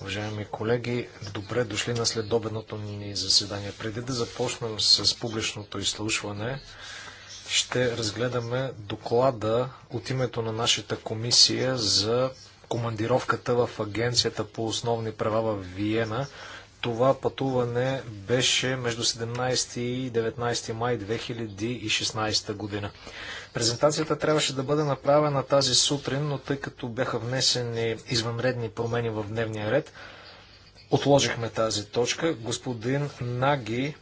Уважаеми колеги, добре дошли на следобедното ни заседание. Преди да започнем с публичното изслушване, ще разгледаме доклада от името на нашата комисия за командировката в Агенцията по основни права в Виена – това пътуване беше между 17 и 19 май 2016 година. Презентацията трябваше да бъде направена тази сутрин, но тъй като бяха внесени извънредни промени в дневния ред, отложихме тази точка. Господин Наги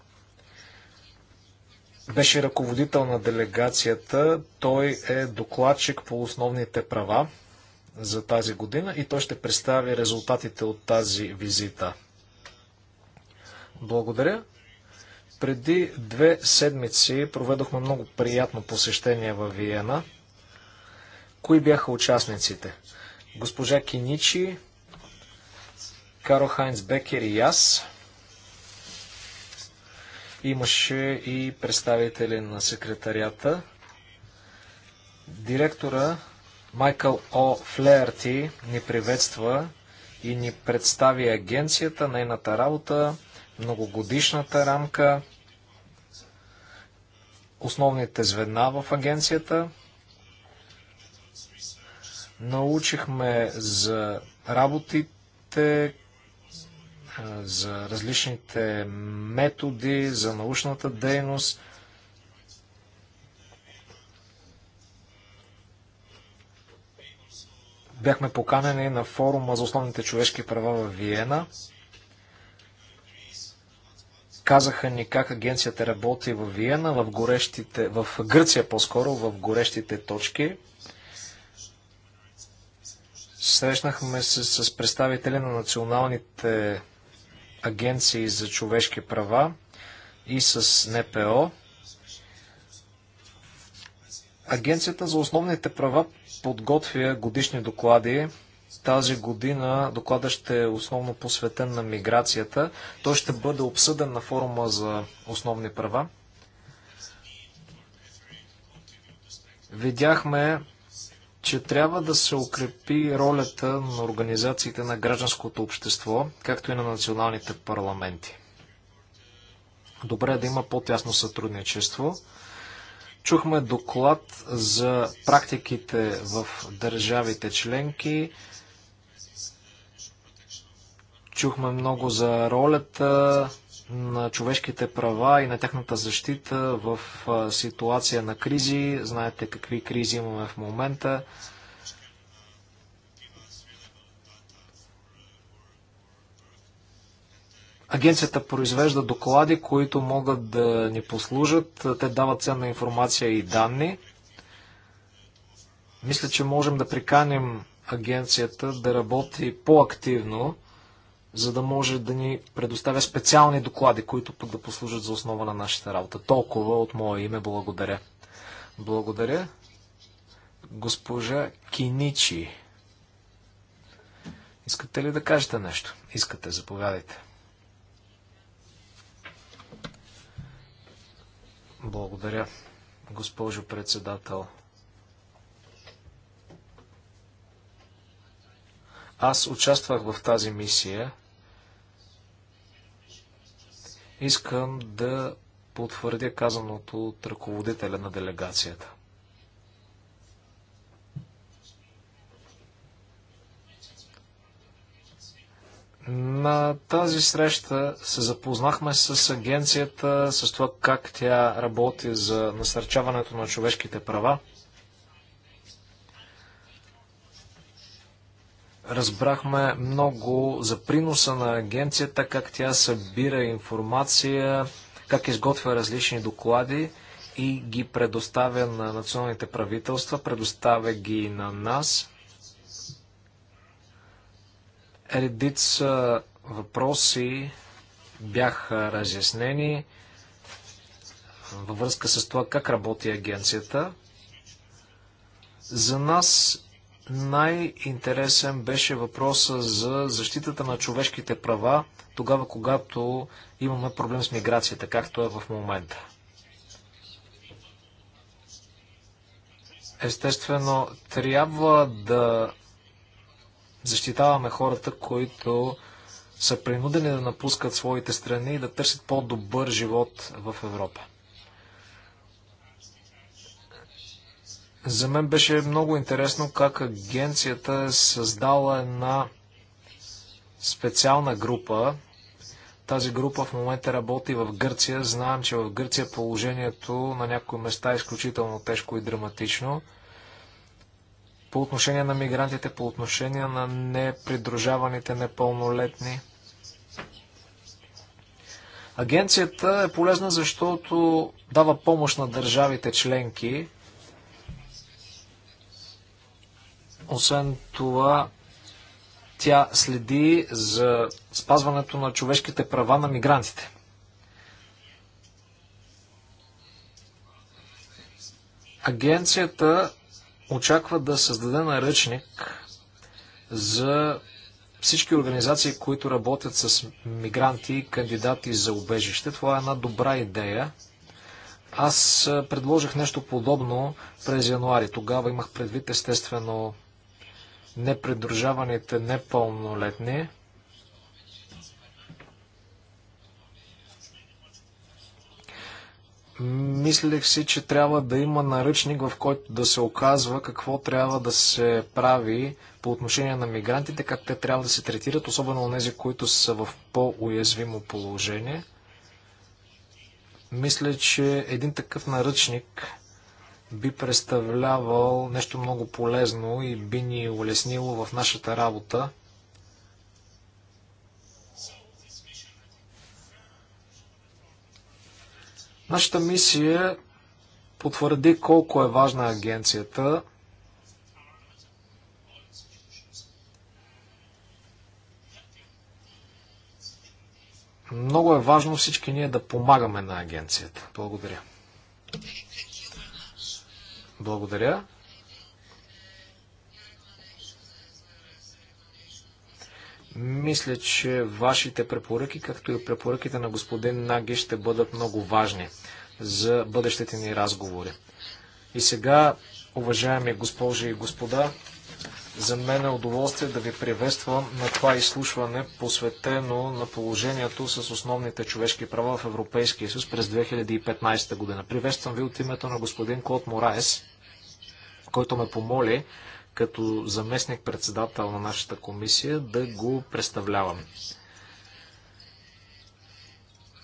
беше ръководител на делегацията. Той е докладчик по основните права за тази година и той ще представи резултатите от тази визита. Благодаря. Преди две седмици проведохме много приятно посещение във Виена. Кои бяха участниците? Госпожа Киничи, Каро Хайнц Бекер и аз. Имаше и представители на секретарията. Директора Майкъл О. Флеерти ни приветства и ни представи агенцията, нейната работа, многогодишната рамка, основните звена в агенцията. Научихме за работите, за различните методи, за научната дейност. Бяхме поканени на форума за основните човешки права в Виена – Казаха ни как агенцията работи в Виена, в горещите, в Гърция по-скоро, в горещите точки. Срещнахме се с представители на националните агенции за човешки права и с НПО. Агенцията за основните права подготвя годишни доклади тази година докладът ще е основно посветен на миграцията. Той ще бъде обсъден на форума за основни права. Видяхме, че трябва да се укрепи ролята на организациите на гражданското общество, както и на националните парламенти. Добре е да има по-тясно сътрудничество. Чухме доклад за практиките в държавите членки. Чухме много за ролята на човешките права и на тяхната защита в ситуация на кризи. Знаете какви кризи имаме в момента. Агенцията произвежда доклади, които могат да ни послужат. Те дават ценна информация и данни. Мисля, че можем да приканим агенцията да работи по-активно за да може да ни предоставя специални доклади, които пък да послужат за основа на нашата работа. Толкова от мое име благодаря. Благодаря. Госпожа Киничи. Искате ли да кажете нещо? Искате, заповядайте. Благодаря, госпожо председател. Аз участвах в тази мисия Искам да потвърдя казаното от ръководителя на делегацията. На тази среща се запознахме с агенцията, с това как тя работи за насърчаването на човешките права. Разбрахме много за приноса на агенцията, как тя събира информация, как изготвя различни доклади и ги предоставя на националните правителства, предоставя ги на нас. Редица въпроси бяха разяснени във връзка с това как работи агенцията. За нас най-интересен беше въпроса за защитата на човешките права тогава, когато имаме проблем с миграцията, както е в момента. Естествено, трябва да защитаваме хората, които са принудени да напускат своите страни и да търсят по-добър живот в Европа. За мен беше много интересно как агенцията е създала една специална група. Тази група в момента работи в Гърция. Знаем, че в Гърция положението на някои места е изключително тежко и драматично. По отношение на мигрантите, по отношение на непридружаваните непълнолетни. Агенцията е полезна, защото дава помощ на държавите членки Освен това, тя следи за спазването на човешките права на мигрантите. Агенцията очаква да създаде наръчник за всички организации, които работят с мигранти и кандидати за убежище. Това е една добра идея. Аз предложих нещо подобно през януари. Тогава имах предвид естествено непредружаваните непълнолетни. Мислех си, че трябва да има наръчник, в който да се оказва какво трябва да се прави по отношение на мигрантите, как те трябва да се третират, особено на тези, които са в по-уязвимо положение. Мисля, че един такъв наръчник би представлявал нещо много полезно и би ни улеснило в нашата работа. Нашата мисия потвърди колко е важна агенцията. Много е важно всички ние да помагаме на агенцията. Благодаря. Благодаря. Мисля, че вашите препоръки, както и препоръките на господин Наги, ще бъдат много важни за бъдещите ни разговори. И сега, уважаеми госпожи и господа, за мен е удоволствие да ви приветствам на това изслушване, посветено на положението с основните човешки права в Европейския съюз през 2015 година. Приветствам ви от името на господин Клод Мораес, който ме помоли като заместник-председател на нашата комисия да го представлявам.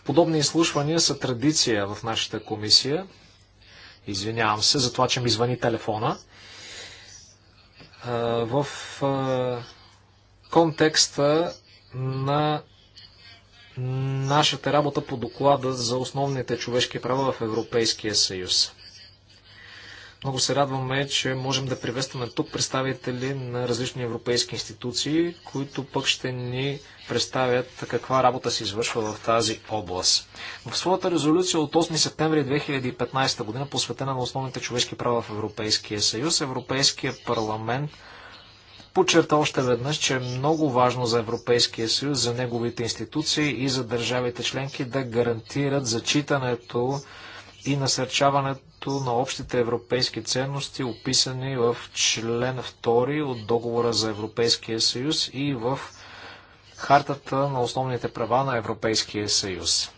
Подобни изслушвания са традиция в нашата комисия. Извинявам се за това, че ми звъни телефона – в контекста на нашата работа по доклада за основните човешки права в Европейския съюз. Много се радваме, че можем да приветстваме тук представители на различни европейски институции, които пък ще ни представят каква работа се извършва в тази област. В своята резолюция от 8 септември 2015 година, посветена на основните човешки права в Европейския съюз, Европейския парламент подчерта още веднъж, че е много важно за Европейския съюз, за неговите институции и за държавите членки да гарантират зачитането и насърчаването на общите европейски ценности, описани в член 2 от договора за Европейския съюз и в Хартата на основните права на Европейския съюз.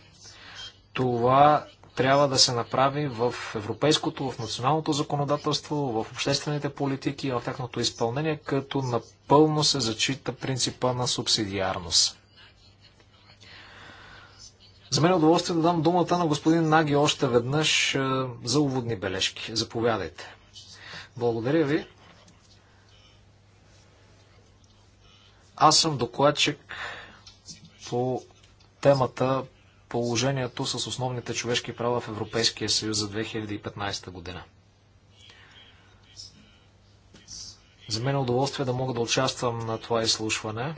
Това трябва да се направи в европейското, в националното законодателство, в обществените политики, в тяхното изпълнение, като напълно се зачита принципа на субсидиарност. За мен е удоволствие да дам думата на господин Наги още веднъж е, за уводни бележки. Заповядайте. Благодаря ви. Аз съм докладчик по темата положението с основните човешки права в Европейския съюз за 2015 година. За мен е удоволствие да мога да участвам на това изслушване.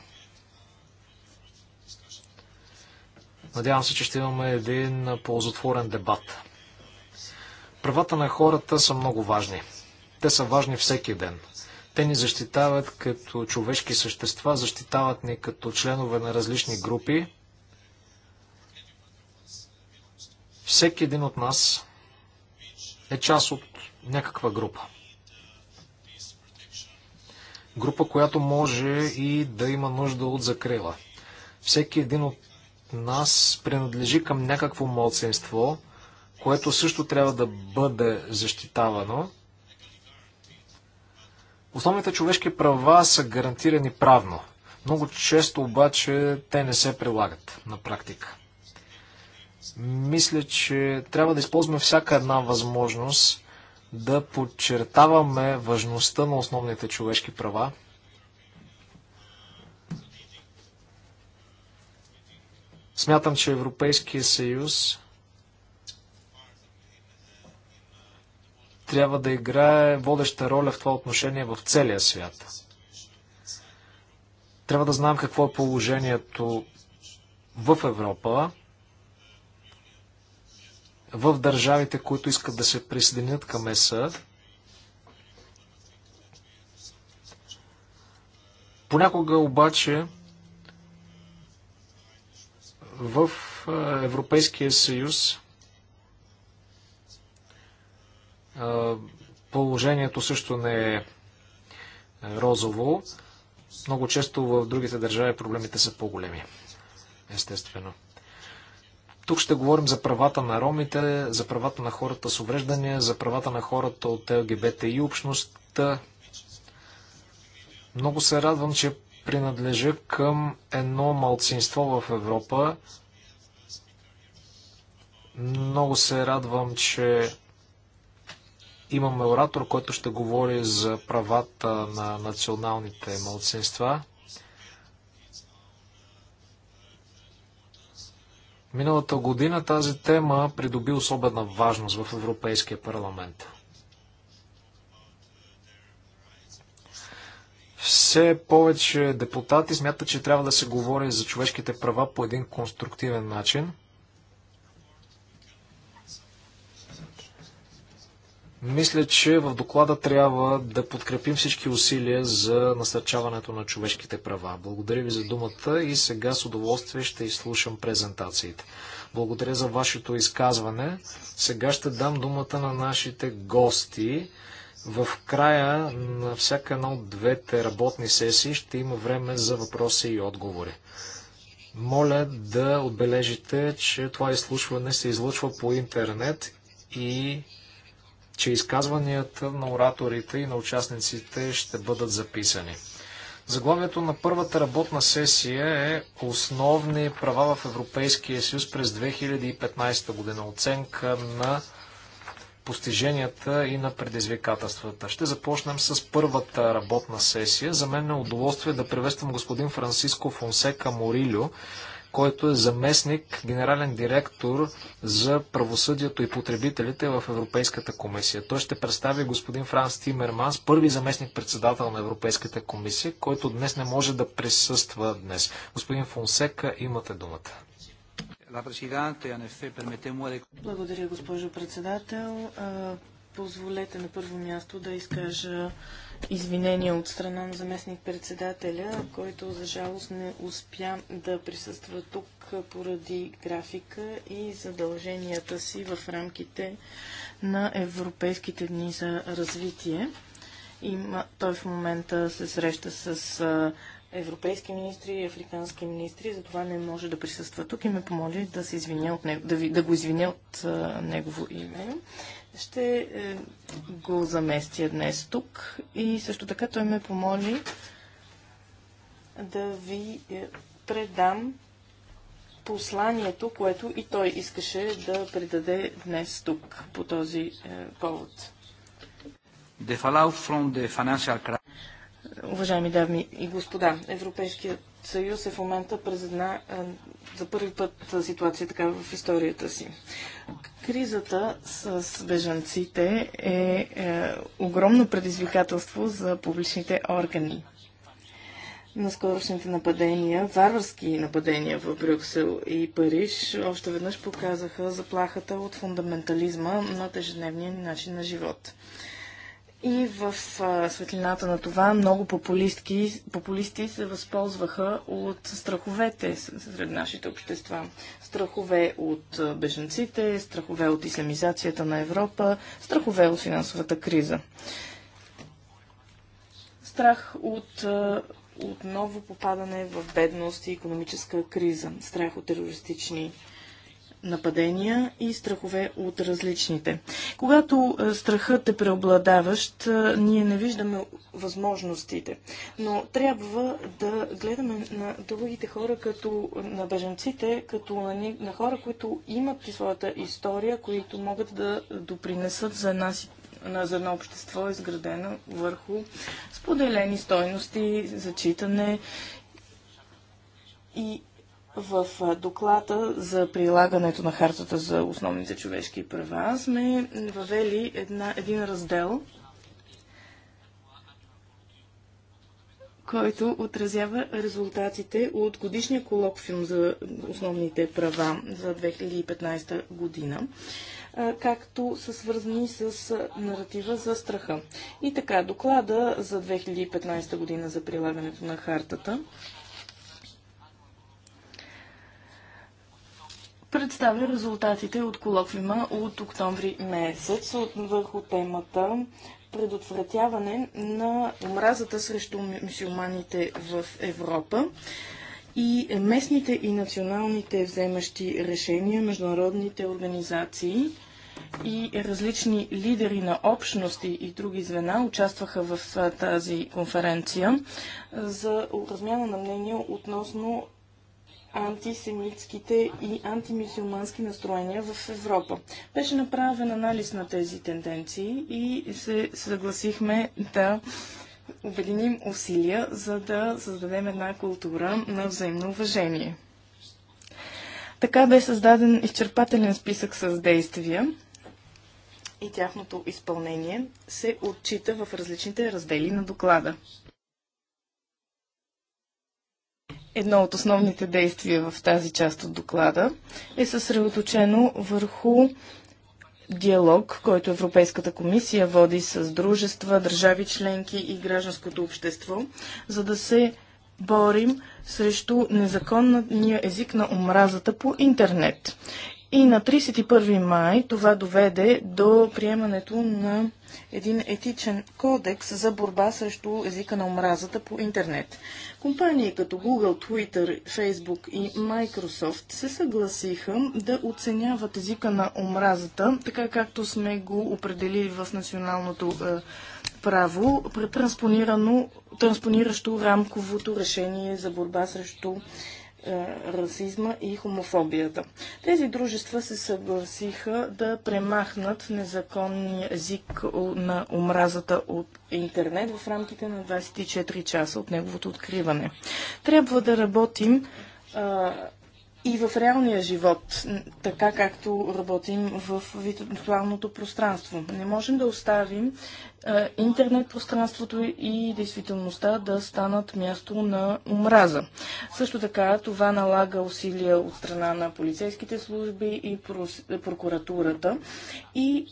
Надявам се, че ще имаме един ползотворен дебат. Правата на хората са много важни. Те са важни всеки ден. Те ни защитават като човешки същества, защитават ни като членове на различни групи. Всеки един от нас е част от някаква група. Група, която може и да има нужда от закрила. Всеки един от нас принадлежи към някакво младсенство, което също трябва да бъде защитавано. Основните човешки права са гарантирани правно. Много често обаче те не се прилагат на практика. Мисля, че трябва да използваме всяка една възможност да подчертаваме важността на основните човешки права, Смятам, че Европейския съюз трябва да играе водеща роля в това отношение в целия свят. Трябва да знаем какво е положението в Европа, в държавите, които искат да се присъединят към ЕСА. Понякога обаче в Европейския съюз положението също не е розово. Много често в другите държави проблемите са по-големи. Естествено. Тук ще говорим за правата на ромите, за правата на хората с увреждания, за правата на хората от ЛГБТ и общността. Много се радвам, че принадлежа към едно малцинство в Европа, много се радвам, че имаме оратор, който ще говори за правата на националните малцинства. Миналата година тази тема придоби особена важност в Европейския парламент. Все повече депутати смятат, че трябва да се говори за човешките права по един конструктивен начин – Мисля, че в доклада трябва да подкрепим всички усилия за насърчаването на човешките права. Благодаря ви за думата и сега с удоволствие ще изслушам презентациите. Благодаря за вашето изказване. Сега ще дам думата на нашите гости. В края на всяка една от двете работни сесии ще има време за въпроси и отговори. Моля да отбележите, че това изслушване се излъчва по интернет и че изказванията на ораторите и на участниците ще бъдат записани. Заглавието на първата работна сесия е Основни права в Европейския съюз през 2015 година. Оценка на постиженията и на предизвикателствата. Ще започнем с първата работна сесия. За мен е удоволствие да приветствам господин Франциско Фонсека Морилю, който е заместник генерален директор за правосъдието и потребителите в Европейската комисия. Той ще представи господин Франс Тимерманс, първи заместник председател на Европейската комисия, който днес не може да присъства днес. Господин Фонсека, имате думата. Благодаря, госпожо председател. Позволете на първо място да изкажа извинения от страна на заместник-председателя, който за жалост не успя да присъства тук поради графика и задълженията си в рамките на Европейските дни за развитие. И той в момента се среща с европейски министри и африкански министри, затова не може да присъства тук и ме помоли да, се извиня от него, да, ви, да го извиня от а, негово име. Ще е, го заместя днес тук и също така той ме помоли да ви е, предам посланието, което и той искаше да предаде днес тук по този е, повод. The fallout from the financial Уважаеми дами и господа, Европейският съюз е в момента през една за първи път ситуация така в историята си. Кризата с бежанците е, е огромно предизвикателство за публичните органи. На скорошните нападения, варварски нападения в Брюксел и Париж, още веднъж показаха заплахата от фундаментализма на ежедневния начин на живот. И в светлината на това много популистки, популисти се възползваха от страховете сред нашите общества. Страхове от беженците, страхове от исламизацията на Европа, страхове от финансовата криза. Страх от отново попадане в бедност и економическа криза, страх от терористични нападения и страхове от различните. Когато е, страхът е преобладаващ, е, ние не виждаме възможностите, но трябва да гледаме на другите хора като на беженците, като на, на хора, които имат и своята история, които могат да допринесат за една на, за едно общество, изградено върху споделени стойности, зачитане и в доклада за прилагането на хартата за основните човешки права сме въвели една, един раздел, който отразява резултатите от годишния колоквиум за основните права за 2015 година, както са свързани с наратива за страха. И така, доклада за 2015 година за прилагането на хартата представя резултатите от колоквима от октомври месец върху темата предотвратяване на омразата срещу мусулманите в Европа и местните и националните вземащи решения, международните организации и различни лидери на общности и други звена участваха в тази конференция за размяна на мнения относно антисемитските и антимисюлмански настроения в Европа. Беше направен анализ на тези тенденции и се съгласихме да обединим усилия, за да създадем една култура на взаимно уважение. Така бе създаден изчерпателен списък с действия и тяхното изпълнение се отчита в различните раздели на доклада. едно от основните действия в тази част от доклада е съсредоточено върху диалог, който Европейската комисия води с дружества, държави членки и гражданското общество, за да се борим срещу незаконния език на омразата по интернет. И на 31 май това доведе до приемането на един етичен кодекс за борба срещу езика на омразата по интернет. Компании като Google, Twitter, Facebook и Microsoft се съгласиха да оценяват езика на омразата, така както сме го определили в националното е, право, транспониращо рамковото решение за борба срещу е, расизма и хомофобията. Тези дружества се съгласиха да премахнат незаконния език на омразата от интернет в рамките на 24 часа от неговото откриване. Трябва да работим а, и в реалния живот, така както работим в виртуалното пространство. Не можем да оставим е, интернет пространството и действителността да станат място на омраза. Също така това налага усилия от страна на полицейските служби и прокуратурата и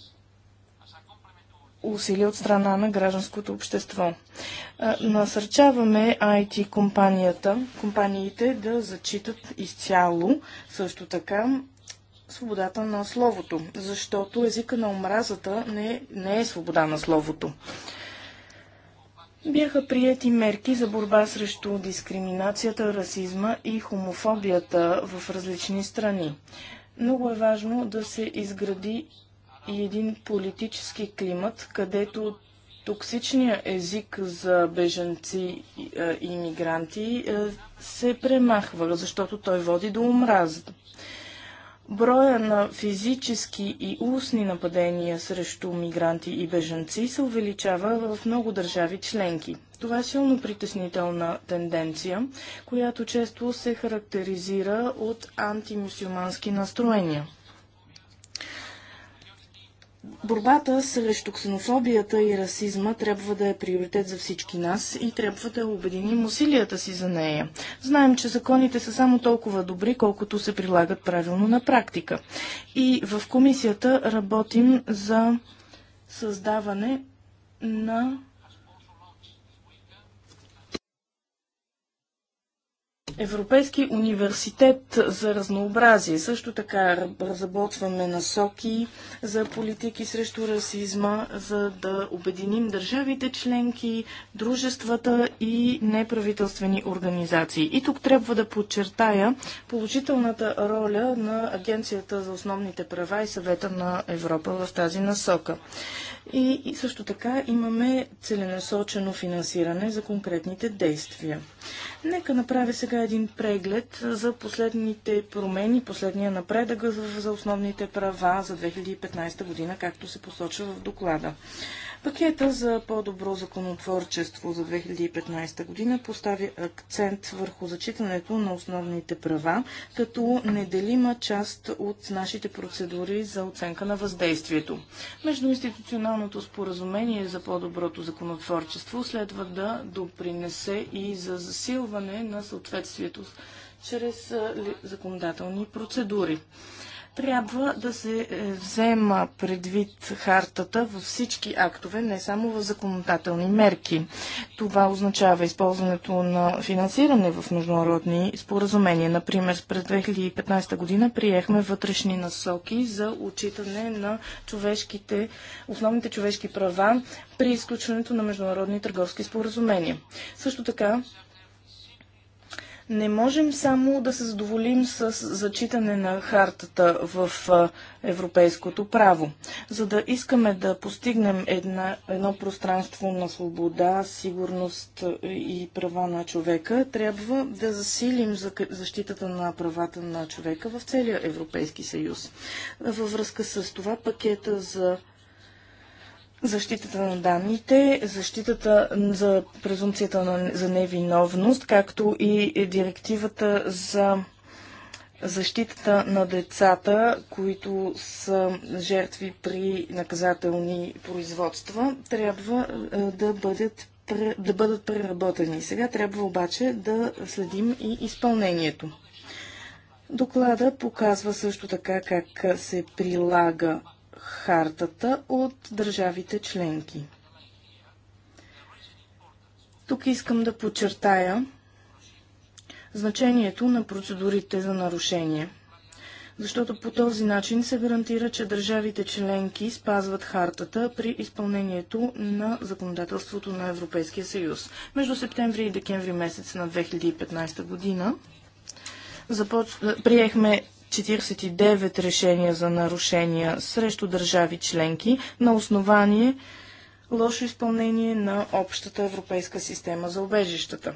усилия от страна на гражданското общество. Насърчаваме IT компанията, компаниите да зачитат изцяло също така свободата на словото, защото езика на омразата не, не е свобода на словото. Бяха приети мерки за борба срещу дискриминацията, расизма и хомофобията в различни страни. Много е важно да се изгради и един политически климат, където токсичният език за беженци и иммигранти се премахва, защото той води до омраза. Броя на физически и устни нападения срещу мигранти и бежанци се увеличава в много държави членки. Това е силно притеснителна тенденция, която често се характеризира от антимусюлмански настроения. Борбата срещу ксенофобията и расизма трябва да е приоритет за всички нас и трябва да обединим усилията си за нея. Знаем, че законите са само толкова добри, колкото се прилагат правилно на практика. И в комисията работим за създаване на Европейски университет за разнообразие. Също така разработваме насоки за политики срещу расизма, за да обединим държавите членки, дружествата и неправителствени организации. И тук трябва да подчертая положителната роля на Агенцията за основните права и съвета на Европа в тази насока. И, и също така имаме целенасочено финансиране за конкретните действия. Нека направя сега един преглед за последните промени, последния напредък за основните права за 2015 година, както се посочва в доклада. Пакета за по-добро законотворчество за 2015 година постави акцент върху зачитането на основните права, като неделима част от нашите процедури за оценка на въздействието. Междуинституционалното споразумение за по-доброто законотворчество следва да допринесе и за засилване на съответствието чрез законодателни процедури трябва да се е, взема предвид хартата във всички актове, не само в законодателни мерки. Това означава използването на финансиране в международни споразумения. Например, през 2015 година приехме вътрешни насоки за отчитане на човешките, основните човешки права при изключването на международни търговски споразумения. Също така не можем само да се задоволим с зачитане на хартата в европейското право. За да искаме да постигнем една, едно пространство на свобода, сигурност и права на човека, трябва да засилим защитата на правата на човека в целия Европейски съюз. Във връзка с това пакета за защитата на данните, защитата за презумцията на, за невиновност, както и директивата за защитата на децата, които са жертви при наказателни производства, трябва е, да бъдат, да бъдат преработени. Сега трябва обаче да следим и изпълнението. Доклада показва също така как се прилага хартата от държавите членки. Тук искам да подчертая значението на процедурите за нарушение, защото по този начин се гарантира, че държавите членки спазват хартата при изпълнението на законодателството на Европейския съюз. Между септември и декември месец на 2015 година започ... приехме 49 решения за нарушения срещу държави членки на основание лошо изпълнение на общата европейска система за обежищата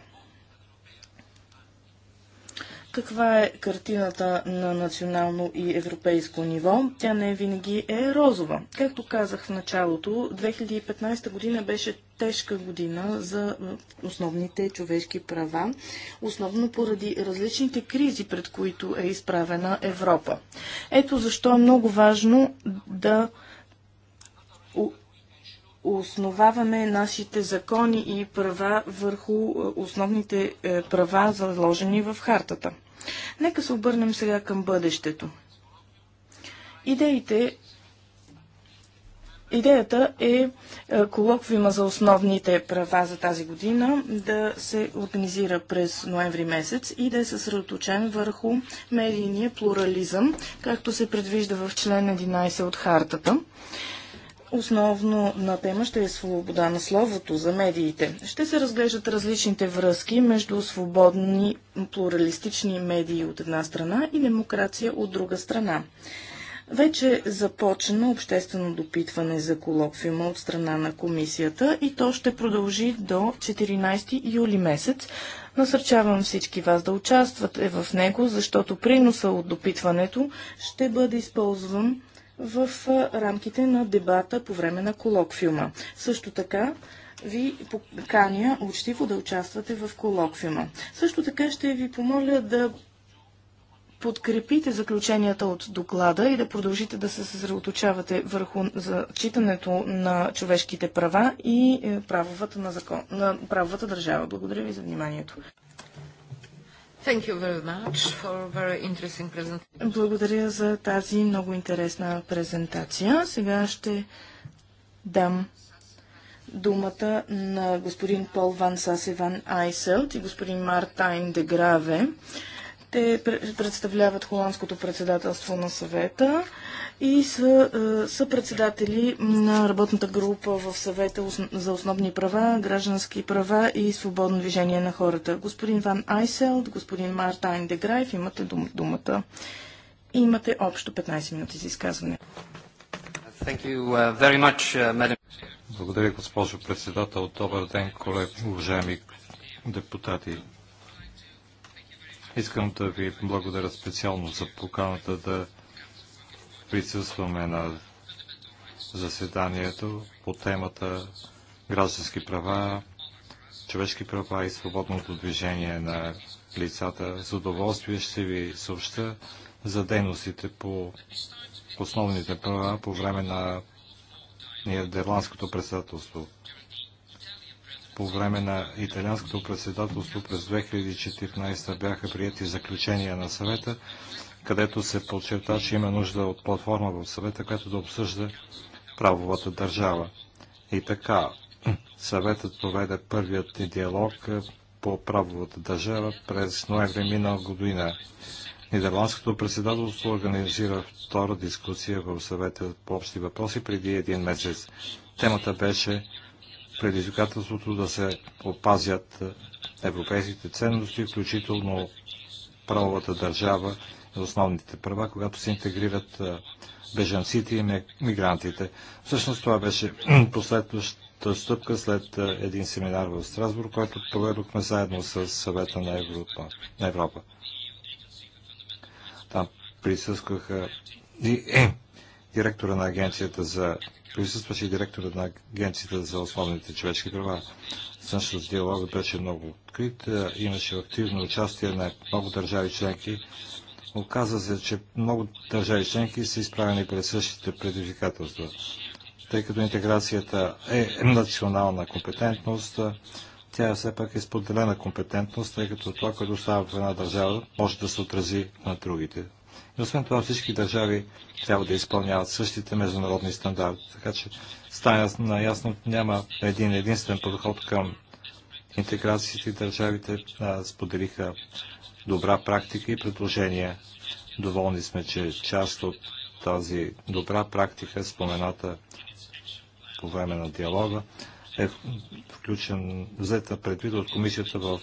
каква е картината на национално и европейско ниво. Тя не винаги е розова. Както казах в началото, 2015 година беше тежка година за основните човешки права, основно поради различните кризи, пред които е изправена Европа. Ето защо е много важно да основаваме нашите закони и права върху е, основните е, права, заложени в хартата. Нека се обърнем сега към бъдещето. Идеите Идеята е, е колоквима за основните права за тази година да се организира през ноември месец и да е съсредоточен върху медийния плурализъм, както се предвижда в член 11 от хартата. Основно на тема ще е свобода на словото за медиите. Ще се разглеждат различните връзки между свободни плуралистични медии от една страна и демокрация от друга страна. Вече започна обществено допитване за колоквиума от страна на комисията и то ще продължи до 14 юли месец. Насърчавам всички вас да участвате в него, защото приноса от допитването ще бъде използван в рамките на дебата по време на колоквиума. Също така, ви поканя учтиво да участвате в колоквиума. Също така ще ви помоля да подкрепите заключенията от доклада и да продължите да се съсредоточавате върху зачитането на човешките права и е, правовата, на закон, на правовата държава. Благодаря ви за вниманието. Благодаря за тази много интересна презентация. Сега ще дам думата на господин Пол Ван Ван Айселт и господин Мартайн Деграве те представляват холандското председателство на съвета и са, е, са председатели на работната група в съвета за основни права, граждански права и свободно движение на хората. Господин Ван Айселд, господин Мартайн Деграев, имате думата. Имате общо 15 минути за изказване. Uh, uh, Благодаря, госпожо председател. Добър ден, колеги, уважаеми депутати. Искам да ви благодаря специално за поканата да присъстваме на заседанието по темата граждански права, човешки права и свободното движение на лицата. С удоволствие ще ви съобща за дейностите по основните права по време на Нидерландското председателство по време на италианското председателство през 2014 бяха прияти заключения на съвета, където се подчерта, че има нужда от платформа в съвета, която да обсъжда правовата държава. И така, съветът проведе първият диалог е, по правовата държава през ноември минал година. Нидерландското председателство организира втора дискусия в съвета по общи въпроси преди един месец. Темата беше предизвикателството да се опазят европейските ценности, включително правовата държава и основните права, когато се интегрират бежанците и мигрантите. Всъщност това беше последващата стъпка след един семинар в Страсбург, който проведохме заедно с съвета на Европа. На Европа. Там присъстваха и директора на агенцията за присъстваше и директора на агенцията за основните човешки права. Същност диалога беше много открит. Имаше активно участие на много държави членки. Оказа се, че много държави членки са изправени пред същите предизвикателства. Тъй като интеграцията е национална компетентност, тя все пак е споделена компетентност, тъй като това, което става в една държава, може да се отрази на другите. И освен това всички държави трябва да изпълняват същите международни стандарти. Така че стана наясно, няма един единствен подход към интеграцията и държавите а, споделиха добра практика и предложения. Доволни сме, че част от тази добра практика, спомената по време на диалога, е включен, взета предвид от комисията в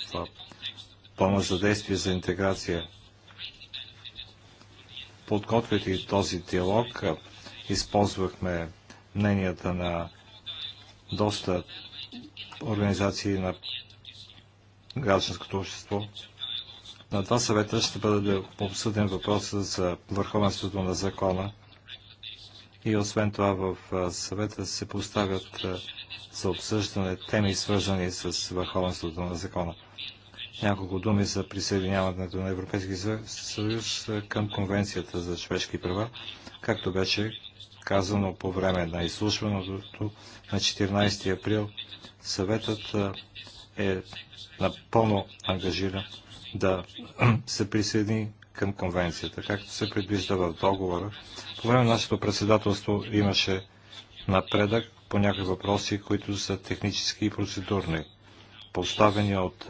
плана за действие за интеграция подготвяйки този диалог, използвахме мненията на доста организации на гражданското общество. На два съвета ще бъде обсъден въпроса за върховенството на закона. И освен това в съвета се поставят за обсъждане теми, свързани с върховенството на закона. Няколко думи за присъединяването на Европейския съюз към Конвенцията за човешки права, както беше казано по време на изслушването на 14 април. Съветът е напълно ангажиран да се присъедини към конвенцията, както се предвижда в договора. По време на нашето председателство имаше напредък по някои въпроси, които са технически и процедурни, поставени от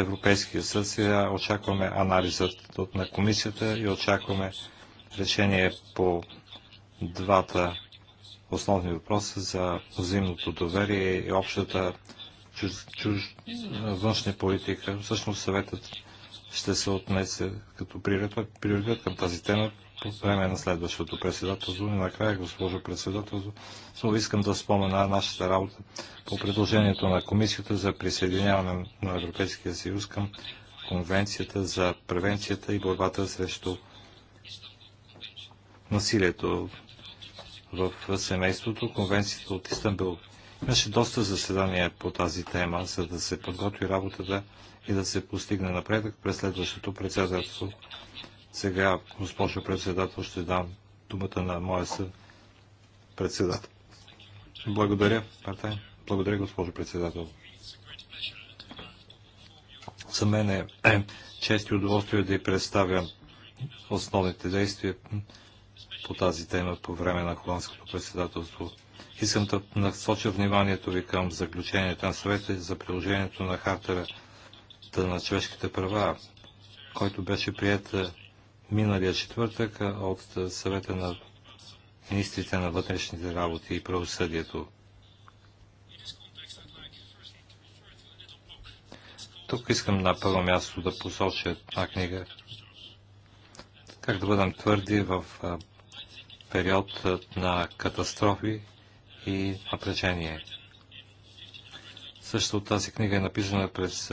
Европейския съд. Сега очакваме анализът на комисията и очакваме решение по двата основни въпроса за взаимното доверие и общата чуж, чуж, външна политика. Всъщност съветът ще се отнесе като приоритет към тази тема по време е на следващото председателство. И накрая, госпожо председателство, само искам да спомена нашата работа по предложението на Комисията за присъединяване на Европейския съюз към Конвенцията за превенцията и борбата срещу насилието в семейството, Конвенцията от Истанбул. Имаше доста заседания по тази тема, за да се подготви работата и да се постигне напредък през следващото председателство. Сега, госпожо председател, ще дам думата на моя съ председател. Благодаря, партай. Благодаря, госпожо председател. За мен е, е чест и удоволствие да ви представя основните действия по тази тема по време на холандското председателство. Искам да насоча вниманието ви към заключението на съвета за приложението на хартата на човешките права, който беше прият е, миналия четвъртък от съвета на министрите на вътрешните работи и правосъдието. Тук искам на първо място да посоча една книга как да бъдем твърди в период на катастрофи и напрежение. Също тази книга е написана през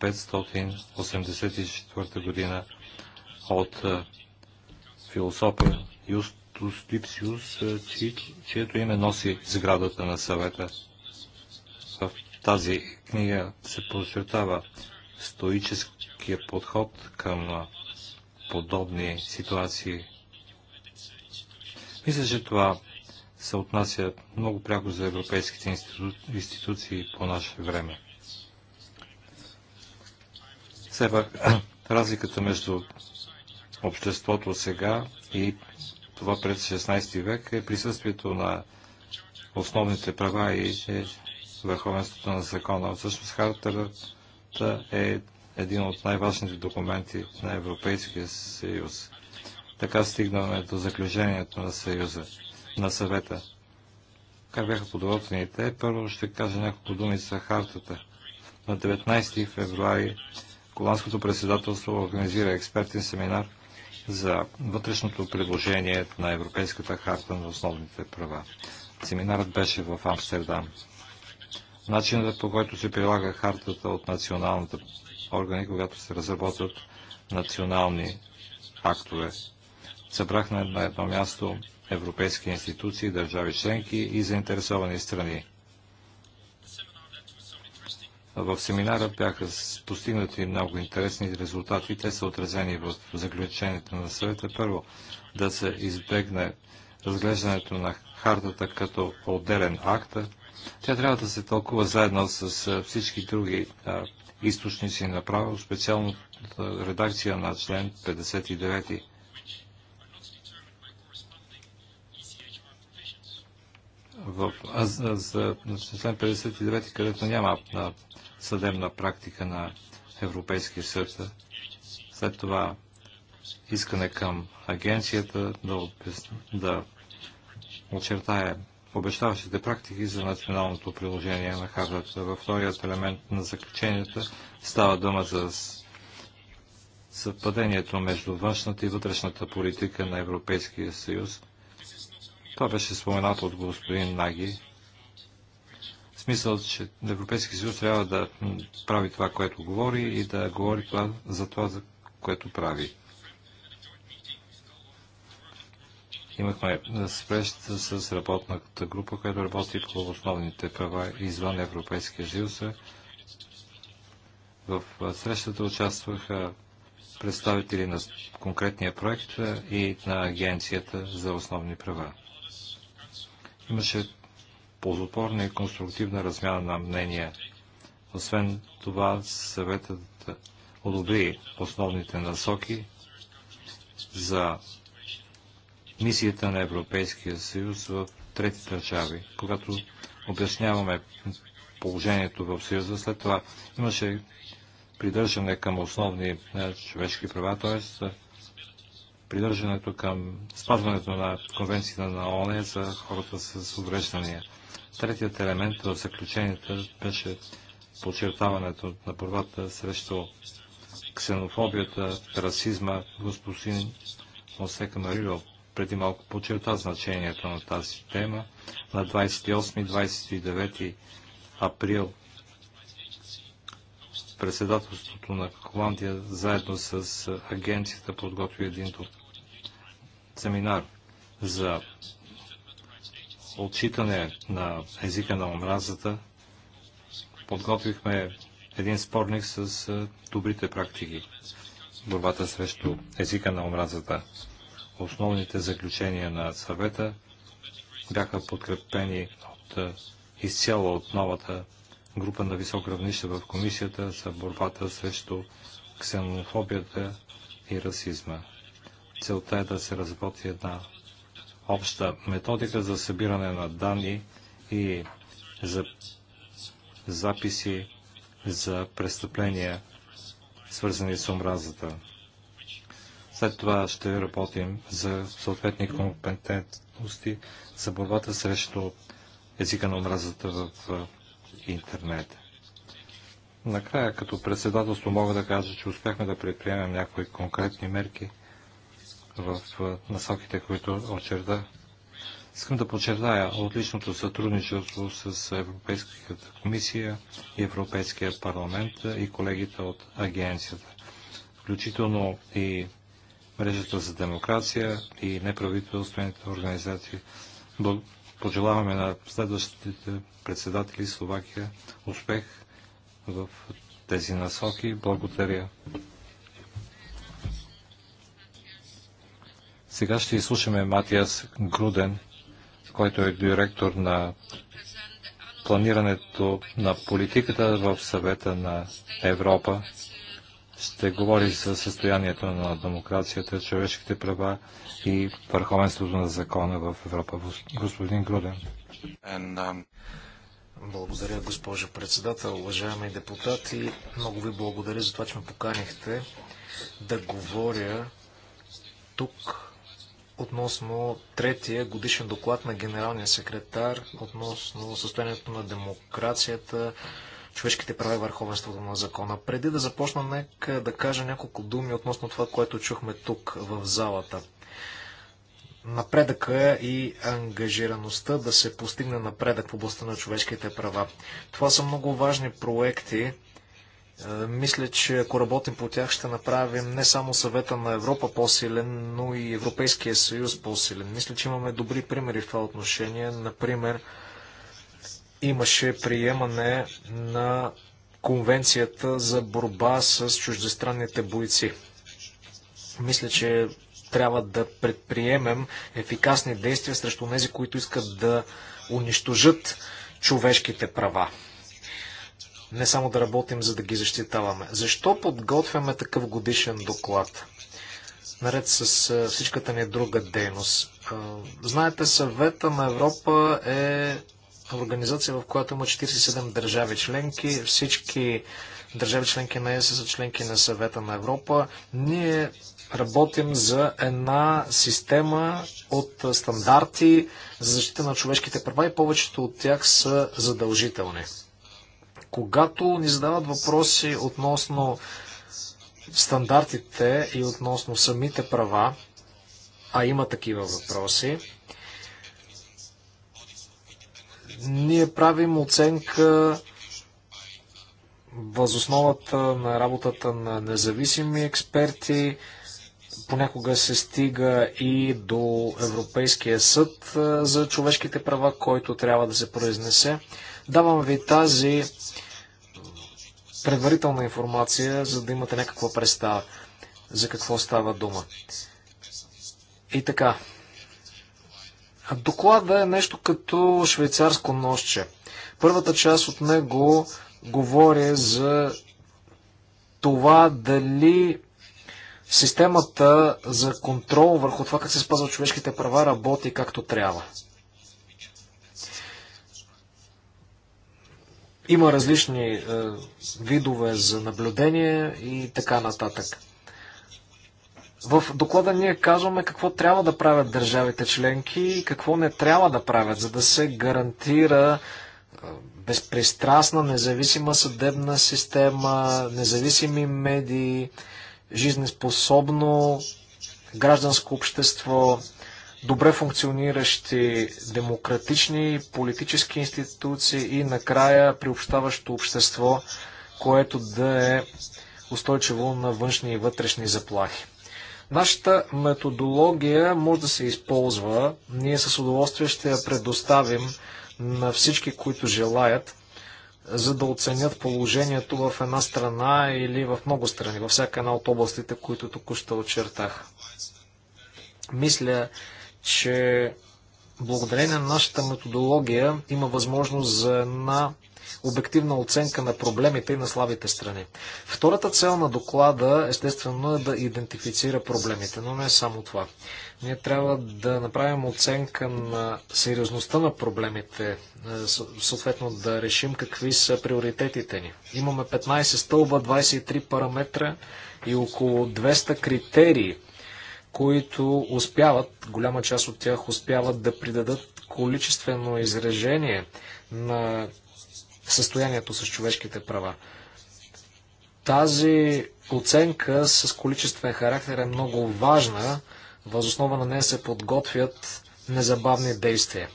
584 година от философа Юстус Липсиус, чието име носи сградата на съвета. В тази книга се подчертава стоическия подход към подобни ситуации. Мисля, че това се отнася много пряко за европейските институ... институции по наше време. Все пак, разликата между обществото сега и това през 16 век е присъствието на основните права и е върховенството на закона. Всъщност хартерата е един от най-важните документи на Европейския съюз. Така стигнаме до заключението на съюза, на съвета. Как бяха подготвени те? Първо ще кажа няколко думи за хартата. На 19 февруари Холандското председателство организира експертен семинар за вътрешното приложение на Европейската харта на основните права. Семинарът беше в Амстердам. Начинът по който се прилага хартата от националните органи, когато се разработват национални актове. Събрахме на едно място европейски институции, държави членки и заинтересовани страни. В семинара бяха постигнати много интересни резултати. Те са отразени в заключението на съвета. Първо, да се избегне разглеждането на хартата като отделен акт. Тя трябва да се тълкува заедно с всички други а, източници на право, специално редакция на член 59. в, а, за, член 59, където няма на съдебна практика на Европейския съд. След това искане към агенцията да, да очертае обещаващите практики за националното приложение на хазата. Във вторият елемент на заключенията става дума за съвпадението между външната и вътрешната политика на Европейския съюз. Това беше споменато от господин Наги смисъл, че Европейски съюз трябва да прави това, което говори и да говори това, за това, за което прави. Имахме среща с работната група, която работи по основните права извън Европейския съюз. В срещата участваха представители на конкретния проект и на Агенцията за основни права. Имаше ползотворна и конструктивна размяна на мнения. Освен това, съветът одобри основните насоки за мисията на Европейския съюз в трети държави. Когато обясняваме положението в Съюза, след това имаше придържане към основни е, човешки права, т.е. придържането към спазването на конвенцията на ООН за хората с увреждания. Третият елемент в заключението беше подчертаването на борбата срещу ксенофобията, расизма. Господин Осека Марио преди малко подчерта значението на тази тема. На 28-29 април председателството на Холандия заедно с агенцията подготви един семинар за отчитане на езика на омразата, подготвихме един спорник с добрите практики в борбата срещу езика на омразата. Основните заключения на съвета бяха подкрепени от, изцяло от новата група на висок равнище в комисията за борбата срещу ксенофобията и расизма. Целта е да се разработи една обща методика за събиране на данни и за записи за престъпления, свързани с омразата. След това ще работим за съответни компетентности за борбата срещу езика на омразата в интернет. Накрая, като председателство, мога да кажа, че успяхме да предприемем някои конкретни мерки – в насоките, които очерда. Искам да подчертая отличното сътрудничество с Европейската комисия и Европейския парламент и колегите от агенцията, включително и мрежата за демокрация и неправителствените организации. Пожелаваме на следващите председатели Словакия успех в тези насоки. Благодаря. Сега ще изслушаме Матиас Груден, който е директор на планирането на политиката в съвета на Европа. Ще говори за състоянието на демокрацията, човешките права и върховенството на закона в Европа. Господин Груден. Um, благодаря, госпожо председател, уважаеми депутати. Много ви благодаря за това, че ме поканихте да говоря тук относно третия годишен доклад на генералния секретар относно състоянието на демокрацията, човешките права и върховенството на закона. Преди да започна, нека да кажа няколко думи относно това, което чухме тук в залата. Напредъка и ангажираността да се постигне напредък в областта на човешките права. Това са много важни проекти, е, мисля, че ако работим по тях, ще направим не само съвета на Европа по-силен, но и Европейския съюз по-силен. Мисля, че имаме добри примери в това отношение. Например, имаше приемане на Конвенцията за борба с чуждестранните бойци. Мисля, че трябва да предприемем ефикасни действия срещу тези, които искат да унищожат човешките права не само да работим, за да ги защитаваме. Защо подготвяме такъв годишен доклад? наред с всичката ни друга дейност. Знаете, съвета на Европа е организация, в която има 47 държави членки. Всички държави членки на ЕС са членки на съвета на Европа. Ние работим за една система от стандарти за защита на човешките права и повечето от тях са задължителни. Когато ни задават въпроси относно стандартите и относно самите права, а има такива въпроси, ние правим оценка възосновата на работата на независими експерти. Понякога се стига и до Европейския съд за човешките права, който трябва да се произнесе. Давам ви тази предварителна информация, за да имате някаква представа за какво става дума. И така. Доклада е нещо като швейцарско нощче. Първата част от него говори за това дали системата за контрол върху това как се спазват човешките права работи както трябва. Има различни е, видове за наблюдение и така нататък. В доклада ние казваме какво трябва да правят държавите членки и какво не трябва да правят, за да се гарантира е, безпристрастна, независима съдебна система, независими медии, жизнеспособно гражданско общество, добре функциониращи демократични политически институции и накрая приобщаващо общество, което да е устойчиво на външни и вътрешни заплахи. Нашата методология може да се използва. Ние с удоволствие ще я предоставим на всички, които желаят, за да оценят положението в една страна или в много страни, във всяка една от областите, които току-що очертах. Мисля, че благодарение на нашата методология има възможност за една обективна оценка на проблемите и на слабите страни. Втората цел на доклада, естествено, е да идентифицира проблемите, но не само това. Ние трябва да направим оценка на сериозността на проблемите, е, съответно да решим какви са приоритетите ни. Имаме 15 стълба, 23 параметра и около 200 критерии които успяват, голяма част от тях успяват да придадат количествено изражение на състоянието с човешките права. Тази оценка с количествен характер е много важна. Възоснова на нея се подготвят незабавни действия.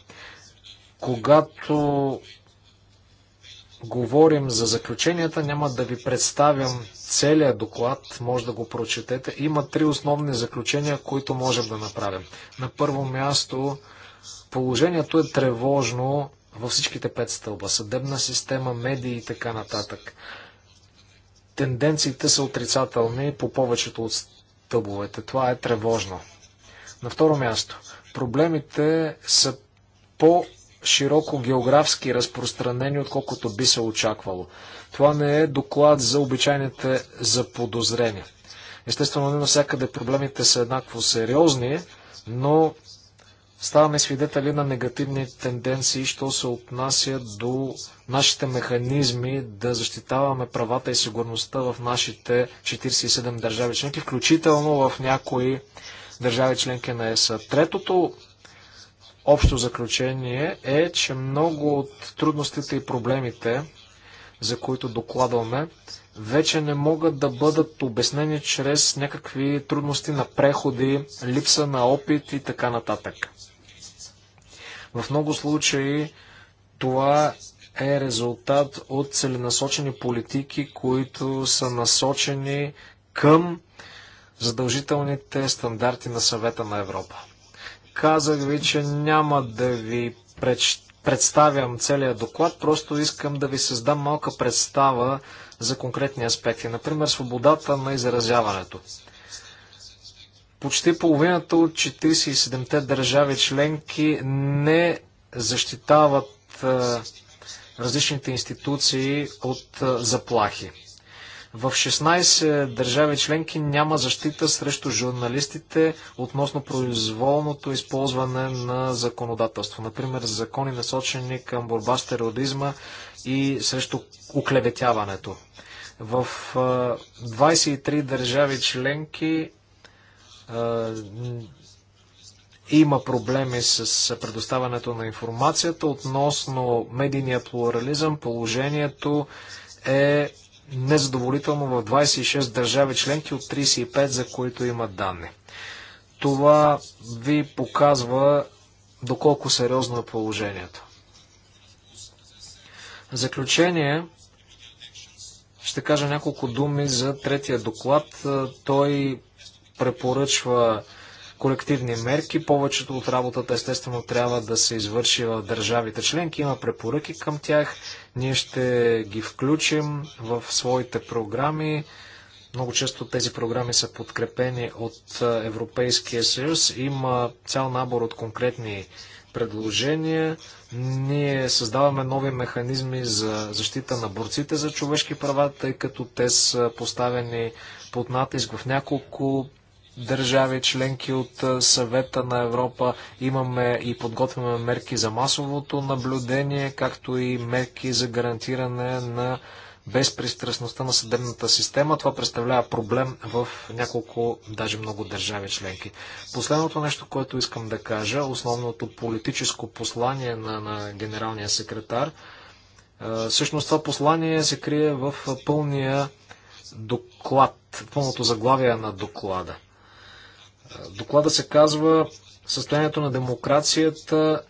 Когато говорим за заключенията, няма да ви представям целият доклад, може да го прочетете. Има три основни заключения, които можем да направим. На първо място, положението е тревожно във всичките пет стълба. Съдебна система, медии и така нататък. Тенденциите са отрицателни по повечето от стълбовете. Това е тревожно. На второ място, проблемите са по широко географски разпространени, отколкото би се очаквало. Това не е доклад за обичайните заподозрения. Естествено, не навсякъде проблемите са еднакво сериозни, но ставаме свидетели на негативни тенденции, що се отнася до нашите механизми да защитаваме правата и сигурността в нашите 47 държави членки, включително в някои държави членки на ЕС. Третото общо заключение е, че много от трудностите и проблемите, за които докладваме, вече не могат да бъдат обяснени чрез някакви трудности на преходи, липса на опит и така нататък. В много случаи това е резултат от целенасочени политики, които са насочени към задължителните стандарти на съвета на Европа. Казах ви, че няма да ви преч... представям целият доклад, просто искам да ви създам малка представа за конкретни аспекти. Например, свободата на изразяването. Почти половината от 47-те държави членки не защитават е, различните институции от е, заплахи. В 16 държави членки няма защита срещу журналистите относно произволното използване на законодателство. Например, закони насочени към борба с тероризма и срещу оклеветяването. В 23 държави членки има проблеми с предоставянето на информацията относно медийния плурализъм. Положението е незадоволително в 26 държави членки от 35, за които има данни. Това ви показва доколко сериозно е положението. В заключение, ще кажа няколко думи за третия доклад. Той препоръчва колективни мерки. Повечето от работата естествено трябва да се извърши в държавите членки. Има препоръки към тях. Ние ще ги включим в своите програми. Много често тези програми са подкрепени от Европейския съюз. Има цял набор от конкретни предложения. Ние създаваме нови механизми за защита на борците за човешки права, тъй като те са поставени под натиск в няколко държави членки от съвета на Европа. Имаме и подготвяме мерки за масовото наблюдение, както и мерки за гарантиране на безпристрастността на съдебната система. Това представлява проблем в няколко, даже много държави членки. Последното нещо, което искам да кажа, основното политическо послание на, на генералния секретар, всъщност това послание се крие в пълния доклад, пълното заглавие на доклада доклада се казва състоянието на демокрацията,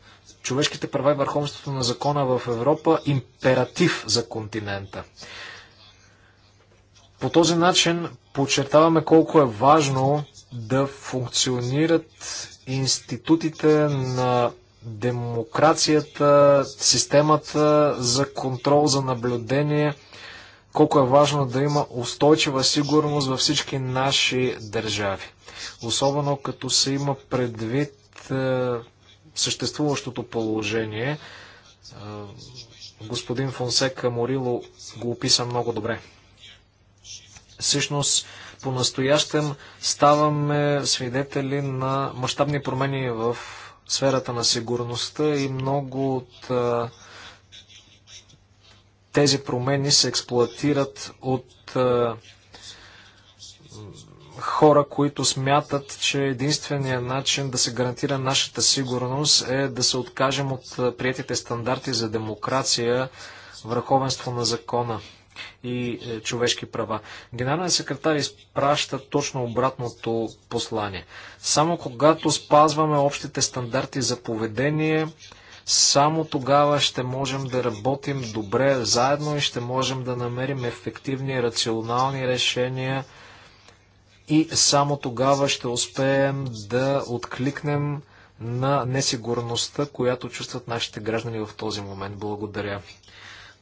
човешките права и върховенството на закона в Европа императив за континента. По този начин подчертаваме колко е важно да функционират институтите на демокрацията, системата за контрол, за наблюдение, колко е важно да има устойчива сигурност във всички наши държави особено като се има предвид е, съществуващото положение. Е, господин Фонсека Морило го описа много добре. Всъщност, по-настоящем ставаме свидетели на мащабни промени в сферата на сигурността и много от е, тези промени се експлуатират от хора, които смятат, че единственият начин да се гарантира нашата сигурност е да се откажем от приятите стандарти за демокрация, върховенство на закона и е, човешки права. Генералният секретар изпраща точно обратното послание. Само когато спазваме общите стандарти за поведение, само тогава ще можем да работим добре заедно и ще можем да намерим ефективни рационални решения – и само тогава ще успеем да откликнем на несигурността, която чувстват нашите граждани в този момент. Благодаря.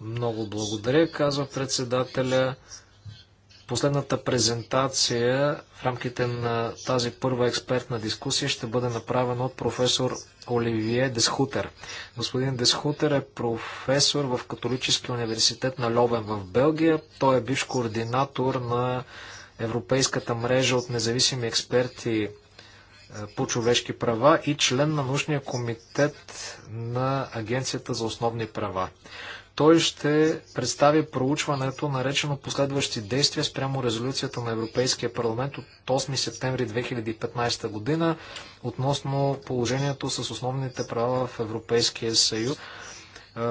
Много благодаря, казва председателя. Последната презентация в рамките на тази първа експертна дискусия ще бъде направена от професор Оливие Десхутер. Господин Десхутер е професор в Католическия университет на Льовен в Белгия. Той е бивш координатор на Европейската мрежа от независими експерти е, по човешки права и член на научния комитет на Агенцията за основни права. Той ще представи проучването, наречено последващи действия спрямо резолюцията на Европейския парламент от 8 септември 2015 година относно положението с основните права в Европейския съюз. Е,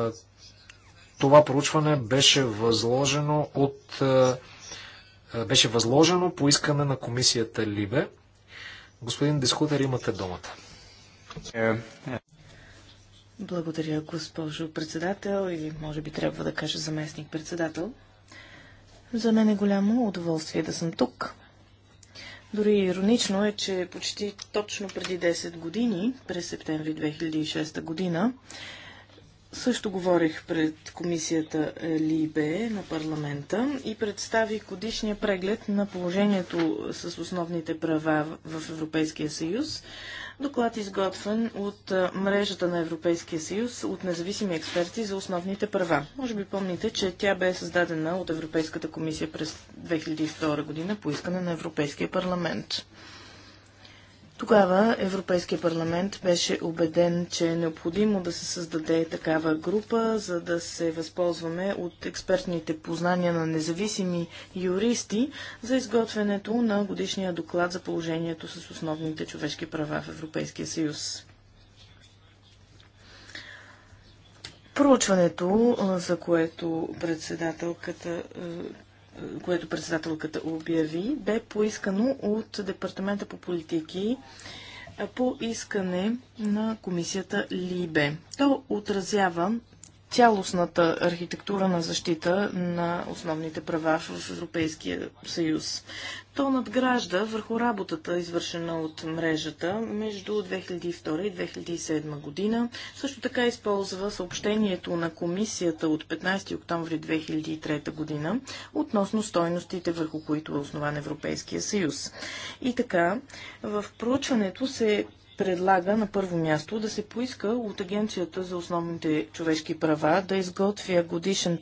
това проучване беше възложено от е, е, беше възложено по искане на комисията Либе. Господин Дискутер, имате думата. Е, е. Благодаря, госпожо председател и може би трябва да кажа заместник председател. За мен е голямо удоволствие да съм тук. Дори иронично е, че почти точно преди 10 години, през септември 2006 година, също говорих пред комисията Либе на парламента и представих годишния преглед на положението с основните права в Европейския съюз. Доклад изготвен от мрежата на Европейския съюз от независими експерти за основните права. Може би помните, че тя бе създадена от Европейската комисия през 2002 година по искане на Европейския парламент. Тогава Европейския парламент беше убеден, че е необходимо да се създаде такава група, за да се възползваме от експертните познания на независими юристи за изготвянето на годишния доклад за положението с основните човешки права в Европейския съюз. Проучването, за което председателката което председателката обяви, бе поискано от Департамента по политики по искане на комисията Либе. То отразява цялостната архитектура на защита на основните права в Европейския съюз. То надгражда върху работата, извършена от мрежата между 2002 и 2007 година. Също така използва съобщението на комисията от 15 октомври 2003 година относно стойностите, върху които е основан Европейския съюз. И така, в проучването се предлага на първо място да се поиска от Агенцията за основните човешки права да изготвя годишен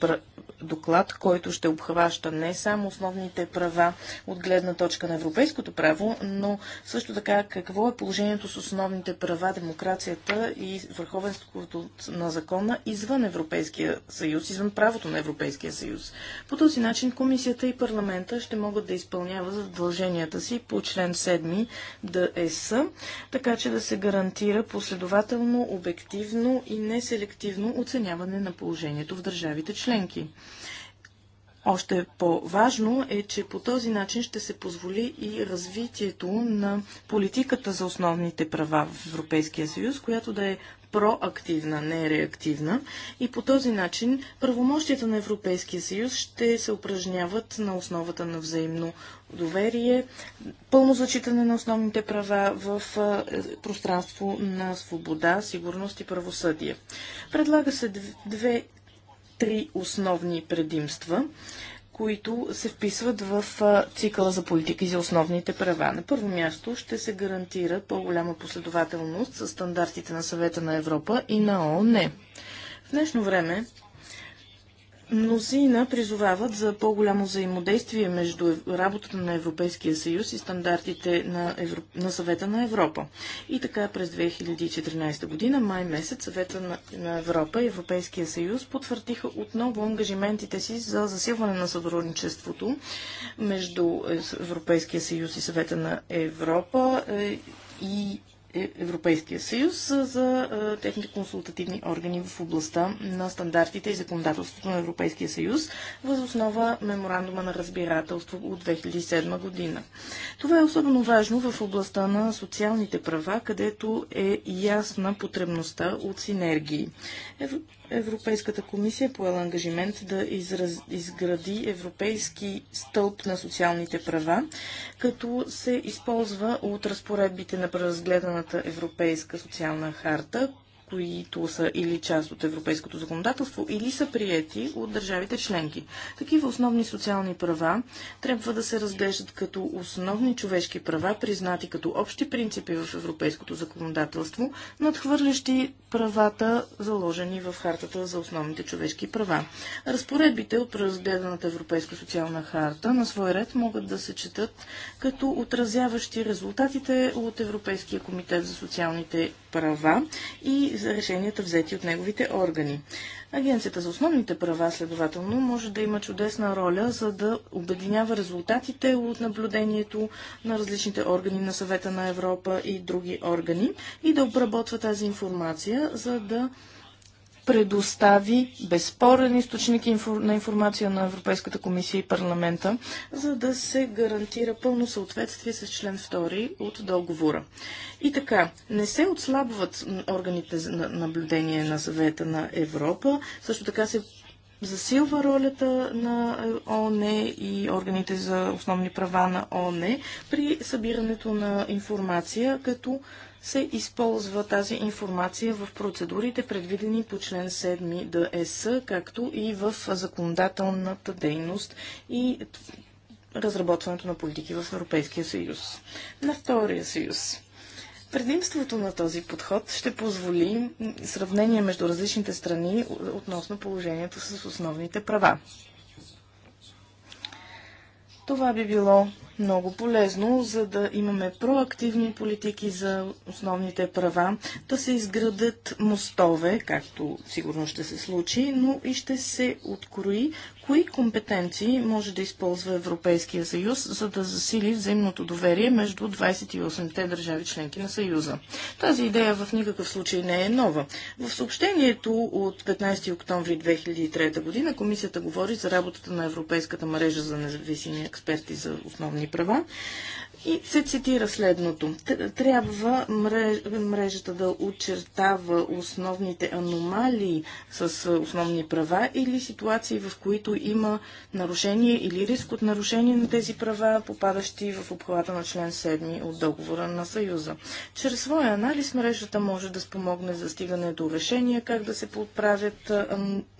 доклад, който ще обхваща не само основните права от гледна точка на европейското право, но също така какво е положението с основните права, демокрацията и върховенството на закона извън Европейския съюз, извън правото на Европейския съюз. По този начин комисията и парламента ще могат да изпълняват задълженията си по член 7 ДС, така че да се гарантира последователно, обективно и неселективно оценяване на положението в държавите членки. Още по-важно е, че по този начин ще се позволи и развитието на политиката за основните права в Европейския съюз, която да е проактивна, не реактивна. И по този начин правомощията на Европейския съюз ще се упражняват на основата на взаимно доверие, пълно зачитане на основните права в е, пространство на свобода, сигурност и правосъдие. Предлага се две три основни предимства, които се вписват в цикъла за политики за основните права. На първо място ще се гарантира по-голяма последователност с стандартите на съвета на Европа и на ООН. В днешно време Мнозина призовават за по-голямо взаимодействие между работата на Европейския съюз и стандартите на, Евро... на съвета на Европа. И така през 2014 година, май месец, съвета на, Европа и Европейския съюз потвърдиха отново ангажиментите си за засилване на сътрудничеството между е, Европейския съюз и съвета на Европа е, и е Европейския съюз за техните консултативни органи в областта на стандартите и законодателството на Европейския съюз въз основа меморандума на разбирателство от 2007 година. Това е особено важно в областта на социалните права, където е ясна потребността от синергии. Европейската комисия е поела ангажимент да израз... изгради европейски стълб на социалните права, като се използва от разпоредбите на преразгледаната Европейска социална харта които са или част от европейското законодателство, или са приети от държавите членки. Такива основни социални права трябва да се разглеждат като основни човешки права, признати като общи принципи в европейското законодателство, надхвърлящи правата, заложени в Хартата за основните човешки права. Разпоредбите от разгледаната Европейска социална харта на свой ред могат да се четат като отразяващи резултатите от Европейския комитет за социалните права и и за решенията взети от неговите органи. Агенцията за основните права, следователно, може да има чудесна роля, за да обединява резултатите от наблюдението на различните органи на съвета на Европа и други органи и да обработва тази информация, за да предостави безспорен източник на информация на Европейската комисия и парламента, за да се гарантира пълно съответствие с член 2 от договора. И така, не се отслабват органите на наблюдение на съвета на Европа, също така се засилва ролята на е, ООН и органите за основни права на ООН при събирането на информация, като се използва тази информация в процедурите, предвидени по член 7 ДС, е както и в законодателната дейност и разработването на политики в Европейския съюз. На втория съюз. Предимството на този подход ще позволи сравнение между различните страни относно положението с основните права. Това би било много полезно, за да имаме проактивни политики за основните права, да се изградат мостове, както сигурно ще се случи, но и ще се открои кои компетенции може да използва Европейския съюз, за да засили взаимното доверие между 28-те държави членки на съюза. Тази идея в никакъв случай не е нова. В съобщението от 15 октомври 2003 година комисията говори за работата на Европейската мрежа за независими експерти за основни права, и се цитира следното. Трябва мрежата да очертава основните аномалии с основни права или ситуации, в които има нарушение или риск от нарушение на тези права, попадащи в обхвата на член 7 от договора на Съюза. Чрез своя анализ мрежата може да спомогне за стигане до решения как да се подправят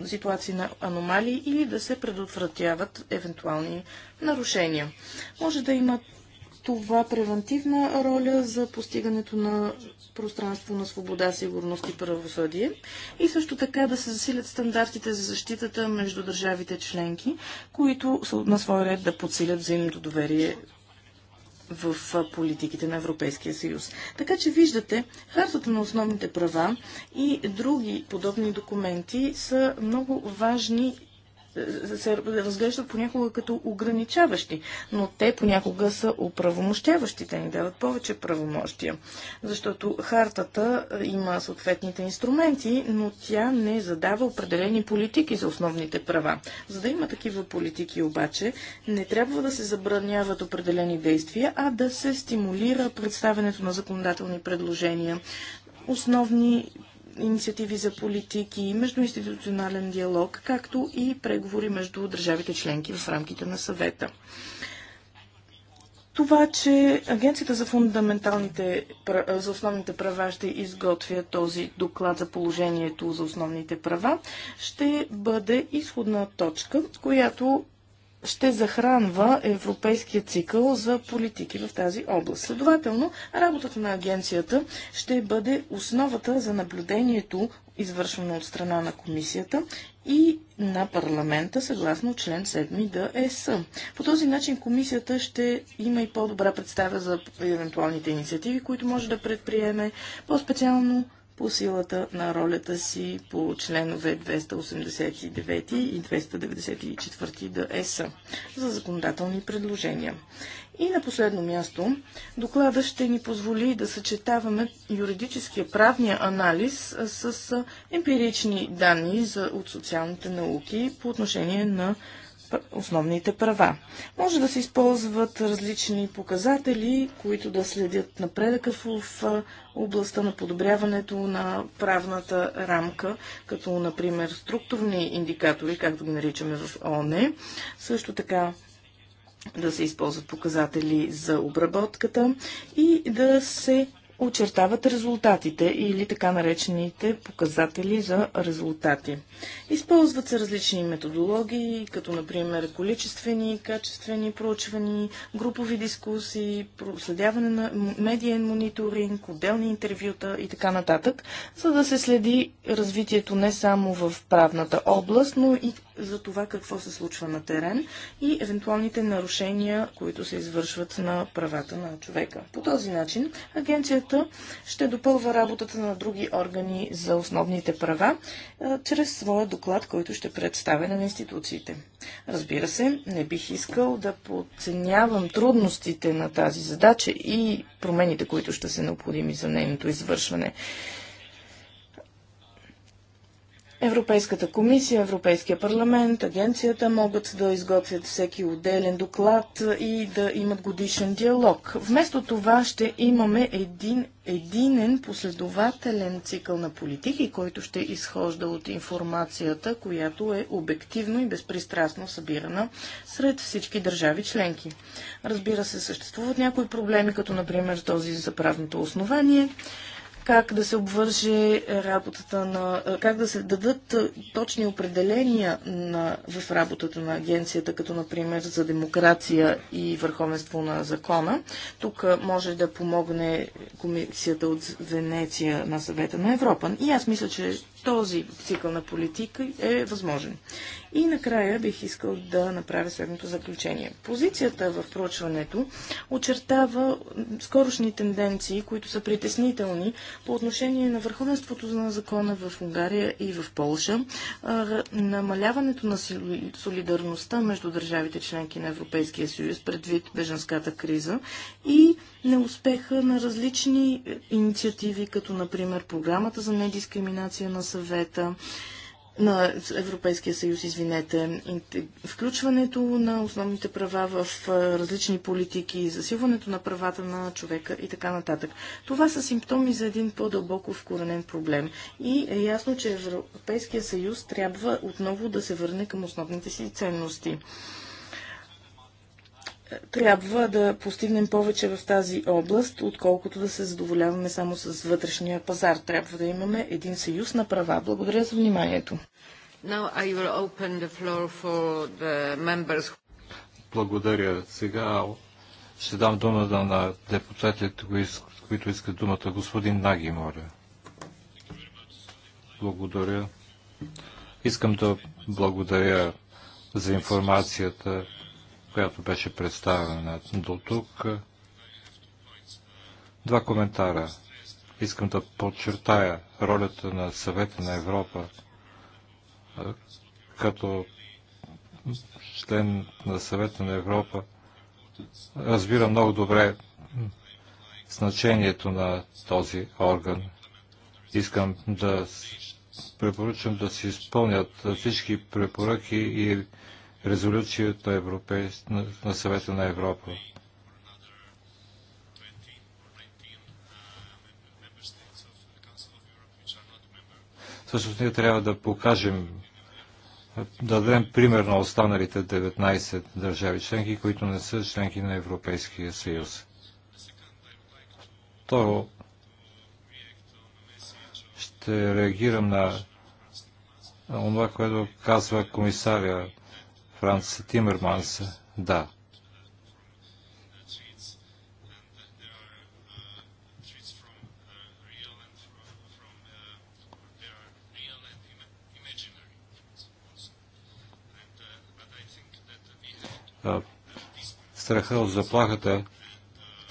ситуации на аномалии или да се предотвратяват евентуални нарушения. Може да имат това превентивна роля за постигането на пространство на свобода, сигурност и правосъдие и също така да се засилят стандартите за защитата между държавите членки, които са на свой ред да подсилят взаимното доверие в политиките на Европейския съюз. Така че виждате, хартата на основните права и други подобни документи са много важни се разглеждат понякога като ограничаващи, но те понякога са оправомощяващи. Те ни дават повече правомощия, защото хартата има съответните инструменти, но тя не задава определени политики за основните права. За да има такива политики обаче, не трябва да се забраняват определени действия, а да се стимулира представенето на законодателни предложения, основни инициативи за политики и междуинституционален диалог, както и преговори между държавите членки в рамките на съвета. Това, че Агенцията за фундаменталните, за основните права ще изготвя този доклад за положението за основните права, ще бъде изходна точка, която ще захранва европейския цикъл за политики в тази област. Следователно, работата на агенцията ще бъде основата за наблюдението, извършвано от страна на комисията и на парламента, съгласно член 7 да ЕС. По този начин комисията ще има и по-добра представа за евентуалните инициативи, които може да предприеме, по-специално по силата на ролята си по членове 289 и 294 да ЕС за законодателни предложения. И на последно място, доклада ще ни позволи да съчетаваме юридическия правния анализ с емпирични данни за, от социалните науки по отношение на основните права. Може да се използват различни показатели, които да следят напредъка в областта на подобряването на правната рамка, като например структурни индикатори, както ги наричаме в ОНЕ. Също така да се използват показатели за обработката и да се очертават резултатите или така наречените показатели за резултати. Използват се различни методологии, като например количествени, качествени проучвани, групови дискусии, проследяване на медиен мониторинг, отделни интервюта и така нататък, за да се следи развитието не само в правната област, но и за това какво се случва на терен и евентуалните нарушения, които се извършват на правата на човека. По този начин агенцията ще допълва работата на други органи за основните права чрез своя доклад, който ще представя на институциите. Разбира се, не бих искал да подценявам трудностите на тази задача и промените, които ще са необходими за нейното извършване. Европейската комисия, Европейския парламент, агенцията могат да изготвят всеки отделен доклад и да имат годишен диалог. Вместо това ще имаме един единен последователен цикъл на политики, който ще изхожда от информацията, която е обективно и безпристрастно събирана сред всички държави членки. Разбира се, съществуват някои проблеми, като например този за правното основание как да се обвърже работата на, е, как да се дадат е, точни определения на, в работата на агенцията, като например за демокрация и върховенство на закона. Тук е, може да помогне комисията от Венеция на съвета на Европа. И аз мисля, че този цикъл на политика е възможен. И накрая бих искал да направя следното заключение. Позицията в проучването очертава скорошни тенденции, които са притеснителни по отношение на върховенството на закона в Унгария и в Полша, намаляването на солидарността между държавите членки на Европейския съюз предвид беженската криза и неуспеха на различни е, инициативи, като например програмата за недискриминация на съвета, на Европейския съюз, извинете, включването на основните права в е, различни политики, засилването на правата на човека и така нататък. Това са симптоми за един по-дълбоко вкоренен проблем. И е ясно, че Европейския съюз трябва отново да се върне към основните си ценности трябва да постигнем повече в тази област, отколкото да се задоволяваме само с вътрешния пазар. Трябва да имаме един съюз на права. Благодаря за вниманието. Благодаря. Сега ще дам думата на депутатите, които искат думата. Господин Наги, моля. Благодаря. Искам да благодаря за информацията която беше представена до тук. Два коментара. Искам да подчертая ролята на съвета на Европа като член на съвета на Европа. Разбира много добре значението на този орган. Искам да препоръчам да се изпълнят всички препоръки и резолюции на, Европейс... на съвета на Европа. Също ние трябва да покажем, да дадем пример на останалите 19 държави членки, които не са членки на Европейския съюз. Второ, ще реагирам на това, което казва комисаря Франц Тимерманс. Да. страха от заплахата.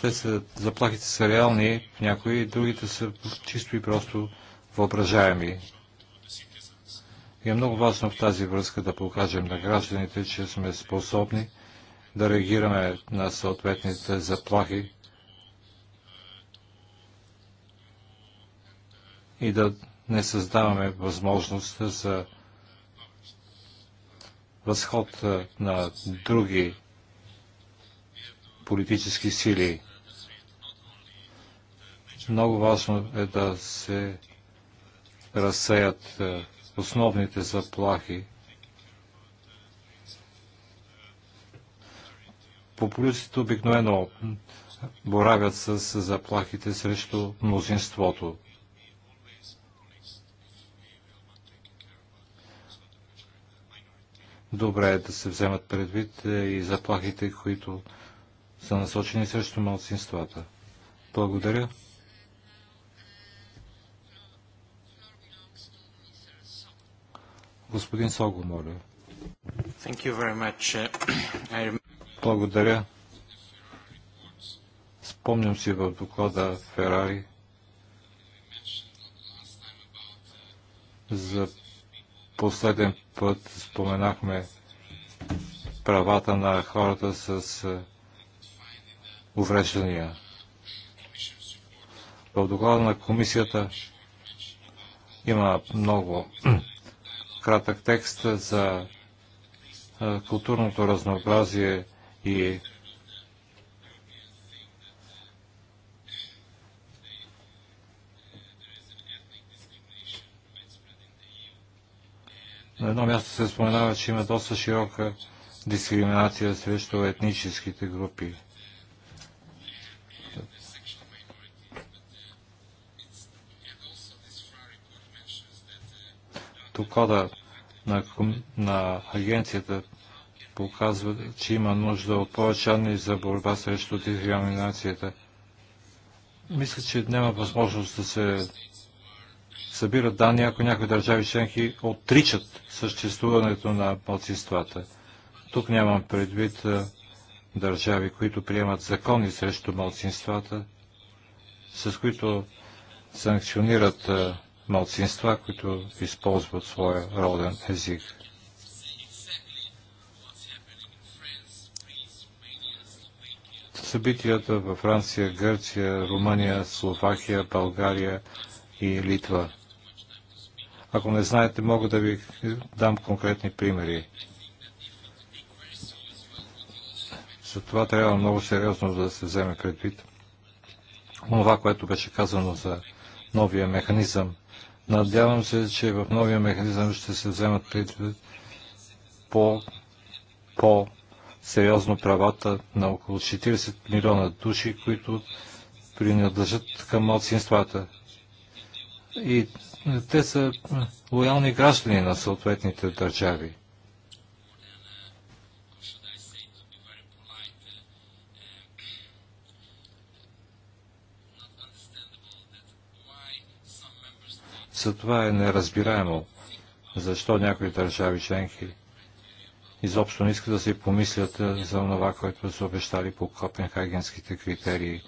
Те са, заплахите са реални, някои, другите са чисто и просто въображаеми. И е много важно в тази връзка да покажем на гражданите, че сме способни да реагираме на съответните заплахи и да не създаваме възможност за възход на други политически сили. Много важно е да се разсеят основните заплахи. Популистите обикновено боравят с заплахите срещу мнозинството. Добре е да се вземат предвид е, и заплахите, които са насочени срещу малцинствата. Благодаря. Господин Сого, моля. I... Благодаря. Спомням си в доклада Ферари за последен път споменахме правата на хората с увреждания. В доклада на комисията има много кратък текст за културното разнообразие и На едно място се споменава, че има доста широка дискриминация срещу етническите групи. доклада на, на агенцията показва, че има нужда от повече данни за борба срещу дискриминацията. Мисля, че няма възможност да се събират данни, ако някои държави членки отричат съществуването на младсинствата. Тук нямам предвид държави, които приемат закони срещу младсинствата, с които санкционират а, малцинства, които използват своя роден език. Събитията във Франция, Гърция, Румъния, Словакия, България и Литва. Ако не знаете, мога да ви дам конкретни примери. За това трябва много сериозно да се вземе предвид. Това, което беше казано за новия механизъм Надявам се, че в новия механизъм ще се вземат предвид по, по сериозно правата на около 40 милиона души, които принадлежат към младсинствата. И те са лоялни граждани на съответните държави. Затова е неразбираемо защо някои държави членки изобщо не искат да си помислят за това, което са обещали по копенхагенските критерии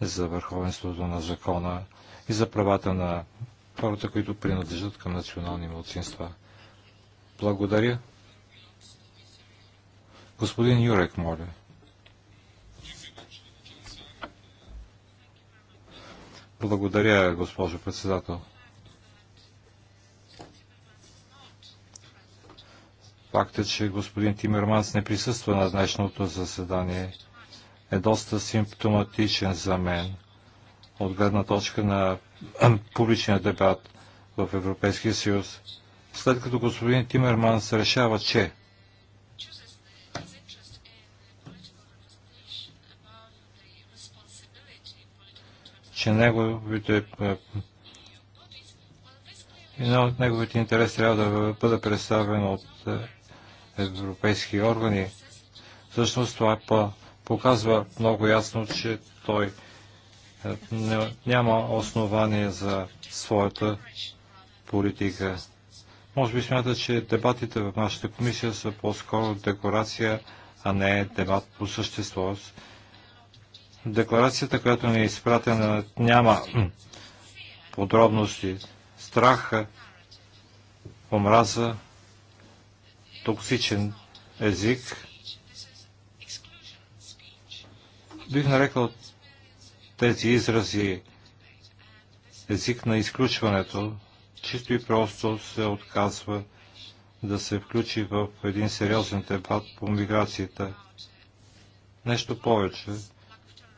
за върховенството на закона и за правата на хората, които принадлежат към национални младсинства. Благодаря. Господин Юрек, моля. Благодаря, госпожо председател. Факта, че господин Тимерманс не присъства на днешното заседание, е доста симптоматичен за мен от гледна точка на публичния дебат в Европейския съюз, след като господин Тимерманс решава, че че неговите е, неговите интереси трябва да бъде представен от е, европейски органи. Всъщност това е показва много ясно, че той е, няма основание за своята политика. Може би смята, че дебатите в нашата комисия са по-скоро декларация, а не дебат по същество. Декларацията, която ни е изпратена, няма подробности. Страха, омраза, токсичен език. Бих нарекал тези изрази език на изключването. Чисто и просто се отказва да се включи в един сериозен дебат по миграцията. Нещо повече,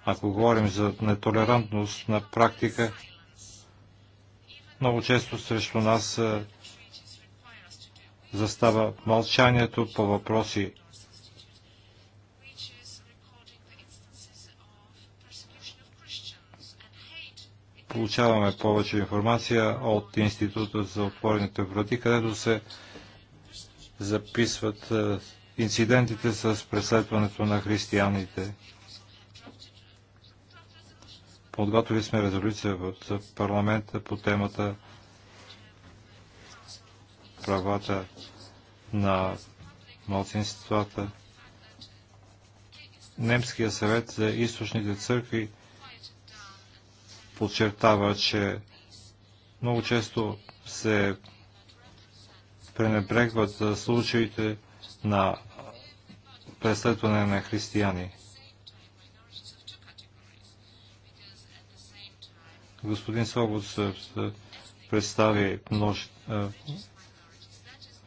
ако говорим за нетолерантност на практика, много често срещу нас застава мълчанието по въпроси, получаваме повече информация от Института за отворените врати, където се записват е, инцидентите с преследването на християните. Подготвили сме резолюция от парламента по темата правата на младсинствата. Немския съвет за източните църкви подчертава, че много често се пренебрегват за случаите на преследване на християни. Господин Свобод се представи множ... Е,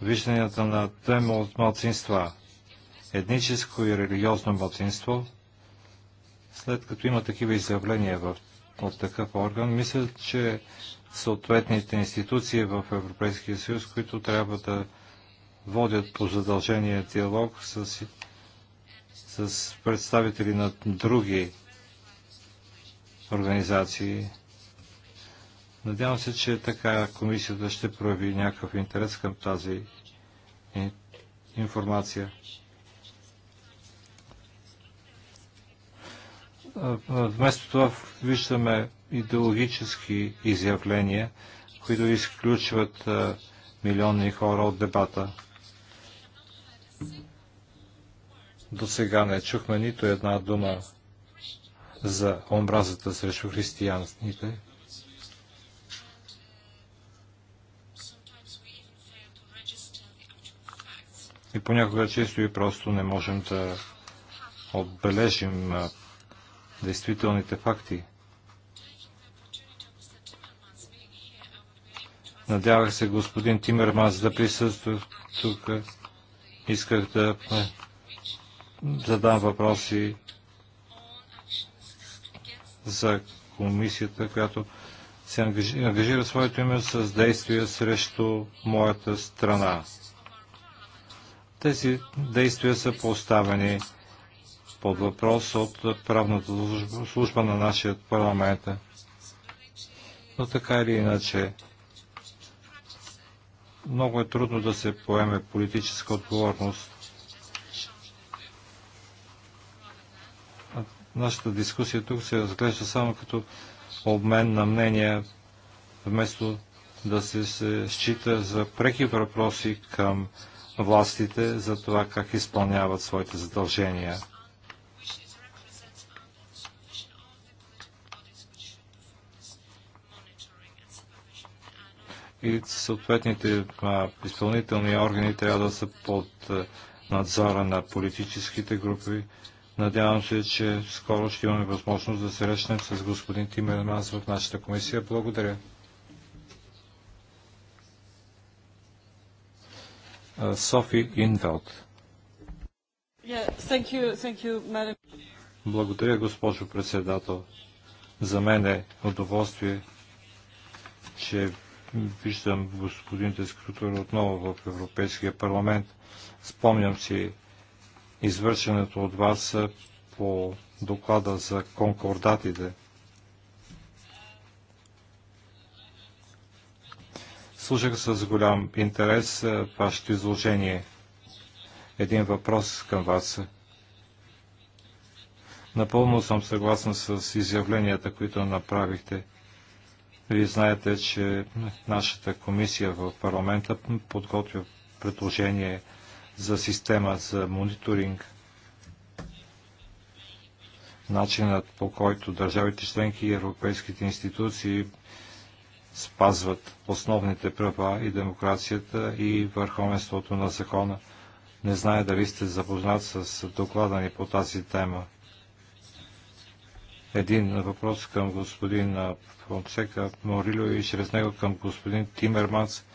вижданията на две младсинства – етническо и религиозно младсинство. След като има такива изявления в, от такъв орган, мисля, че съответните институции в Европейския съюз, които трябва да водят по задължение диалог с, с представители на други организации – Надявам се, че така комисията ще прояви някакъв интерес към тази информация. Вместо това виждаме идеологически изявления, които изключват милиони хора от дебата. До сега не чухме нито една дума за омразата срещу християните, и понякога често и просто не можем да отбележим действителните факти. Надявах се господин Тимермас да присъства тук. Исках да задам въпроси за комисията, която се ангажира своето име с действия срещу моята страна. Тези действия са поставени под въпрос от правната служба на нашия парламент. Но така или иначе, много е трудно да се поеме политическа отговорност. Нашата дискусия тук се разглежда само като обмен на мнения, вместо да се, счита за преки въпроси към властите за това как изпълняват своите задължения. И съответните изпълнителни органи трябва да са под надзора на политическите групи. Надявам се, че скоро ще имаме възможност да се срещнем с господин Тимерманс в нашата комисия. Благодаря. Софи Инвелт. Благодаря, госпожо председател. За мен е удоволствие, че виждам господин Дескрутор отново в Европейския парламент. Спомням си извършенето от вас по доклада за конкордатите. Слушах с голям интерес е, вашето изложение. Един въпрос към вас. Напълно съм съгласен с изявленията, които направихте. Вие знаете, че нашата комисия в парламента подготвя предложение за система за мониторинг. Начинът по който държавите членки и европейските институции спазват основните права и демокрацията и върховенството на закона. Не знае дали сте запознат с доклада ни по тази тема. Един въпрос към господин Фонсека Морилио и чрез него към господин Тимерманс.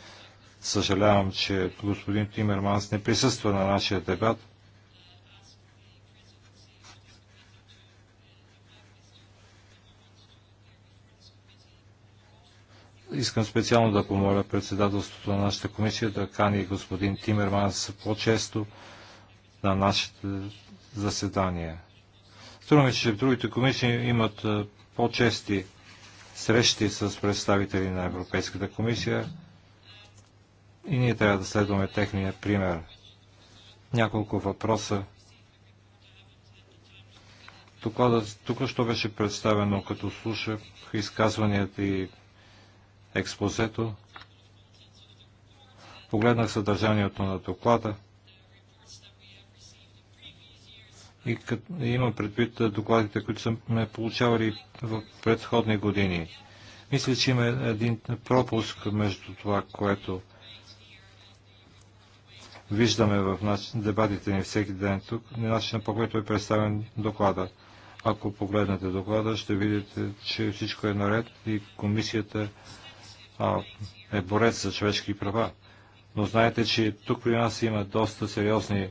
Съжалявам, че господин Тимерманс не присъства на нашия дебат – Искам специално да помоля председателството на нашата комисия да кани господин Тимерманс по-често на нашите заседания. Струва ми, че другите комисии имат по-чести срещи с представители на Европейската комисия и ние трябва да следваме техния пример. Няколко въпроса. Докладът тук що беше представено, като слушах изказванията и експозето. Погледнах съдържанието на доклада и имам предвид докладите, които сме получавали в предходни години. Мисля, че има един пропуск между това, което виждаме в дебатите ни всеки ден тук, начина по който е представен доклада. Ако погледнете доклада, ще видите, че всичко е наред и комисията а, е борец за човешки права. Но знаете, че тук при нас има доста сериозни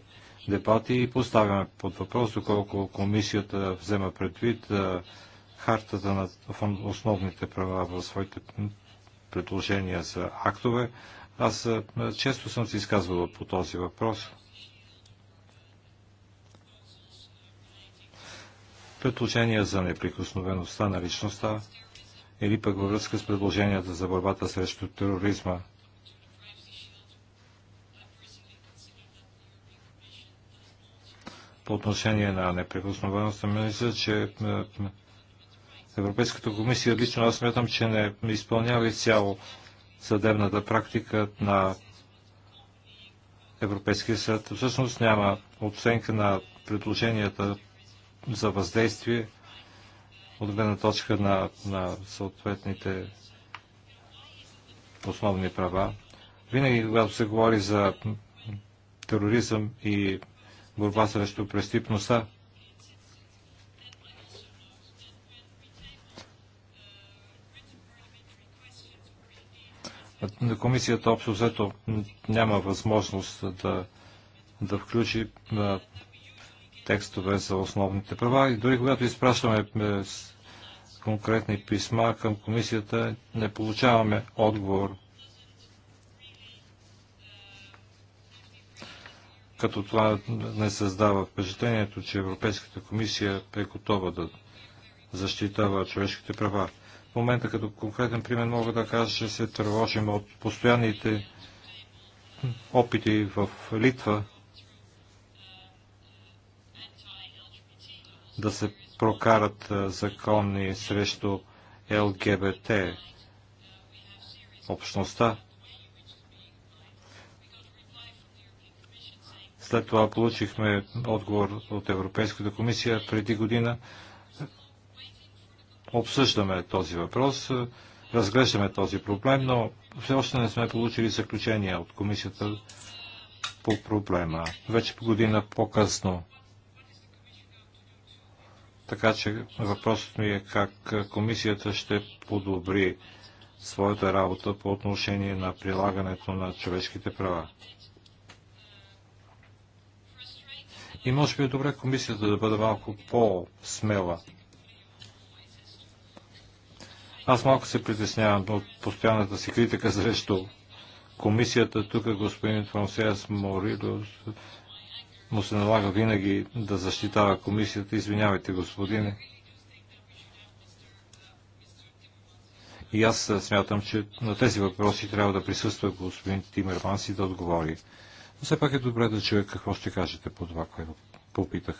дебати и поставяме под въпрос, доколко комисията взема предвид а, хартата на основните права в своите предложения за актове. Аз а, често съм се изказвала по този въпрос. Предложения за неприкосновеността на личността, или пък във връзка с предложенията за борбата срещу тероризма. По отношение на неприкосновеността, мисля, че Европейската комисия лично аз смятам, че не изпълнява изцяло съдебната практика на Европейския съд. Всъщност няма оценка на предложенията за въздействие от гледна точка на, на съответните основни права. Винаги, когато се говори за тероризъм и борба срещу престъпността, Комисията общо взето няма възможност да, да включи текстове за основните права и дори когато изпращаме е, конкретни писма към комисията, не получаваме отговор. Като това не създава впечатлението, че Европейската комисия е готова да защитава човешките права. В момента като конкретен пример мога да кажа, че се тревожим от постоянните опити в Литва да се прокарат закони срещу ЛГБТ общността. След това получихме отговор от Европейската комисия преди година. Обсъждаме този въпрос, разглеждаме този проблем, но все още не сме получили заключения от комисията по проблема. Вече по година по-късно така че въпросът ми е как комисията ще подобри своята работа по отношение на прилагането на човешките права. И може би е добре комисията да бъде малко по-смела. Аз малко се притеснявам от постоянната си критика срещу комисията. Тук господин Франсиас Морилос му се налага винаги да защитава комисията. Извинявайте, господине. И аз смятам, че на тези въпроси трябва да присъства господин Тимерманс и да отговори. Но все пак е добре да чуя какво ще кажете по това, което попитах.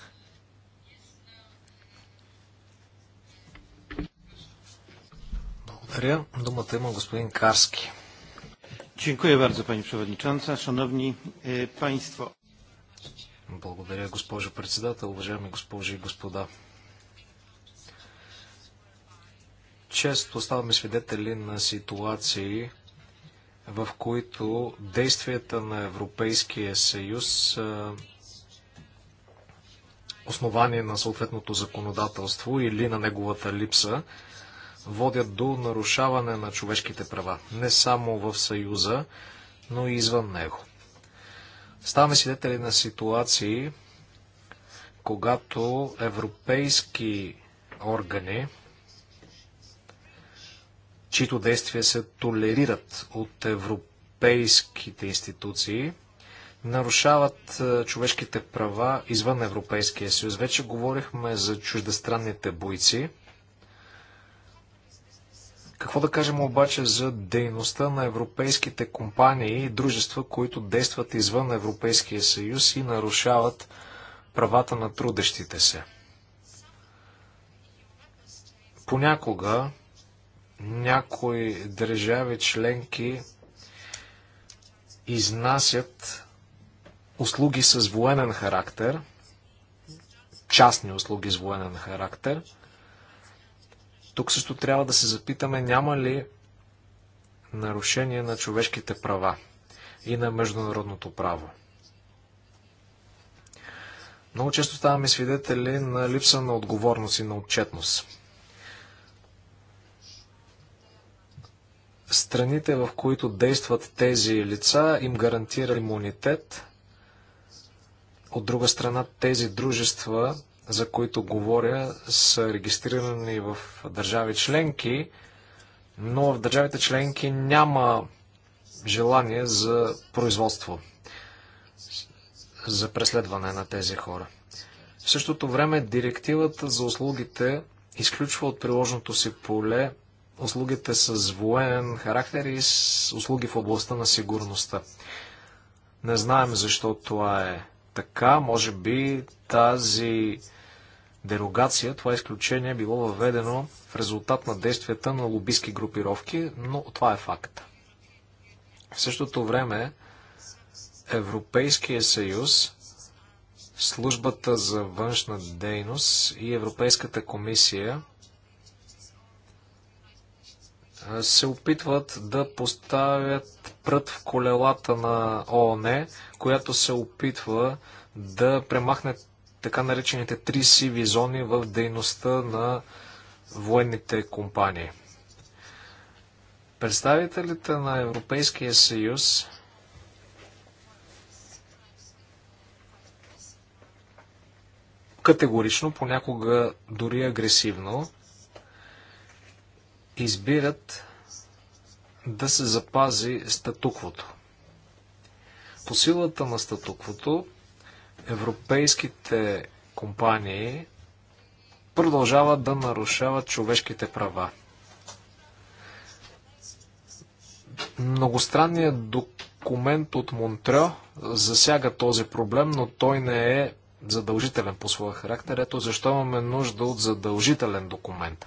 Благодаря. Думата има господин Карски. Dziękuję bardzo Pani Przewodnicząca. Szanowni e, Państwo. Благодаря, госпожо председател, уважаеми госпожи и господа. Често ставаме свидетели на ситуации, в които действията на Европейския съюз са основание на съответното законодателство или на неговата липса водят до нарушаване на човешките права, не само в Съюза, но и извън него. Ставаме свидетели на ситуации, когато европейски органи, чието действия се толерират от европейските институции, нарушават е, човешките права извън Европейския съюз. Вече говорихме за чуждестранните бойци. Какво да кажем обаче за дейността на европейските компании и дружества, които действат извън Европейския съюз и нарушават правата на трудещите се? Понякога някои държави членки изнасят услуги с военен характер, частни услуги с военен характер – тук също трябва да се запитаме, няма ли нарушение на човешките права и на международното право. Много често ставаме свидетели на липса на отговорност и на отчетност. Страните, в които действат тези лица, им гарантира имунитет. От друга страна, тези дружества за които говоря, са регистрирани в държави членки, но в държавите членки няма желание за производство, за преследване на тези хора. В същото време директивата за услугите изключва от приложното си поле услугите с военен характер и с услуги в областта на сигурността. Не знаем защо това е така. Може би тази дерогация, това изключение е било въведено в резултат на действията на лобистки групировки, но това е факт. В същото време Европейския съюз, службата за външна дейност и Европейската комисия се опитват да поставят прът в колелата на ООН, която се опитва да премахне така наречените три сиви зони в дейността на военните компании. Представителите на Европейския съюз категорично, понякога дори агресивно, избират да се запази статуквото. По силата на статуквото, европейските компании продължават да нарушават човешките права. Многостранният документ от Монтрео засяга този проблем, но той не е задължителен по своя характер. Ето защо имаме нужда от задължителен документ.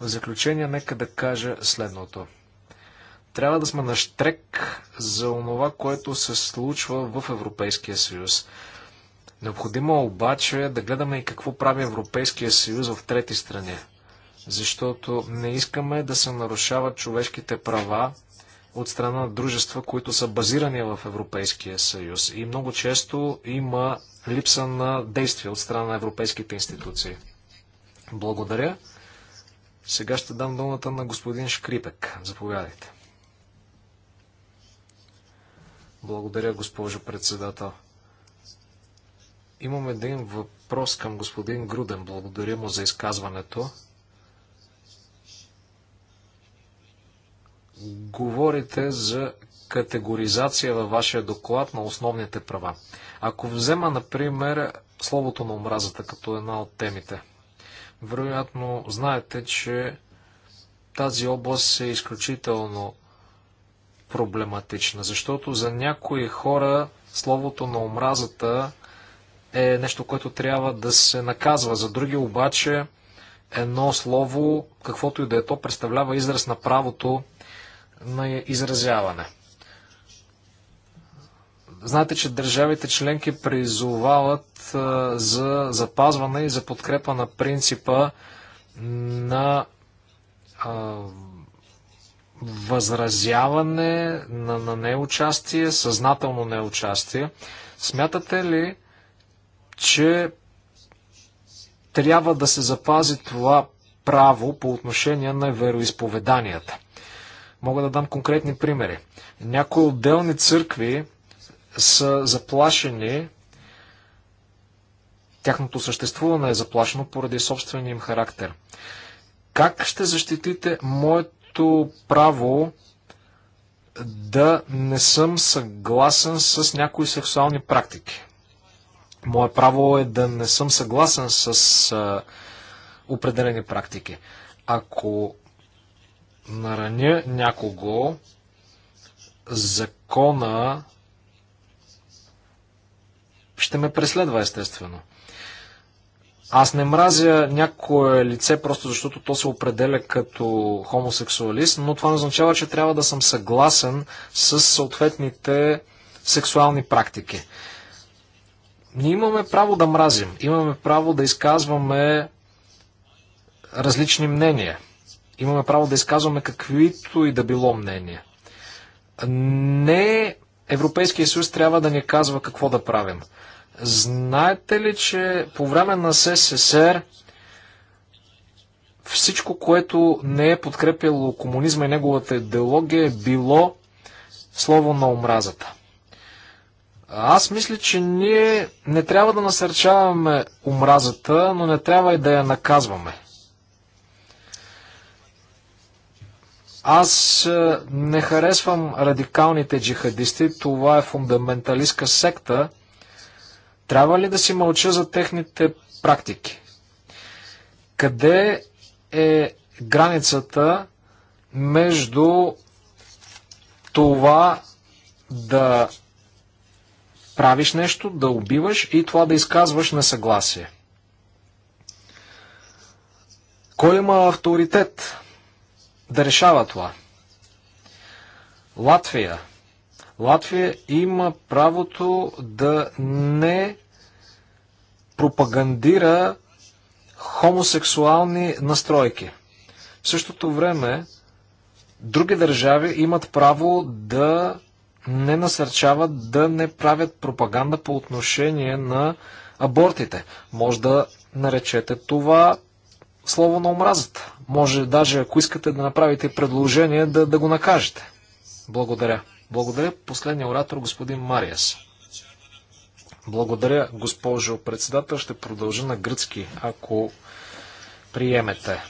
В заключение, нека да кажа следното. Трябва да сме на штрек за онова, което се случва в Европейския съюз. Необходимо е обаче да гледаме и какво прави Европейския съюз в трети страни. Защото не искаме да се нарушават човешките права от страна на дружества, които са базирани в Европейския съюз. И много често има липса на действия от страна на европейските институции. Благодаря. Сега ще дам думата на господин Шкрипек. Заповядайте. Благодаря, госпожо председател. Имам един въпрос към господин Груден. Благодаря му за изказването. Говорите за категоризация във вашия доклад на основните права. Ако взема, например, словото на омразата като една от темите, вероятно знаете, че тази област е изключително проблематична, защото за някои хора словото на омразата е нещо, което трябва да се наказва. За други обаче едно слово, каквото и да е то, представлява израз на правото на изразяване. Знаете, че държавите членки призовават за запазване и за подкрепа на принципа на възразяване, на, на неучастие, съзнателно неучастие. Смятате ли, че трябва да се запази това право по отношение на вероисповеданията. Мога да дам конкретни примери. Някои отделни църкви са заплашени, тяхното съществуване е заплашено поради собствения им характер. Как ще защитите моето право да не съм съгласен с някои сексуални практики? Мое право е да не съм съгласен с а, определени практики. Ако нараня някого, закона ще ме преследва, естествено. Аз не мразя някое лице, просто защото то се определя като хомосексуалист, но това не означава, че трябва да съм съгласен с съответните сексуални практики. Ние имаме право да мразим, имаме право да изказваме различни мнения. Имаме право да изказваме каквито и да било мнения. Не Европейския съюз трябва да ни казва какво да правим. Знаете ли, че по време на СССР всичко, което не е подкрепило комунизма и неговата идеология, е било слово на омразата. Аз мисля, че ние не трябва да насърчаваме омразата, но не трябва и да я наказваме. Аз е, не харесвам радикалните джихадисти, това е фундаменталистка секта. Трябва ли да си мълча за техните практики? Къде е границата между това да правиш нещо, да убиваш и това да изказваш несъгласие. Кой има авторитет да решава това? Латвия. Латвия има правото да не пропагандира хомосексуални настройки. В същото време, други държави имат право да не насърчават да не правят пропаганда по отношение на абортите. Може да наречете това слово на омразата. Може даже, ако искате да направите предложение, да, да го накажете. Благодаря. Благодаря. Последния оратор, господин Мариас. Благодаря, госпожо председател. Ще продължа на гръцки, ако приемете.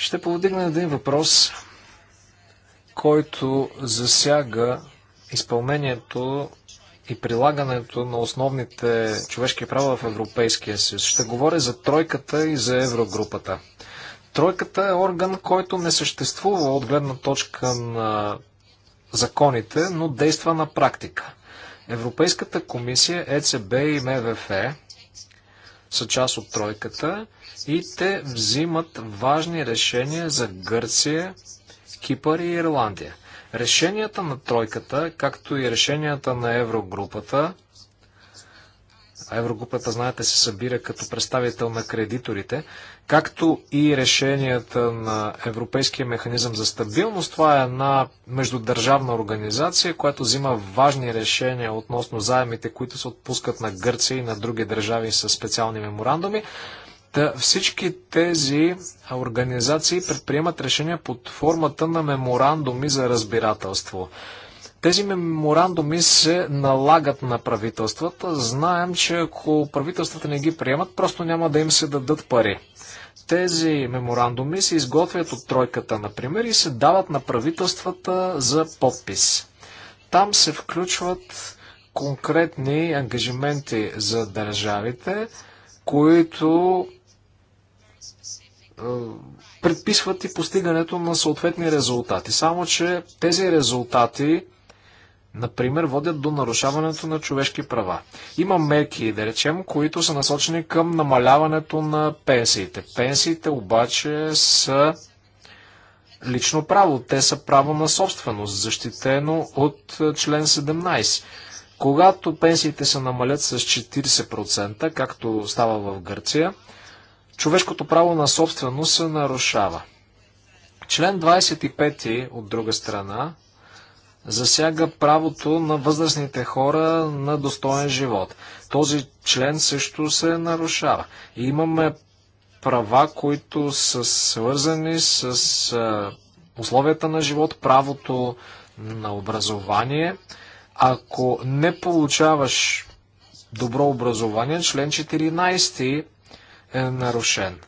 Ще повдигна един въпрос, който засяга изпълнението и прилагането на основните човешки права в Европейския съюз. Ще говоря за тройката и за еврогрупата. Тройката е орган, който не съществува от гледна точка на законите, но действа на практика. Европейската комисия, ЕЦБ и МВФ са част от тройката и те взимат важни решения за Гърция, Кипър и Ирландия. Решенията на тройката, както и решенията на еврогрупата, а Еврогрупата, знаете, се събира като представител на кредиторите, както и решенията на Европейския механизъм за стабилност. Това е една междудържавна организация, която взима важни решения относно заемите, които се отпускат на Гърция и на други държави с специални меморандуми. Та всички тези организации предприемат решения под формата на меморандуми за разбирателство. Тези меморандуми се налагат на правителствата. Знаем, че ако правителствата не ги приемат, просто няма да им се дадат пари. Тези меморандуми се изготвят от тройката, например, и се дават на правителствата за подпис. Там се включват конкретни ангажименти за държавите, които е, предписват и постигането на съответни резултати. Само, че тези резултати например, водят до нарушаването на човешки права. Има мерки, да речем, които са насочени към намаляването на пенсиите. Пенсиите обаче са лично право. Те са право на собственост, защитено от е, член 17. Когато пенсиите се намалят с 40%, както става в Гърция, човешкото право на собственост се нарушава. Член 25 от друга страна засяга правото на възрастните хора на достоен живот. Този член също се нарушава. И имаме права, които са свързани с условията на живот, правото на образование. Ако не получаваш добро образование, член 14 е нарушен.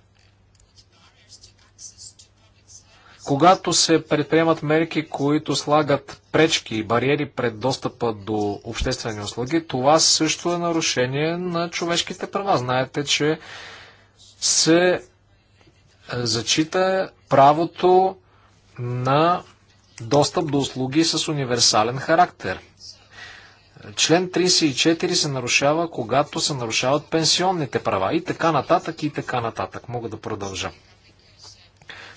Когато се предприемат мерки, които слагат пречки и бариери пред достъпа до обществени услуги, това също е нарушение на човешките права. Знаете, че се е, зачита правото на достъп до услуги с универсален характер. Член 34 се нарушава, когато се нарушават пенсионните права и така нататък и така нататък. Мога да продължа.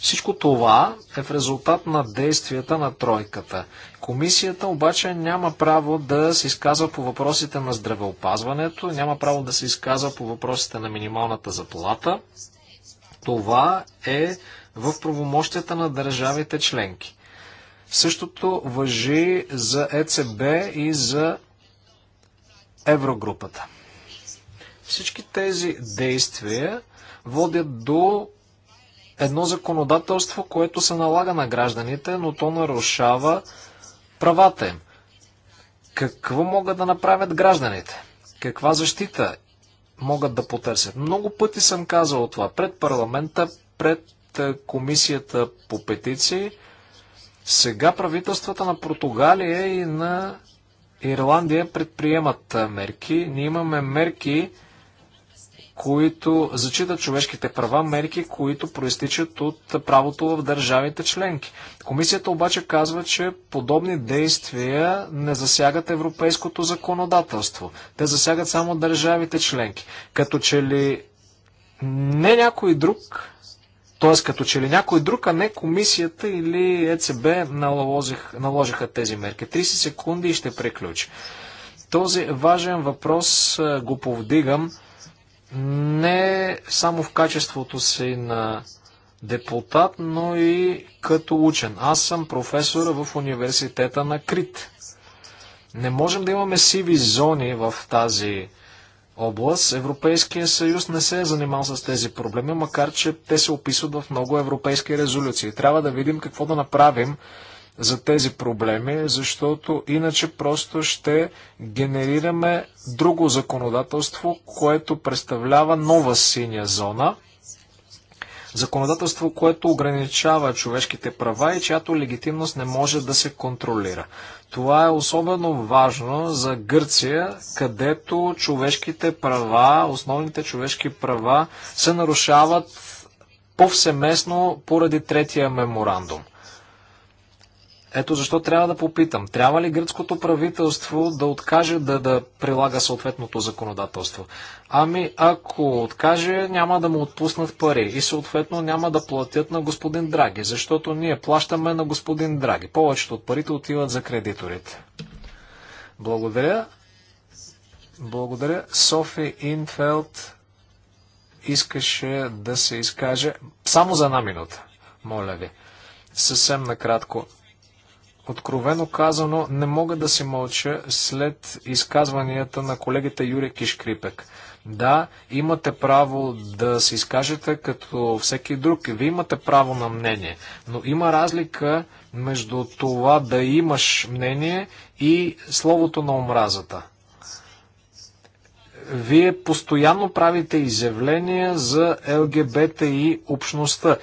Всичко това е в резултат на действията на тройката. Комисията обаче няма право да се изказва по въпросите на здравеопазването, няма право да се изказва по въпросите на минималната заплата. Това е в правомощията на държавите членки. Същото въжи за ЕЦБ и за Еврогрупата. Всички тези действия водят до едно законодателство, което се налага на гражданите, но то нарушава правата им. Какво могат да направят гражданите? Каква защита могат да потърсят? Много пъти съм казал това пред парламента, пред е, комисията по петиции. Сега правителствата на Португалия и на Ирландия предприемат е, мерки. Ние имаме мерки, които зачитат човешките права, мерки, които проистичат от правото в държавите членки. Комисията обаче казва, че подобни действия не засягат европейското законодателство. Те засягат само държавите членки. Като че ли не някой друг, т.е. като че ли някой друг, а не комисията или ЕЦБ наложих, наложиха тези мерки. 30 секунди и ще приключи. Този важен въпрос го повдигам не само в качеството си на депутат, но и като учен. Аз съм професор в университета на Крит. Не можем да имаме сиви зони в тази област. Европейския съюз не се е занимал с тези проблеми, макар че те се описват в много европейски резолюции. Трябва да видим какво да направим, за тези проблеми, защото иначе просто ще генерираме друго законодателство, което представлява нова синя зона. Законодателство, което ограничава човешките права и чиято легитимност не може да се контролира. Това е особено важно за Гърция, където човешките права, основните човешки права се нарушават повсеместно поради третия меморандум. Ето защо трябва да попитам. Трябва ли гръцкото правителство да откаже да, да прилага съответното законодателство? Ами, ако откаже, няма да му отпуснат пари и съответно няма да платят на господин Драги, защото ние плащаме на господин Драги. Повечето от парите отиват за кредиторите. Благодаря. Благодаря. Софи Инфелд искаше да се изкаже само за една минута. Моля ви. Съвсем накратко. Откровено казано, не мога да си мълча след изказванията на колегите Юрия Кишкрипек. Да, имате право да се изкажете като всеки друг. Вие имате право на мнение. Но има разлика между това да имаш мнение и словото на омразата. Вие постоянно правите изявления за ЛГБТ и общността.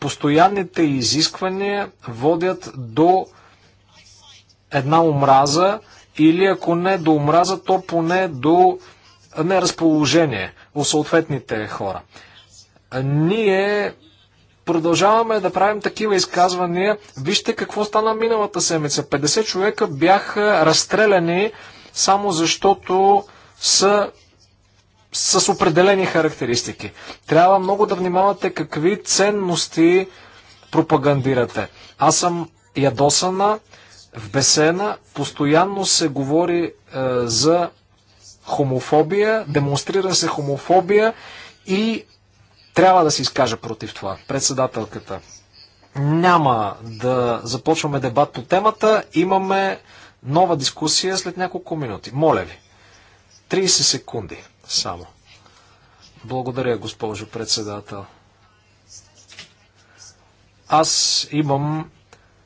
Постоянните изисквания водят до една омраза или ако не до омраза, то поне до неразположение у съответните хора. Ние продължаваме да правим такива изказвания. Вижте какво стана миналата седмица. 50 човека бяха разстреляни само защото са с определени характеристики. Трябва много да внимавате какви ценности пропагандирате. Аз съм ядосана, в Бесена постоянно се говори е, за хомофобия, демонстрира се хомофобия и трябва да се изкажа против това. Председателката. Няма да започваме дебат по темата. Имаме нова дискусия след няколко минути. Моля ви. 30 секунди само. Благодаря, госпожо председател. Аз имам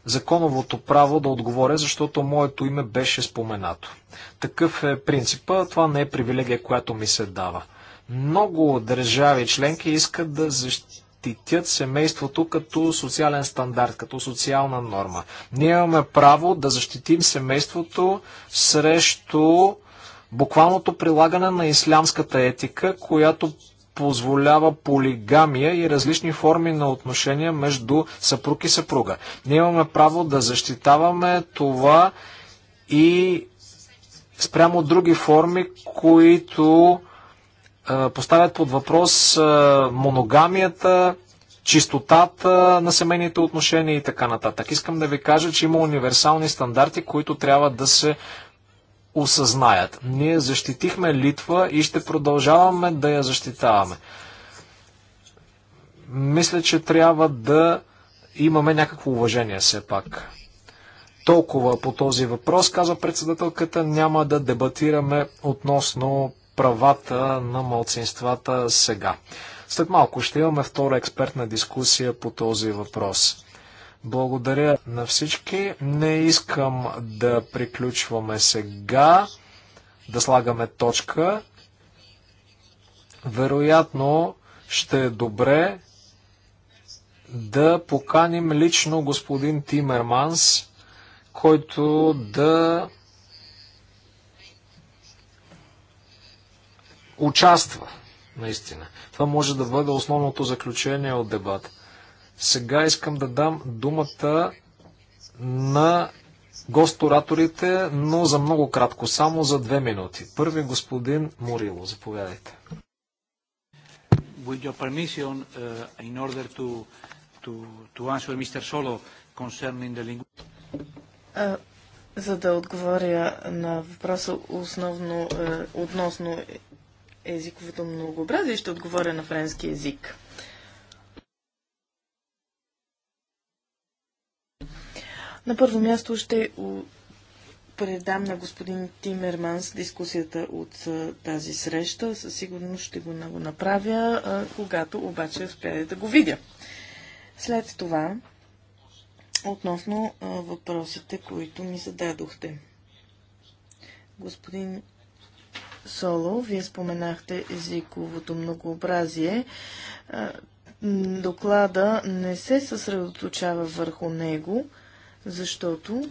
законовото право да отговоря, защото моето име беше споменато. Такъв е принципа, това не е привилегия, която ми се дава. Много държави членки искат да защитят семейството като социален стандарт, като социална норма. Ние имаме право да защитим семейството срещу буквалното прилагане на ислямската етика, която позволява полигамия и различни форми на отношения между съпруг и съпруга. Ние имаме право да защитаваме това и спрямо други форми, които е, поставят под въпрос е, моногамията, чистотата на семейните отношения и така нататък. Искам да ви кажа, че има универсални стандарти, които трябва да се осъзнаят. Ние защитихме Литва и ще продължаваме да я защитаваме. Мисля, че трябва да имаме някакво уважение все пак. Толкова по този въпрос, казва председателката, няма да дебатираме относно правата на малцинствата сега. След малко ще имаме втора експертна дискусия по този въпрос. Благодаря на всички. Не искам да приключваме сега, да слагаме точка. Вероятно ще е добре да поканим лично господин Тимерманс, който да участва наистина. Това може да бъде основното заключение от дебата. Сега искам да дам думата на гостораторите, но за много кратко, само за две минути. Първи господин Морило, заповядайте. With your permission, uh, in order to, to, to answer Mr. Solo concerning the lingu... Uh, за да отговоря на въпроса основно uh, относно езиковото многообразие, ще отговоря на френски език. На първо място ще предам на господин Тимерманс дискусията от тази среща. Със сигурност ще го направя, когато обаче успея да го видя. След това, относно въпросите, които ми зададохте. Господин Соло, вие споменахте езиковото многообразие. Доклада не се съсредоточава върху него защото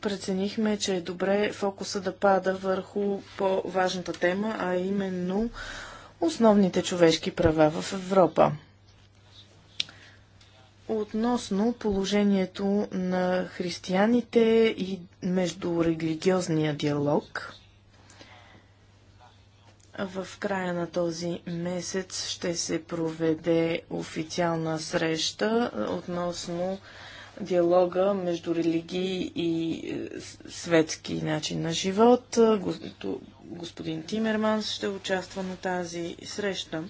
преценихме, че е добре фокуса да пада върху по-важната тема, а именно основните човешки права в Европа. Относно положението на християните и междурелигиозния диалог, в края на този месец ще се проведе официална среща относно диалога между религии и е, светски начин на живот. Господин Тимерманс ще участва на тази среща.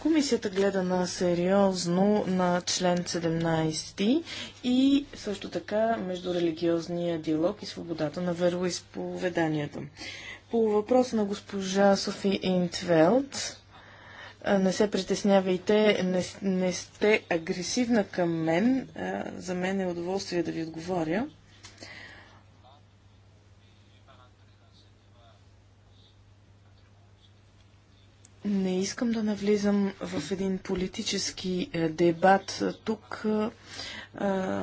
Комисията гледа на сериозно на член 17 и също така между религиозния диалог и свободата на вероисповеданията. По въпроса на госпожа Софи Интвелт. Не се притеснявайте, не, не сте агресивна към мен. За мен е удоволствие да ви отговоря. Не искам да навлизам в един политически е, дебат тук. Е, е,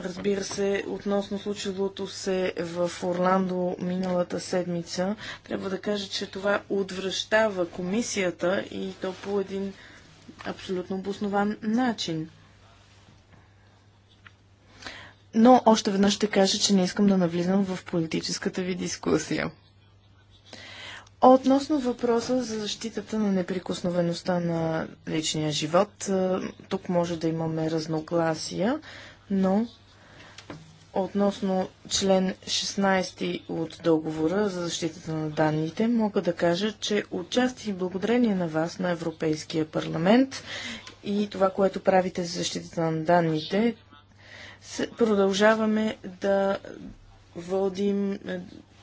разбира се, относно случилото се в Орландо миналата седмица, трябва да кажа, че това отвръщава комисията и то по един абсолютно обоснован начин. Но още веднъж ще кажа, че не искам да навлизам в политическата ви дискусия. Относно въпроса за защитата на неприкосновеността на личния живот, тук може да имаме разногласия, но относно член 16 от договора за защитата на данните, мога да кажа, че отчасти и благодарение на вас, на Европейския парламент и това, което правите за защитата на данните, продължаваме да водим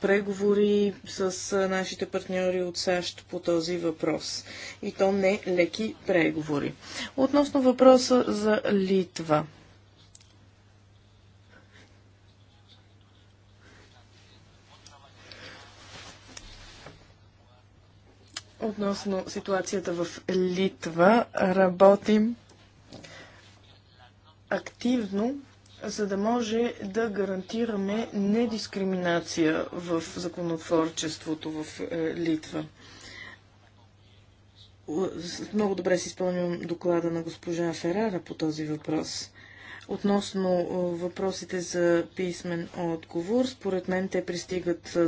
преговори с нашите партньори от САЩ по този въпрос. И то не леки преговори. Относно въпроса за Литва. Относно ситуацията в Литва, работим активно за да може да гарантираме недискриминация в законотворчеството в е, Литва. Много добре си спомням доклада на госпожа Ферара по този въпрос. Относно въпросите за писмен отговор, според мен те пристигат е,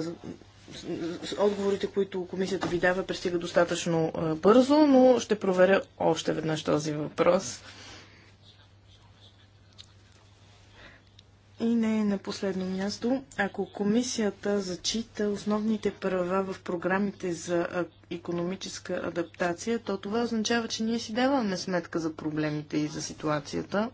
отговорите, които комисията ви дава, пристигат достатъчно е, бързо, но ще проверя още веднъж този въпрос. И не е на последно място, ако комисията зачита основните права в програмите за економическа адаптация, то това означава, че ние си даваме сметка за проблемите и за ситуацията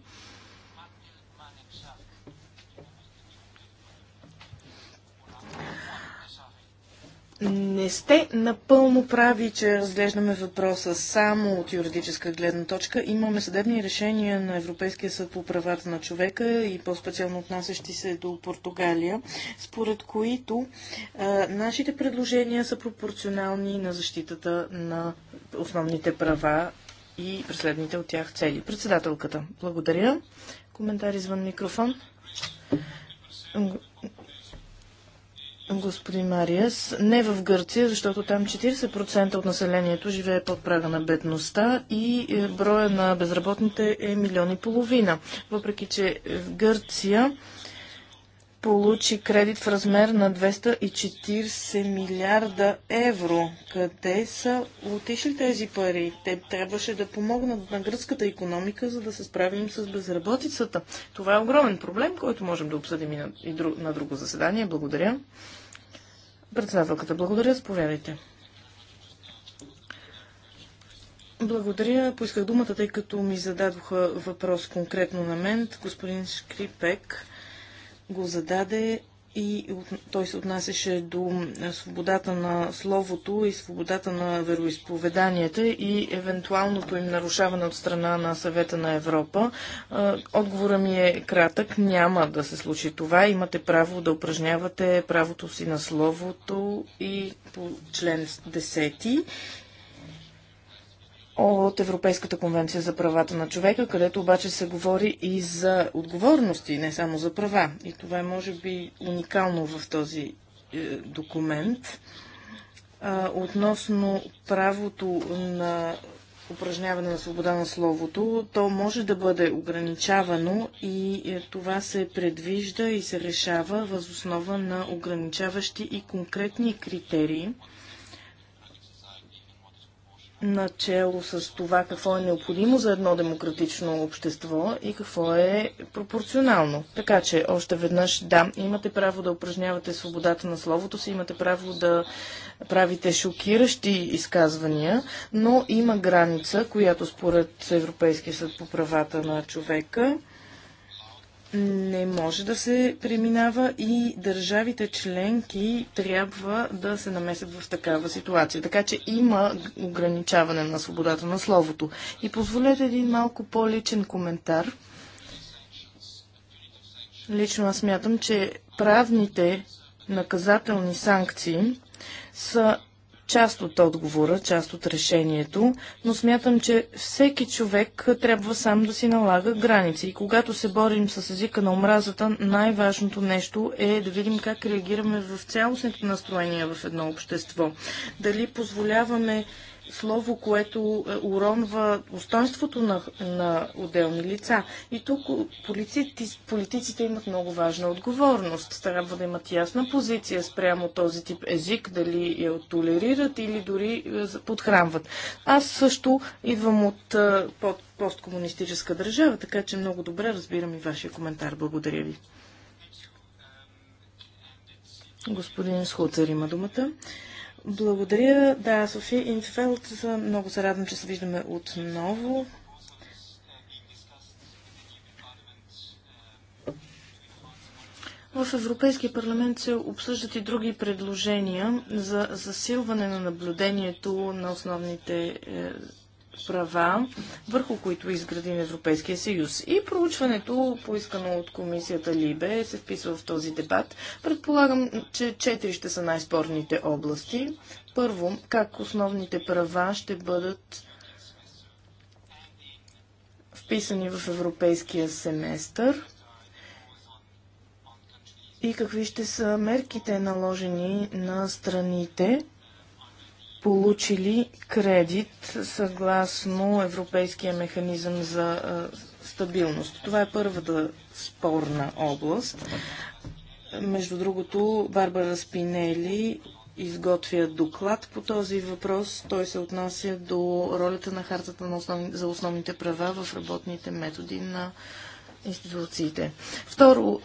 Не сте напълно прави, че разглеждаме въпроса само от юридическа гледна точка. Имаме съдебни решения на Европейския съд по правата на човека и по-специално отнасящи се до Португалия, според които а, нашите предложения са пропорционални на защитата на основните права и преследните от тях цели. Председателката, благодаря. Коментар извън микрофон господин Мариас. Не в Гърция, защото там 40% от населението живее под прага на бедността и е, броя на безработните е милион и половина. Въпреки, че в Гърция получи кредит в размер на 240 милиарда евро. Къде са отишли тези пари? Те трябваше да помогнат на гръцката економика, за да се справим с безработицата. Това е огромен проблем, който можем да обсъдим и на, и друг, на друго заседание. Благодаря. Председателката, благодаря. Заповядайте. Благодаря. Поисках думата, тъй като ми зададоха въпрос конкретно на мен. Господин Шкрипек го зададе и той се отнасяше до свободата на словото и свободата на вероисповеданията и евентуалното им нарушаване от страна на съвета на Европа. Отговора ми е кратък. Няма да се случи това. Имате право да упражнявате правото си на словото и по член 10 от Европейската конвенция за правата на човека, където обаче се говори и за отговорности, не само за права. И това е, може би, уникално в този е, документ. А, относно правото на упражняване на свобода на словото, то може да бъде ограничавано и е, това се предвижда и се решава възоснова на ограничаващи и конкретни критерии – начало с това какво е необходимо за едно демократично общество и какво е пропорционално. Така че, още веднъж, да, имате право да упражнявате свободата на словото си, имате право да правите шокиращи изказвания, но има граница, която според Европейския съд по правата на човека не може да се преминава и държавите членки трябва да се намесят в такава ситуация. Така че има ограничаване на свободата на словото. И позволете един малко по-личен коментар. Лично аз смятам, че правните наказателни санкции са част от отговора, част от решението, но смятам, че всеки човек трябва сам да си налага граници. И когато се борим с езика на омразата, най-важното нещо е да видим как реагираме в цялостните настроения в едно общество. Дали позволяваме слово, което е, уронва достоинството на, на отделни лица. И тук политиците, политиците имат много важна отговорност. Трябва да имат ясна позиция спрямо този тип език, дали я толерират или дори е, подхранват. Аз също идвам от е, под посткомунистическа държава, така че много добре разбирам и вашия коментар. Благодаря ви. Господин Схоцер, има думата. Благодаря, да, София Инфелд. Много се радвам, че се виждаме отново. В Европейския парламент се обсъждат и други предложения за засилване на наблюдението на основните е, права, върху които изградим Европейския съюз. И проучването, поискано от комисията Либе, се вписва в този дебат. Предполагам, че четири ще са най-спорните области. Първо, как основните права ще бъдат вписани в европейския семестър и какви ще са мерките наложени на страните получили кредит съгласно Европейския механизъм за стабилност. Това е първата спорна област. Между другото, Барбара Спинели изготвя доклад по този въпрос. Той се отнася до ролята на хартата на основни, за основните права в работните методи на институциите. Второ,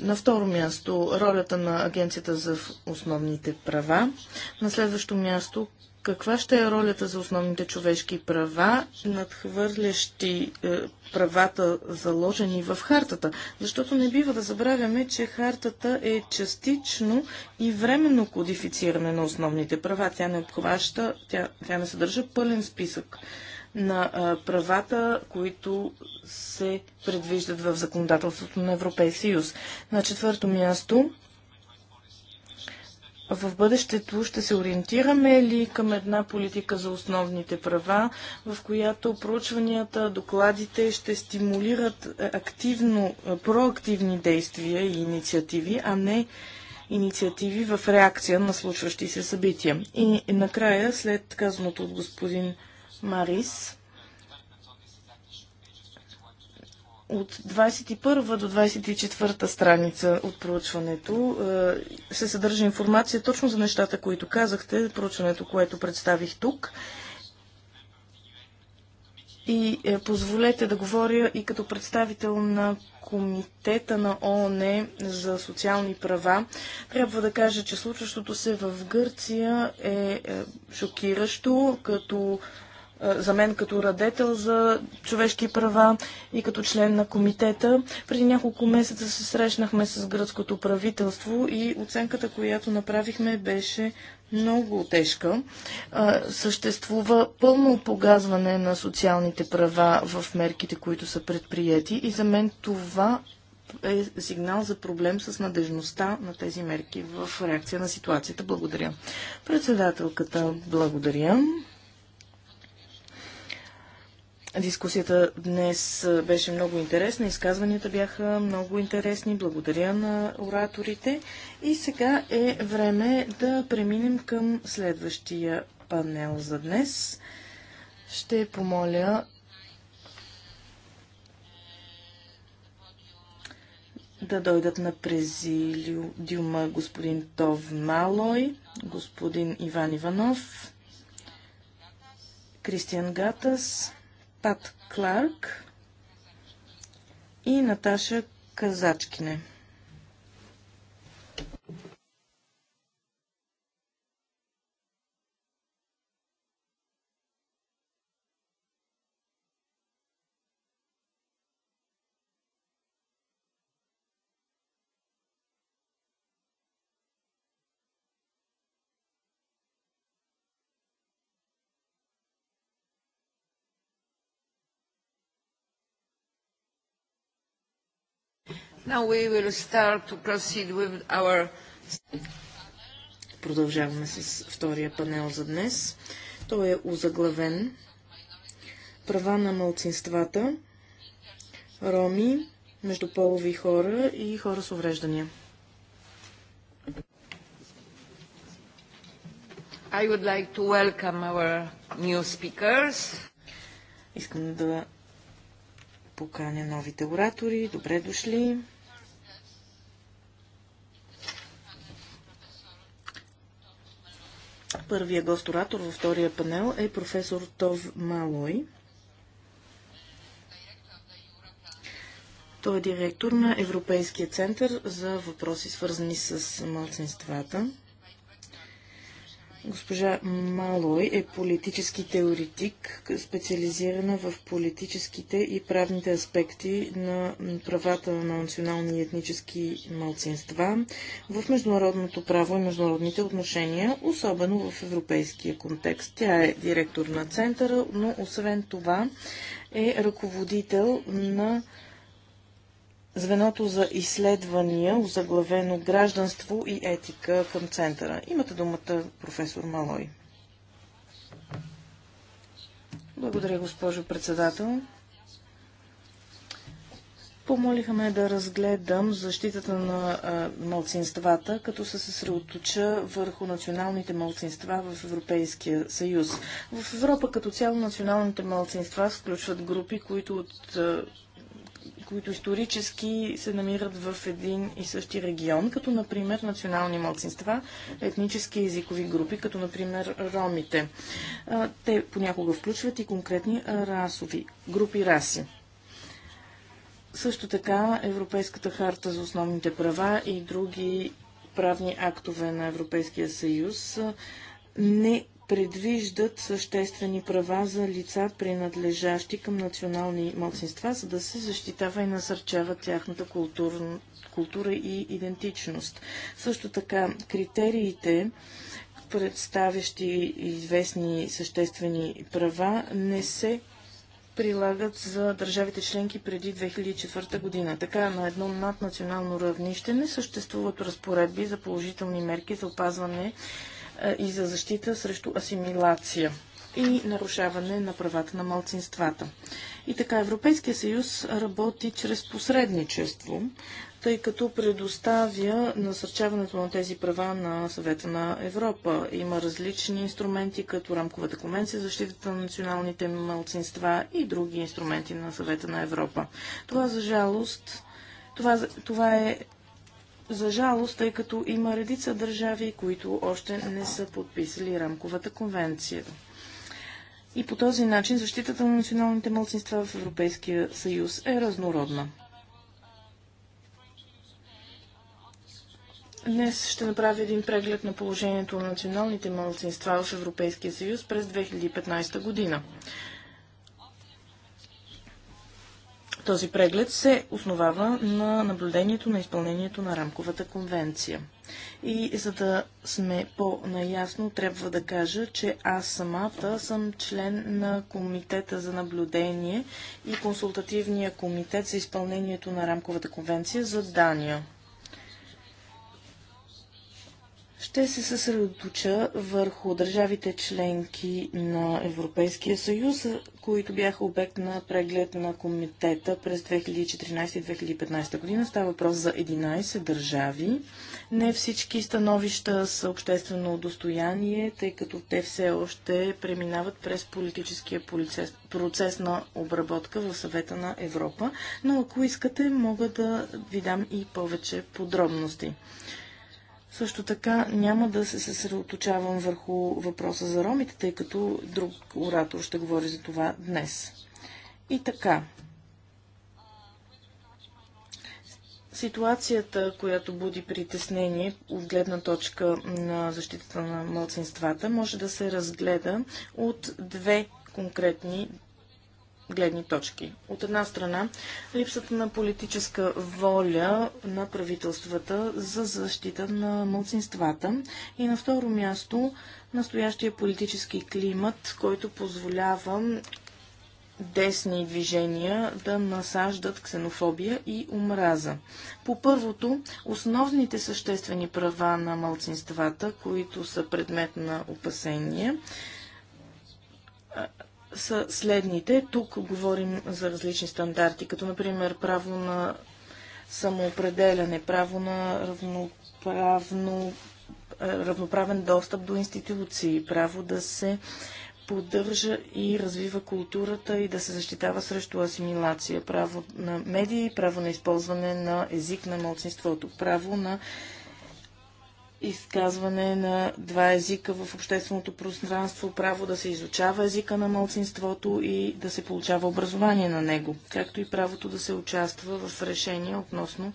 на второ място ролята на Агенцията за основните права. На следващо място каква ще е ролята за основните човешки права, надхвърлящи е, правата заложени в хартата. Защото не бива да забравяме, че хартата е частично и временно кодифициране на основните права. Тя не обхваща, тя, тя не съдържа пълен списък на правата, които се предвиждат в законодателството на Европейския съюз. На четвърто място в бъдещето ще се ориентираме ли към една политика за основните права, в която проучванията, докладите ще стимулират активно, проактивни действия и инициативи, а не инициативи в реакция на случващи се събития. И накрая, след казаното от господин Марис. От 21 до 24 страница от проучването е, се съдържа информация точно за нещата, които казахте, проучването, което представих тук. И е, позволете да говоря и като представител на Комитета на ООН за социални права. Трябва да кажа, че случващото се в Гърция е, е шокиращо, като е, за мен като радетел за човешки права и като член на комитета. Преди няколко месеца се срещнахме с гръцкото правителство и оценката, която направихме, беше много тежка. Е, съществува пълно погазване на социалните права в мерките, които са предприяти и за мен това е сигнал за проблем с надежността на тези мерки в реакция на ситуацията. Благодаря. Председателката, благодаря. Дискусията днес беше много интересна, изказванията бяха много интересни. Благодаря на ораторите. И сега е време да преминем към следващия панел за днес. Ще помоля да дойдат на президиума господин Тов Малой, господин Иван Иванов, Кристиан Гатас, Пат Кларк и Наташа Казачкине. Now we will start to proceed with our... Продължаваме с втория панел за днес. Той е озаглавен Права на малцинствата, роми, междуполови хора и хора с увреждания. I would like to welcome our new speakers. Искам да поканя новите оратори. Добре дошли. Първия госторатор във втория панел е професор Тов Малой. Той е директор на Европейския център за въпроси свързани с малцинствата. Госпожа Малой е политически теоретик, специализирана в политическите и правните аспекти на правата на национални и етнически малцинства в международното право и международните отношения, особено в европейския контекст. Тя е директор на центъра, но освен това е ръководител на звеното за изследвания, озаглавено гражданство и етика към центъра. Имате думата, професор Малой. Благодаря, госпожо председател. Помолиха ме да разгледам защитата на а, малцинствата, като се съсредоточа върху националните малцинства в Европейския съюз. В Европа като цяло националните малцинства включват групи, които от а, които исторически се намират в един и същи регион, като например национални младсинства, етнически и езикови групи, като например ромите. Те понякога включват и конкретни расови групи раси. Също така Европейската харта за основните права и други правни актове на Европейския съюз не предвиждат съществени права за лица, принадлежащи към национални младсинства, за да се защитава и насърчава тяхната култура и идентичност. Също така, критериите, представящи известни съществени права, не се прилагат за държавите членки преди 2004 година. Така на едно наднационално равнище не съществуват разпоредби за положителни мерки за опазване и за защита срещу асимилация и нарушаване на правата на малцинствата. И така Европейския съюз работи чрез посредничество, тъй като предоставя насърчаването на тези права на съвета на Европа. Има различни инструменти, като рамковата конвенция за защитата на националните малцинства и други инструменти на съвета на Европа. Това, за жалост, това, това е за жалост, тъй като има редица държави, които още не са подписали рамковата конвенция. И по този начин защитата на националните мълцинства в Европейския съюз е разнородна. Днес ще направя един преглед на положението на националните мълцинства в Европейския съюз през 2015 година. Този преглед се основава на наблюдението на изпълнението на рамковата конвенция. И за да сме по-наясно, трябва да кажа, че аз самата съм член на Комитета за наблюдение и Консултативния комитет за изпълнението на рамковата конвенция за Дания. Ще се съсредоточа върху държавите членки на Европейския съюз, които бяха обект на преглед на комитета през 2014-2015 година. Става въпрос за 11 държави. Не всички становища са обществено достояние, тъй като те все още преминават през политическия процес, процес на обработка в съвета на Европа, но ако искате, мога да ви дам и повече подробности. Също така няма да се съсредоточавам върху въпроса за ромите, тъй като друг оратор ще говори за това днес. И така. Ситуацията, която буди притеснение от гледна точка на защитата на младсинствата, може да се разгледа от две конкретни гледни точки. От една страна, липсата на политическа воля на правителствата за защита на мълцинствата и на второ място, настоящия политически климат, който позволява десни движения да насаждат ксенофобия и омраза. По първото, основните съществени права на малцинствата, които са предмет на опасение, са следните. Тук говорим за различни стандарти, като например право на самоопределяне, право на равноправно, е, равноправен достъп до институции, право да се поддържа и развива културата и да се защитава срещу асимилация, право на медии, право на използване на език на младсинството, право на изказване на два езика в общественото пространство, право да се изучава езика на малцинството и да се получава образование на него, както и правото да се участва в решения относно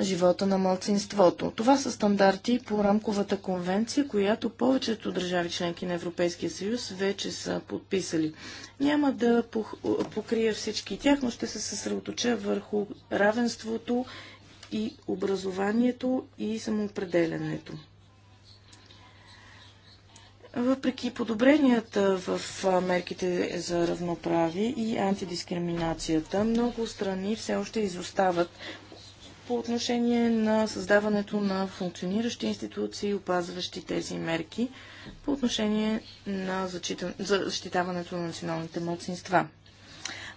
живота на малцинството. Това са стандарти по рамковата конвенция, която повечето държави членки на Европейския съюз вече са подписали. Няма да покрия всички тях, но ще се съсредоточа върху равенството и образованието и самоопределянето. Въпреки подобренията в мерките за равноправи и антидискриминацията, много страни все още изостават по отношение на създаването на функциониращи институции, опазващи тези мерки, по отношение на защитаването на националните младсинства.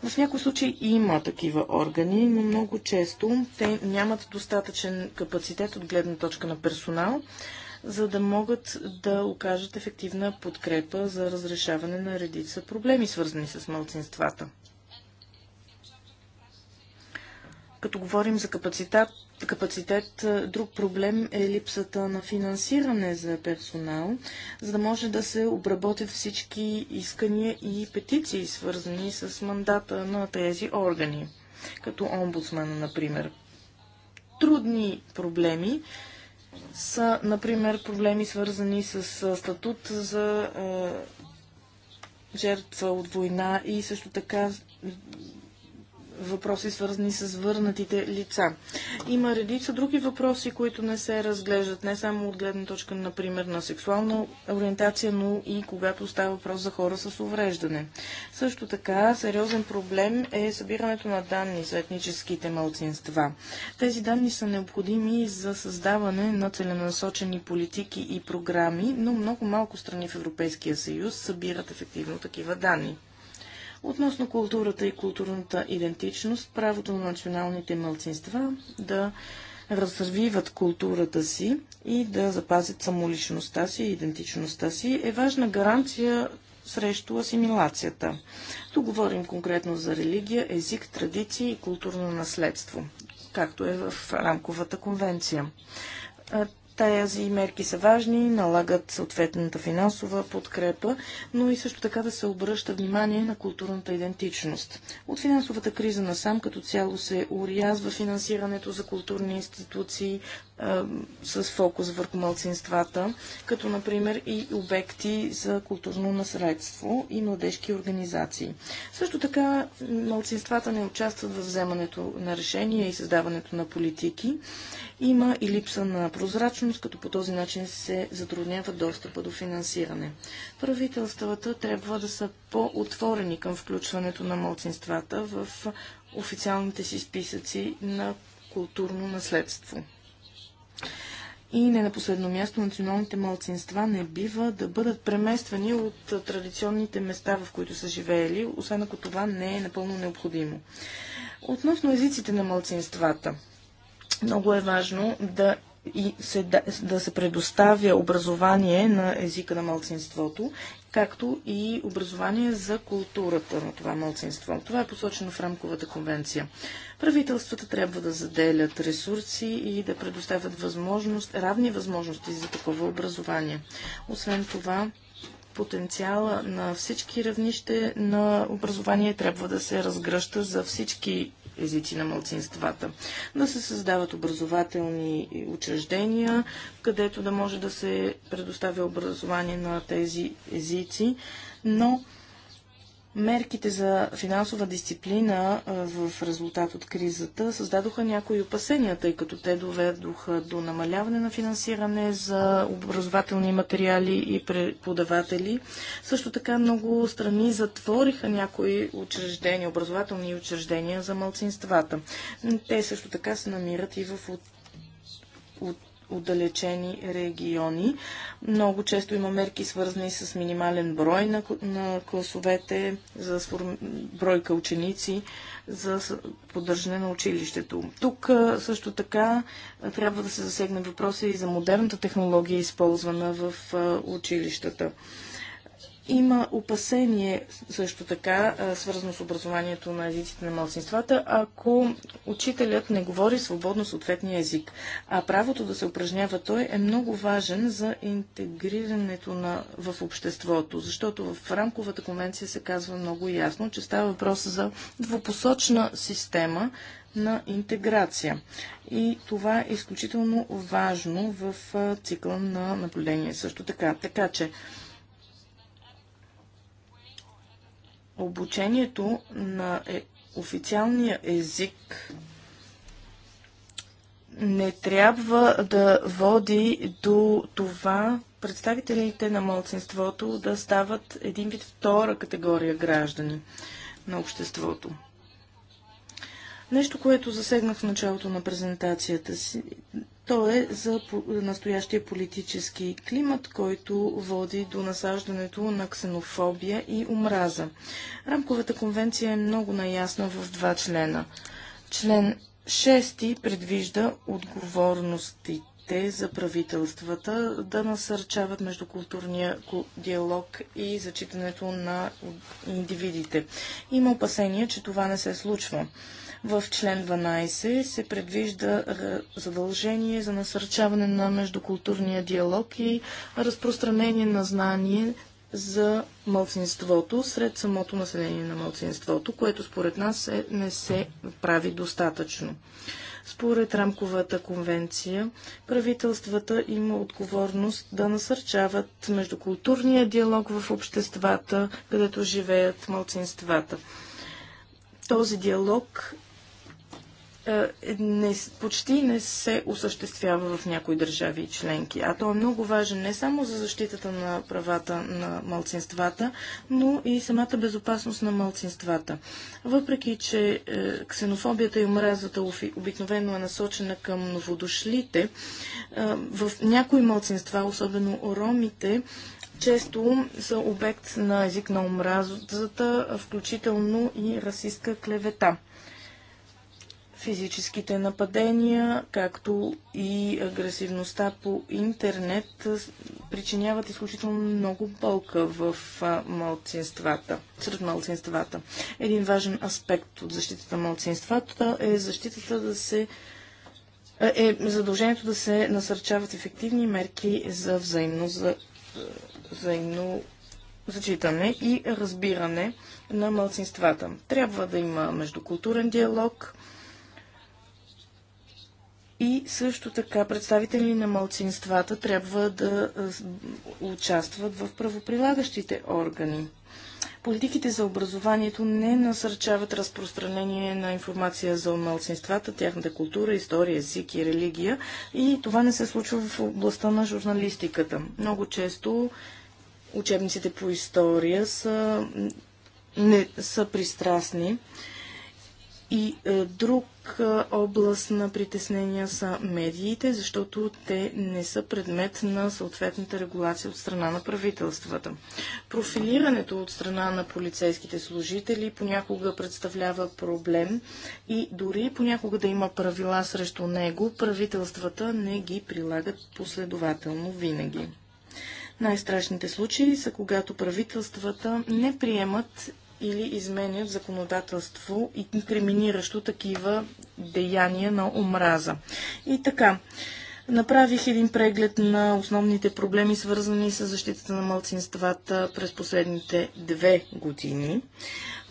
В някои случаи има такива органи, но много често те нямат достатъчен капацитет от гледна точка на персонал, за да могат да окажат ефективна подкрепа за разрешаване на редица проблеми, свързани с малцинствата. Като говорим за капацитет, капацитет, друг проблем е липсата на финансиране за персонал, за да може да се обработят всички искания и петиции, свързани с мандата на тези органи, като омбудсмана, например. Трудни проблеми са, например, проблеми свързани с е, статут за е, жертва от война и също така въпроси, свързани с върнатите лица. Има редица други въпроси, които не се разглеждат не само от гледна точка, например, на сексуална ориентация, но и когато става въпрос за хора с увреждане. Също така, сериозен проблем е събирането на данни за етническите малцинства. Тези данни са необходими за създаване на целенасочени политики и програми, но много малко страни в Европейския съюз събират ефективно такива данни относно културата и културната идентичност, правото на националните мълцинства да развиват културата си и да запазят самоличността си и идентичността си, е важна гаранция срещу асимилацията. Тук говорим конкретно за религия, език, традиции и културно наследство, както е в рамковата конвенция. Тези мерки са важни, налагат съответната финансова подкрепа, но и също така да се обръща внимание на културната идентичност. От финансовата криза насам като цяло се урязва финансирането за културни институции, с фокус върху малцинствата, като например и обекти за културно наследство и младежки организации. Също така малцинствата не участват в вземането на решения и създаването на политики. Има и липса на прозрачност, като по този начин се затруднява достъпа до финансиране. Правителствата трябва да са по-отворени към включването на малцинствата в официалните си списъци на културно наследство. И не на последно място, националните малцинства не бива да бъдат премествани от традиционните места, в които са живеели, освен ако това не е напълно необходимо. Относно езиците на малцинствата, много е важно да и се, да, да се предоставя образование на езика на малцинството както и образование за културата на това мълцинство. Това е посочено в рамковата конвенция. Правителствата трябва да заделят ресурси и да предоставят възможност, равни възможности за такова образование. Освен това, потенциала на всички равнище на образование трябва да се разгръща за всички езици на мълцинствата. Да се създават образователни учреждения, където да може да се предоставя образование на тези езици, но Мерките за финансова дисциплина в резултат от кризата създадоха някои опасения, тъй като те доведоха до намаляване на финансиране за образователни материали и преподаватели. Също така много страни затвориха някои учреждения, образователни учреждения за малцинствата. Те също така се намират и в от отдалечени региони. Много често има мерки свързани с минимален брой на, на класовете, за сформ... бройка ученици, за поддържане на училището. Тук също така трябва да се засегне въпроса и за модерната технология, използвана в училищата. Има опасение също така, свързано с образованието на езиците на малцинствата, ако учителят не говори свободно съответния език. А правото да се упражнява той е много важен за интегрирането на, в обществото, защото в рамковата конвенция се казва много ясно, че става въпрос за двупосочна система на интеграция. И това е изключително важно в цикъла на наблюдение също така. Така че обучението на е, официалния език не трябва да води до това представителите на младсинството да стават един вид втора категория граждани на обществото. Нещо, което засегнах в началото на презентацията си, то е за настоящия политически климат, който води до насаждането на ксенофобия и омраза. Рамковата конвенция е много наясна в два члена. Член 6 предвижда отговорностите за правителствата да насърчават междукултурния диалог и зачитането на индивидите. Има опасения, че това не се случва. В член 12 се предвижда е, задължение за насърчаване на междукултурния диалог и разпространение на знание за мълцинството сред самото население на мълцинството, което според нас е, не се прави достатъчно. Според рамковата конвенция, правителствата има отговорност да насърчават междукултурния диалог в обществата, където живеят мълцинствата. Този диалог е, не, почти не се осъществява в някои държави и членки. А то е много важен не само за защитата на правата на малцинствата, но и самата безопасност на малцинствата. Въпреки, че е, ксенофобията и омразата обикновено е насочена към новодошлите, е, в някои малцинства, особено ромите, често са обект на език на омразата, включително и расистка клевета физическите нападения, както и агресивността по интернет причиняват изключително много болка в малцинствата, сред малцинствата. Един важен аспект от защитата на малцинствата е защитата да се е задължението да се насърчават ефективни мерки за взаимно, за, взаимно зачитане и разбиране на малцинствата. Трябва да има междукултурен диалог, и също така представители на малцинствата трябва да участват в правоприлагащите органи. Политиките за образованието не насърчават разпространение на информация за малцинствата, тяхната култура, история, език и религия. И това не се случва в областта на журналистиката. Много често учебниците по история са, не, са пристрастни и е, друг е, област на притеснения са медиите, защото те не са предмет на съответната регулация от страна на правителствата. Профилирането от страна на полицейските служители понякога представлява проблем и дори понякога да има правила срещу него, правителствата не ги прилагат последователно винаги. Най-страшните случаи са когато правителствата не приемат или изменят законодателство, инкриминиращо такива деяния на омраза. И така, направих един преглед на основните проблеми, свързани с защитата на мълцинствата през последните две години.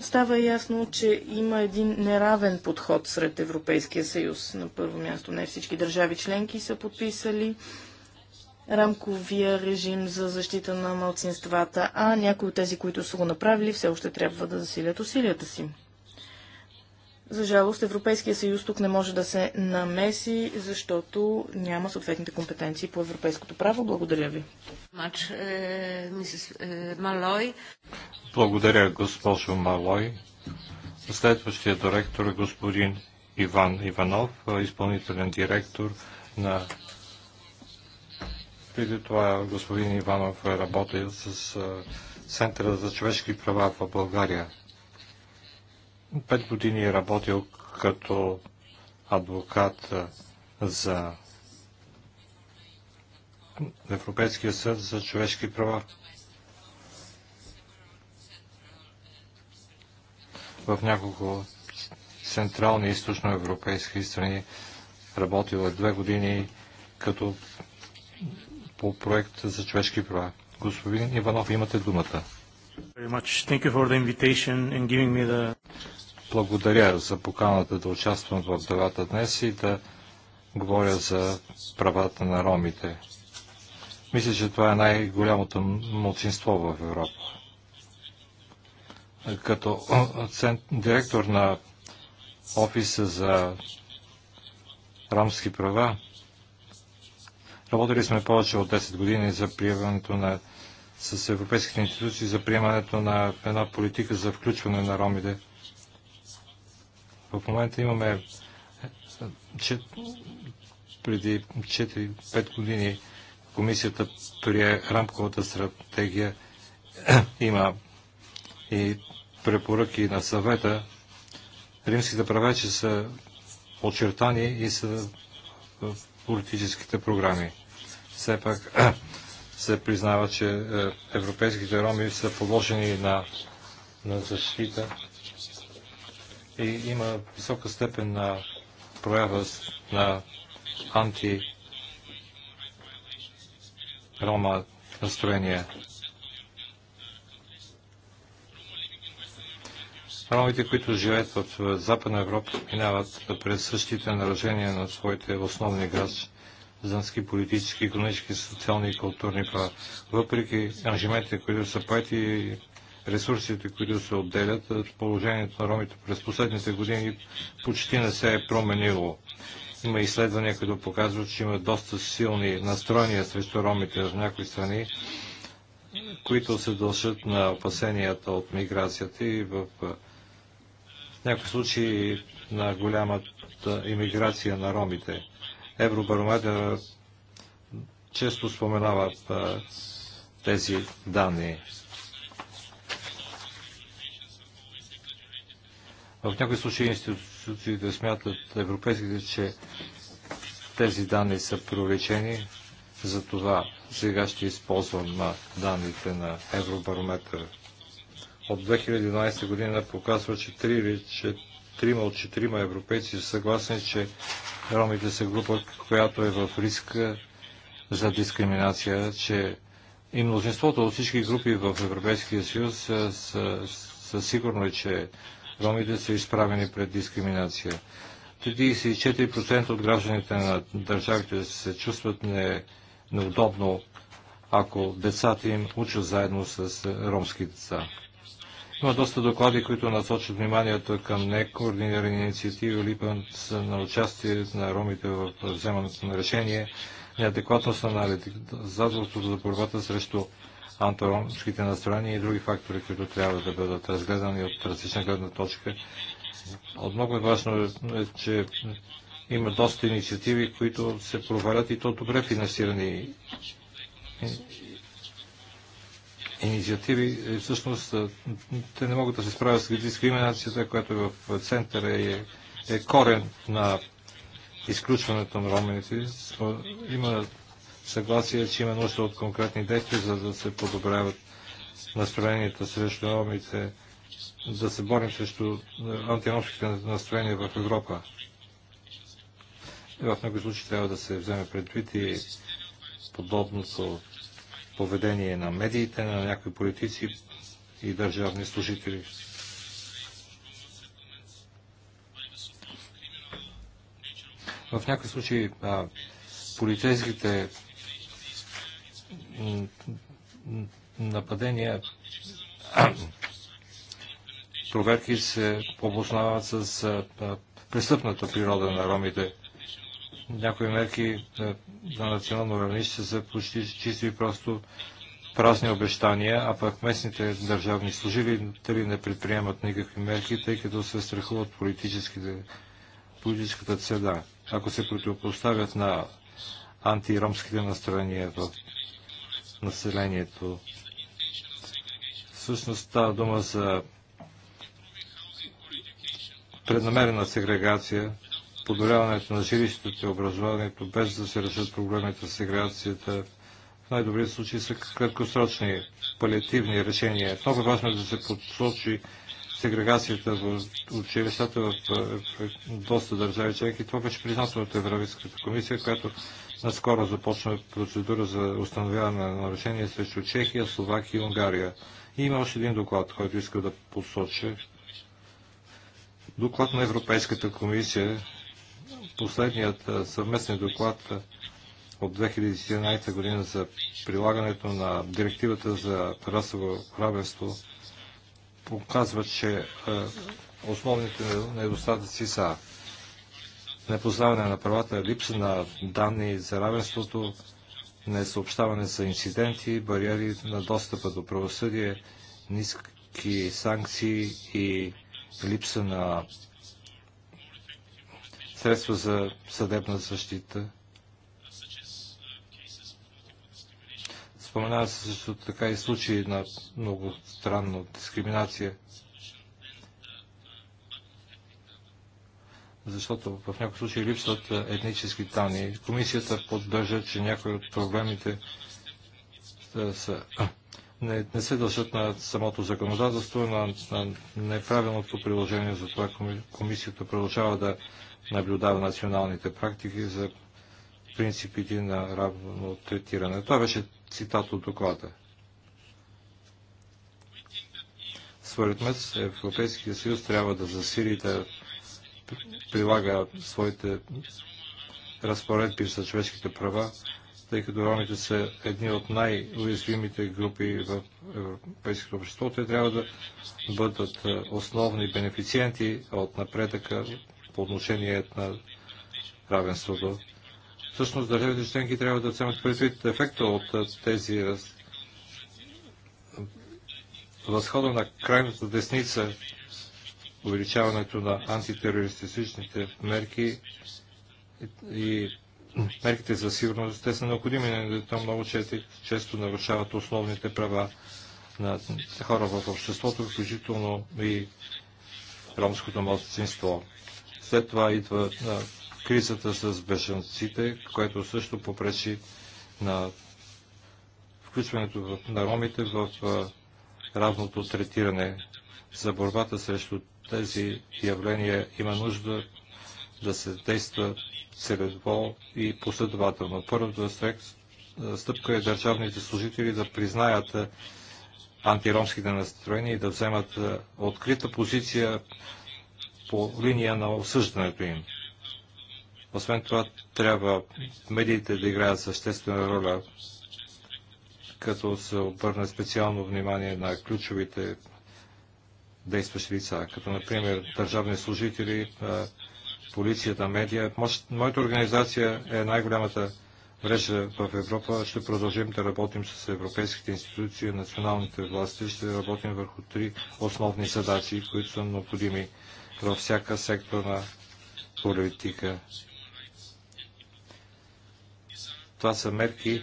Става ясно, че има един неравен подход сред Европейския съюз. На първо място не всички държави членки са подписали рамковия режим за защита на малцинствата, а някои от тези, които са го направили, все още трябва да засилят усилията си. За жалост, Европейския съюз тук не може да се намеси, защото няма съответните компетенции по европейското право. Благодаря ви. Uh, uh, Благодаря, госпожо Малой. Следващия директор е господин Иван Иванов, изпълнителен директор на преди това господин Иванов е работил с Центъра за човешки права в България. Пет години е работил като адвокат за Европейския съд за човешки права. В няколко централни и източноевропейски страни работила е две години като по проект за човешки права. Господин Иванов, имате думата. Благодаря за поканата да участвам в дебата днес и да говоря за правата на ромите. Мисля, че това е най-голямото младсинство в Европа. Като директор на офиса за ромски права, Работили сме повече от 10 години за приемането на с европейските институции за приемането на една политика за включване на ромите. В момента имаме е, че, преди 4-5 години комисията прие рамковата стратегия. Има и препоръки на съвета. Римските права, че са очертани и са политическите програми. Все пак се признава, че е, европейските роми са положени на, на защита и има висока степен на проява на анти-рома настроение. Ромите, които живеят в Западна Европа, минават през същите наражения на своите основни граждански, политически, економически, социални и културни права. Въпреки ангажиментите, които са поети и ресурсите, които се отделят, положението на ромите през последните години почти не се е променило. Има изследвания, които показват, че има доста силни настроения срещу ромите в някои страни, които се дължат на опасенията от миграцията и в някои случаи на голямата иммиграция на ромите. Евробарометър често споменава тези данни. В някои случаи институциите смятат европейските, че тези данни са привлечени, затова сега ще използвам данните на Евробарометър от 2011 година показва, че трима от 4 европейци са съгласни, че ромите са група, която е в риск за дискриминация, че и мнозинството от всички групи в Европейския съюз са, сигурно, че ромите са изправени пред дискриминация. 34% от гражданите на държавите се чувстват неудобно, ако децата им учат заедно с ромски деца. Има доста доклади, които насочат вниманието към некоординирани инициативи, липът на участие на ромите в вземането на решение, неадекватност на анализаторството за борбата срещу антиромските настроения и други фактори, които трябва да бъдат разгледани от различна гледна точка. От много е важно, е, че има доста инициативи, които се провалят и то добре финансирани инициативи, е, всъщност те не могат да се справят с дискриминацията, която е в центъра е, е корен на изключването на ромените. Има съгласие, че има нужда от конкретни действия, за да се подобряват настроенията срещу ромите, да се борим срещу е, антиромските настроения в Европа. И в някои случаи трябва да се вземе предвид и подобното поведение на медиите, на някои политици и държавни служители. В някои случаи а, полицейските нападения, проверки се обоснават с а, престъпната природа на ромите някои мерки на национално равнище са почти чисто и просто празни обещания, а пък местните държавни служители не предприемат никакви мерки, тъй като се страхуват политическата цена. Ако се противопоставят на антиромските настроения в населението. Всъщност става дума за преднамерена сегрегация, подоляването на жилището и образованието, без да се решат проблемите с сегрегацията. В най-добрия случай са краткосрочни палиативни решения. Много е важно е да се подсочи сегрегацията в училищата в, в, в доста държави членки. Това беше признато от Европейската комисия, която наскоро започна процедура за установяване на решение срещу Чехия, Словакия и Унгария. И има още един доклад, който иска да посоча. Доклад на Европейската комисия последният съвместен доклад от 2017 година за прилагането на директивата за расово равенство показва, че основните недостатъци са непознаване на правата, липса на данни за равенството, несъобщаване за инциденти, бариери на достъпа до правосъдие, ниски санкции и липса на средства за съдебна защита. Споменава се също така и случаи на много странна дискриминация. Защото в някои случаи липсват етнически данни. Комисията поддържа, че някои от проблемите са, не, не се дължат на самото законодателство, на, на неправилното приложение. Затова комисията продължава да наблюдава националните практики за принципите на равно третиране. Това беше цитат от доклада. Според мен Европейския съюз трябва да засили да прилага своите разпоредби за човешките права, тъй като ромите са едни от най-уязвимите групи в европейското общество. Те трябва да бъдат основни бенефициенти от напредъка по отношение на равенството. Всъщност държавите членки трябва да вземат предвид ефекта от тези раз... възхода на крайната десница, увеличаването на антитерористичните мерки и мерките за сигурност, те са необходими, но там много често нарушават основните права на хора в обществото, включително и ромското младсинство. След това идва а, кризата с бешенците, което също попречи на включването на ромите в а, равното третиране. За борбата срещу тези явления има нужда да се действа целево и последователно. Първата стъпка е държавните служители да признаят антиромските настроения и да вземат открита позиция по линия на осъждането им. Освен това, трябва медиите да играят съществена роля, като се обърне специално внимание на ключовите действащи лица, като например държавни служители, е, полицията, медия. Моята организация е най-голямата мрежа в Европа. Ще продължим да работим с европейските институции, националните власти. Ще работим върху три основни задачи, които са необходими във всяка секторна политика. Това са мерки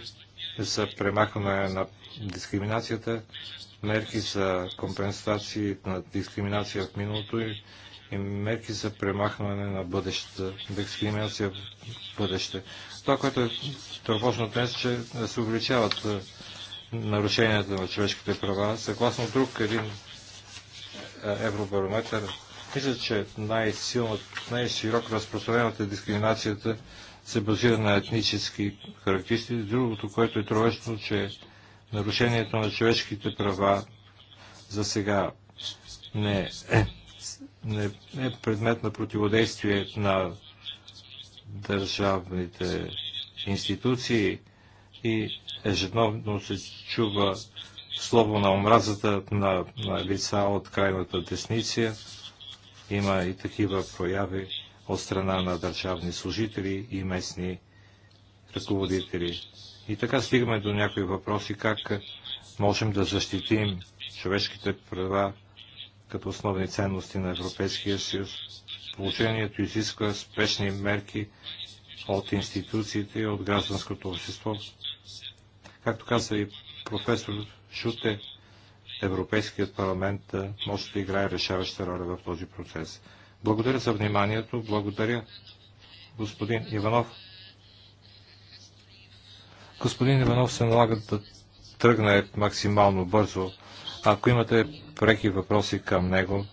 за премахване на дискриминацията, мерки за компенсации на дискриминация в миналото и, и мерки за премахване на бъдещата дискриминация в бъдеще. Това, което е тревожно днес, че се увеличават е, нарушенията на човешките права. Съгласно друг един е, евробарометър мисля, че най-широко разпространената дискриминацията се базира на етнически характеристики. Другото, което е тровечно, че нарушението на човешките права за сега не е, не е предмет на противодействие на държавните институции и ежедневно се чува слово на омразата на, на лица от крайната десниция има и такива прояви от страна на държавни служители и местни ръководители. И така стигаме до някои въпроси, как можем да защитим човешките права като основни ценности на Европейския съюз. Положението изисква спешни мерки от институциите и от гражданското общество. Както каза и професор Шуте, Европейският парламент може да играе решаваща роля в този процес. Благодаря за вниманието. Благодаря, господин Иванов. Господин Иванов се налага да тръгне максимално бързо. Ако имате преки въпроси към него,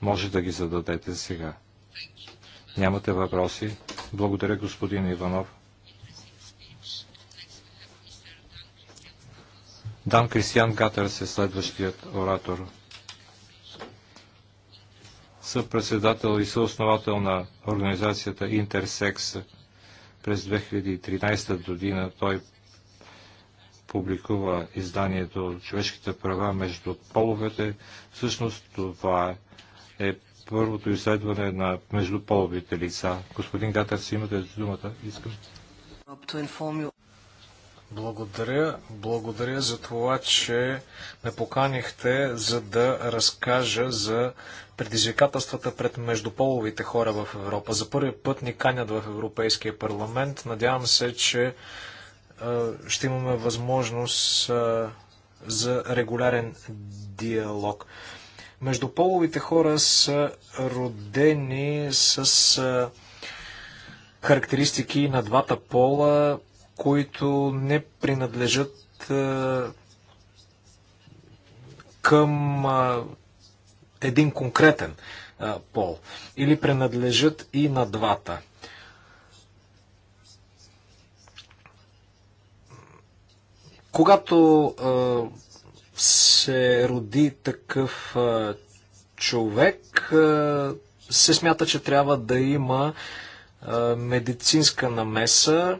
може да ги зададете сега. Нямате въпроси. Благодаря, господин Иванов. Дан Кристиан Гатърс е следващият оратор. Съпредседател и съосновател на организацията Интерсекс през 2013 година той публикува изданието Човешките права между половете. Всъщност това е първото изследване на междуполовите лица. Господин Гатър, си имате думата. Искам. Благодаря. Благодаря за това, че ме поканихте, за да разкажа за предизвикателствата пред междуполовите хора в Европа. За първи път ни канят в Европейския парламент. Надявам се, че е, ще имаме възможност е, за регулярен диалог. Междуполовите хора са родени с е, характеристики на двата пола които не принадлежат към един конкретен пол или принадлежат и на двата. Когато се роди такъв човек, се смята, че трябва да има медицинска намеса.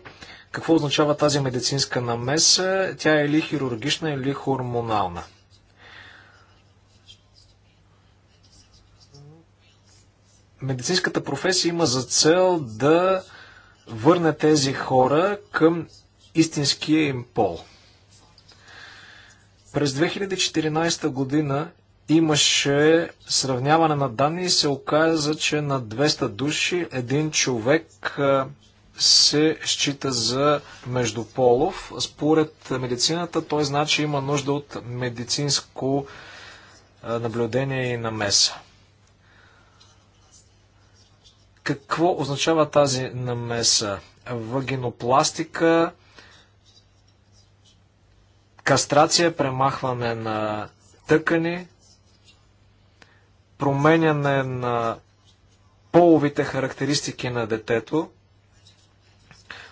Какво означава тази медицинска намеса? Тя е или хирургична, или хормонална. Медицинската професия има за цел да върне тези хора към истинския им пол. През 2014 година имаше сравняване на данни и се оказа, че на 200 души един човек се счита за междуполов. Според медицината той значи има нужда от медицинско наблюдение и намеса. Какво означава тази намеса? Вагинопластика, кастрация, премахване на тъкани, променяне на половите характеристики на детето,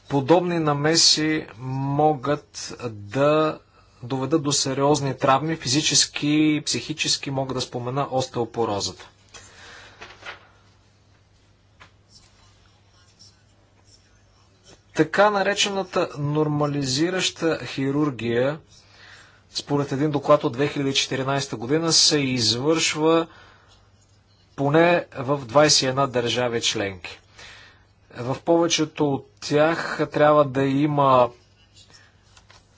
Подобни намеси могат да доведат до сериозни травми, физически и психически, мога да спомена остеопорозата. Така наречената нормализираща хирургия, според един доклад от 2014 година, се извършва поне в 21 държави членки. В повечето от тях трябва да има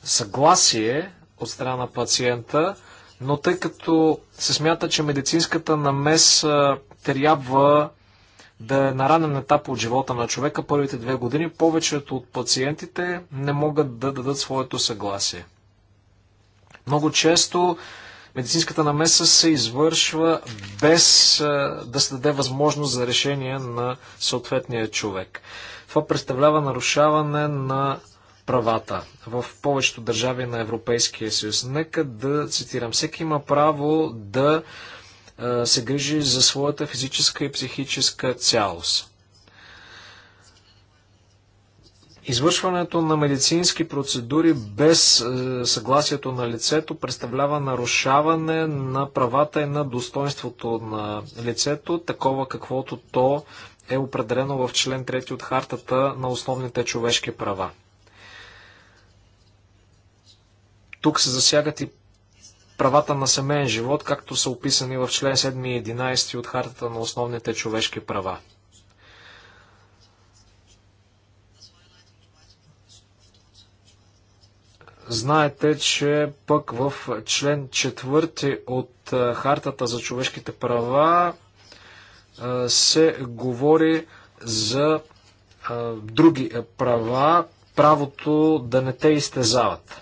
съгласие от страна на пациента, но тъй като се смята, че медицинската намеса трябва да е на ранен етап от живота на човека първите две години, повечето от пациентите не могат да дадат своето съгласие. Много често медицинската намеса се извършва без да се даде възможност за решение на съответния човек. Това представлява нарушаване на правата в повечето държави на Европейския съюз. Нека да цитирам. Всеки има право да се грижи за своята физическа и психическа цялост. Извършването на медицински процедури без е, съгласието на лицето представлява нарушаване на правата и на достоинството на лицето, такова каквото то е определено в член 3 от Хартата на основните човешки права. Тук се засягат и правата на семейен живот, както са описани в член 7 и 11 от Хартата на основните човешки права. Знаете, че пък в член 4 от е, Хартата за човешките права е, се говори за е, други права, правото да не те изтезават.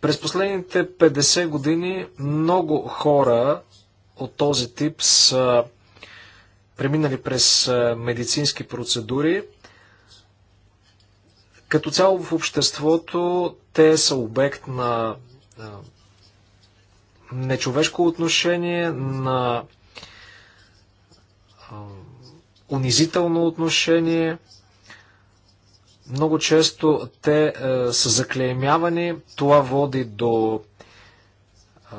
През последните 50 години много хора от този тип са преминали през медицински процедури. Като цяло в обществото те са обект на нечовешко отношение, на унизително отношение. Много често те е, са заклеймявани. Това води до е,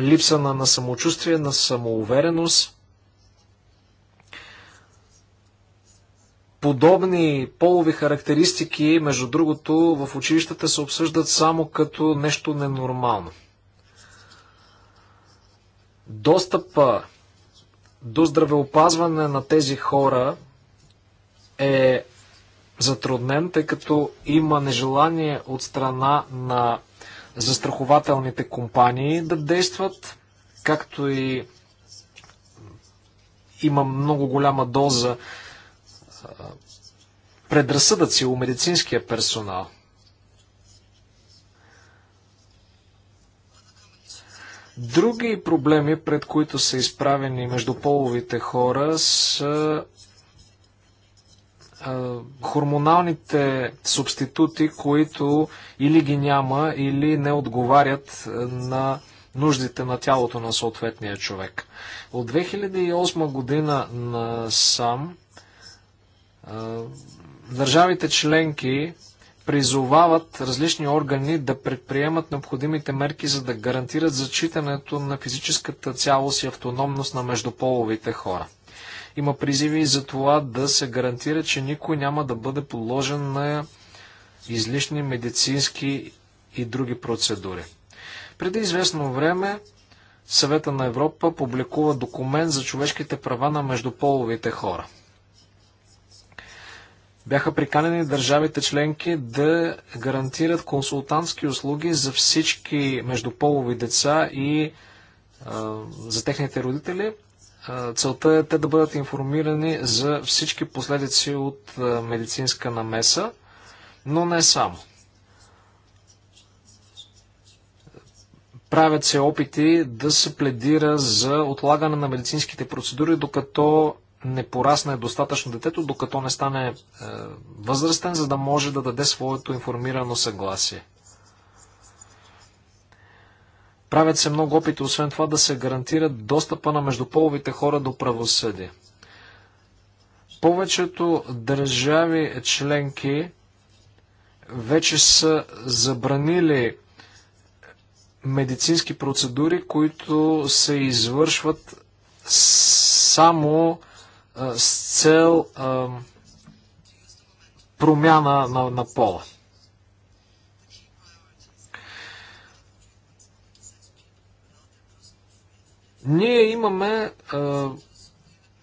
липса на, на самочувствие, на самоувереност. подобни полови характеристики, между другото, в училищата се обсъждат само като нещо ненормално. Достъпа до здравеопазване на тези хора е затруднен, тъй като има нежелание от страна на застрахователните компании да действат, както и има много голяма доза предразсъдъци у медицинския персонал. Други проблеми, пред които са изправени междуполовите хора, са хормоналните субститути, които или ги няма, или не отговарят на нуждите на тялото на съответния човек. От 2008 година на сам Държавите членки призовават различни органи да предприемат необходимите мерки, за да гарантират зачитането на физическата цялост и автономност на междуполовите хора. Има призиви за това да се гарантира, че никой няма да бъде подложен на излишни медицински и други процедури. Преди известно време Съвета на Европа публикува документ за човешките права на междуполовите хора. Бяха приканени държавите членки да гарантират консултантски услуги за всички междуполови деца и а, за техните родители. целта е те да бъдат информирани за всички последици от медицинска намеса, но не само. правят се опити да се пледира за отлагане на медицинските процедури, докато не порасне достатъчно детето, докато не стане е, възрастен, за да може да даде своето информирано съгласие. Правят се много опити, освен това, да се гарантира достъпа на междуполовите хора до правосъдие. Повечето държави членки вече са забранили медицински процедури, които се извършват само с цел промяна на, на пола. Ние имаме а,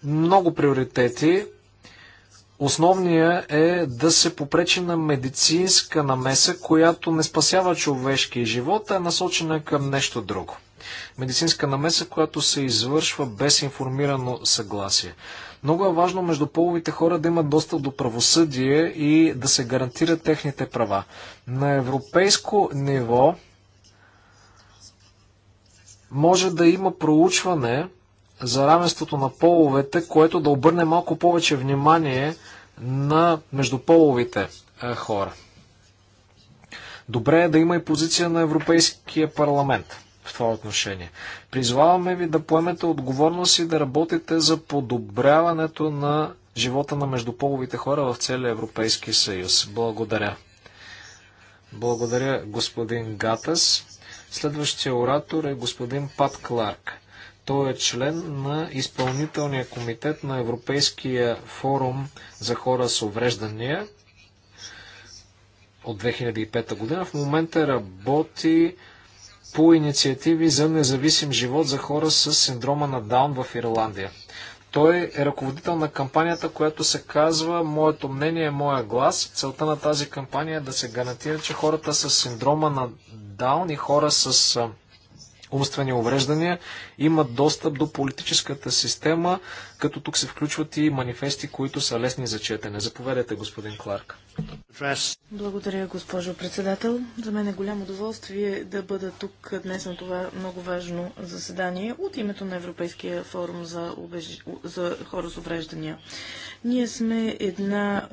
много приоритети. Основният е да се попречи на медицинска намеса, която не спасява човешки живот, а е насочена към нещо друго. Медицинска намеса, която се извършва без информирано съгласие. Много е важно между половите хора да имат достъп до правосъдие и да се гарантират техните права. На европейско ниво може да има проучване за равенството на половете, което да обърне малко повече внимание на междуполовите е, хора. Добре е да има и позиция на Европейския парламент в това отношение. Призваваме ви да поемете отговорност и да работите за подобряването на живота на междуполовите хора в целия Европейски съюз. Благодаря. Благодаря, господин Гатас. Следващия оратор е господин Пат Кларк. Той е член на изпълнителния комитет на Европейския форум за хора с увреждания от 2005 година. В момента работи по инициативи за независим живот за хора с синдрома на Даун в Ирландия. Той е ръководител на кампанията, която се казва Моето мнение е моя глас. Целта на тази кампания е да се гарантира, че хората с синдрома на Даун и хора с умствени увреждания, имат достъп до политическата система, като тук се включват и манифести, които са лесни за четене. Заповедайте, господин Кларк. Благодаря, госпожо председател. За мен е голямо удоволствие да бъда тук днес на това много важно заседание от името на Европейския форум за, обеж... за хора с увреждания. Ние сме една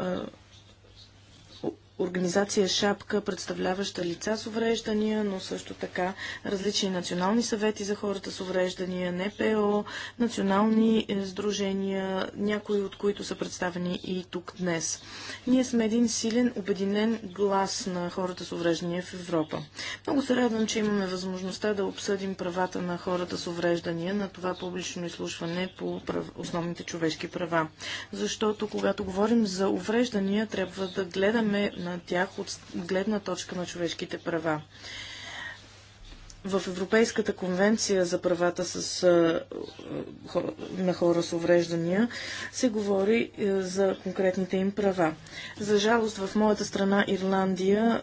организация Шапка, представляваща лица с увреждания, но също така различни национални съвети за хората с увреждания, НПО, национални е, сдружения, някои от които са представени и тук днес. Ние сме един силен, обединен глас на хората с увреждания в Европа. Много се радвам, че имаме възможността да обсъдим правата на хората с увреждания на това публично изслушване по основните човешки права. Защото когато говорим за увреждания, трябва да гледаме на на тях от гледна точка на човешките права в Европейската конвенция за правата с, на хора с увреждания се говори за конкретните им права. За жалост в моята страна Ирландия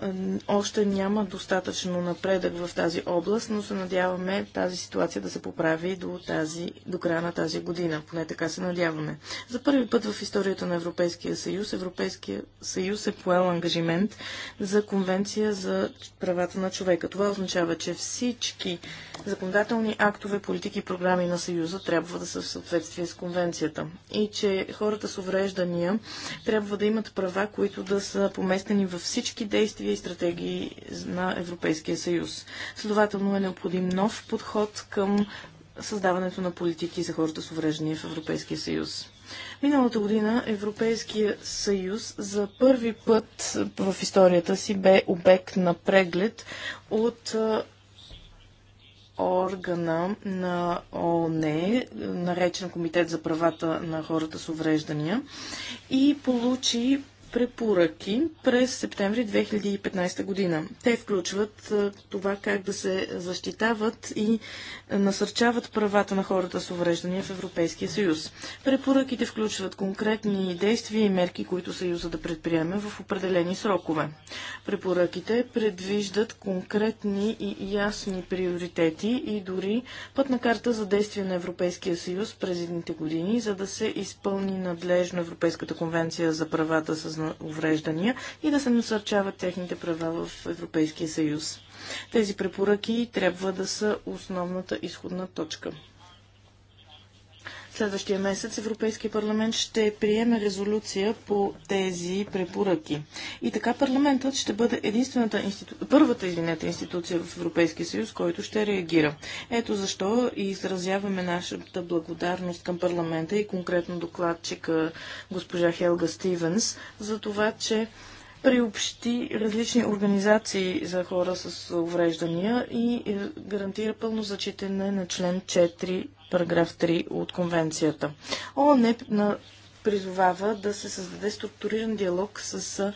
още няма достатъчно напредък в тази област, но се надяваме тази ситуация да се поправи до, тази, до края на тази година. Поне така се надяваме. За първи път в историята на Европейския съюз Европейския съюз е поел ангажимент за конвенция за правата на човека. Това означава, че всички всички законодателни актове, политики и програми на Съюза трябва да са в съответствие с конвенцията. И че хората с увреждания трябва да имат права, които да са поместени във всички действия и стратегии на Европейския съюз. Следователно е необходим нов подход към създаването на политики за хората с увреждания в Европейския съюз. Миналата година Европейския съюз за първи път в историята си бе обект на преглед от органа на ООН, наречен Комитет за правата на хората с увреждания, и получи препоръки през септември 2015 година. Те включват е, това как да се защитават и насърчават правата на хората с увреждания в Европейския съюз. Препоръките включват конкретни действия и мерки, които съюза да предприеме в определени срокове. Препоръките предвиждат конкретни и ясни приоритети и дори пътна карта за действие на Европейския съюз през едните години, за да се изпълни надлежно Европейската конвенция за правата с увреждания и да се насърчават техните права в Европейския съюз. Тези препоръки трябва да са основната изходна точка. Следващия месец Европейския парламент ще приеме резолюция по тези препоръки. И така парламентът ще бъде единствената институ... първата извинете, институция в Европейския съюз, който ще реагира. Ето защо и изразяваме нашата благодарност към парламента и конкретно докладчика госпожа Хелга Стивенс за това, че приобщи различни организации за хора с увреждания и е, гарантира пълно зачитане на член 4, параграф 3 от конвенцията. ООН е призовава да се създаде структуриран диалог с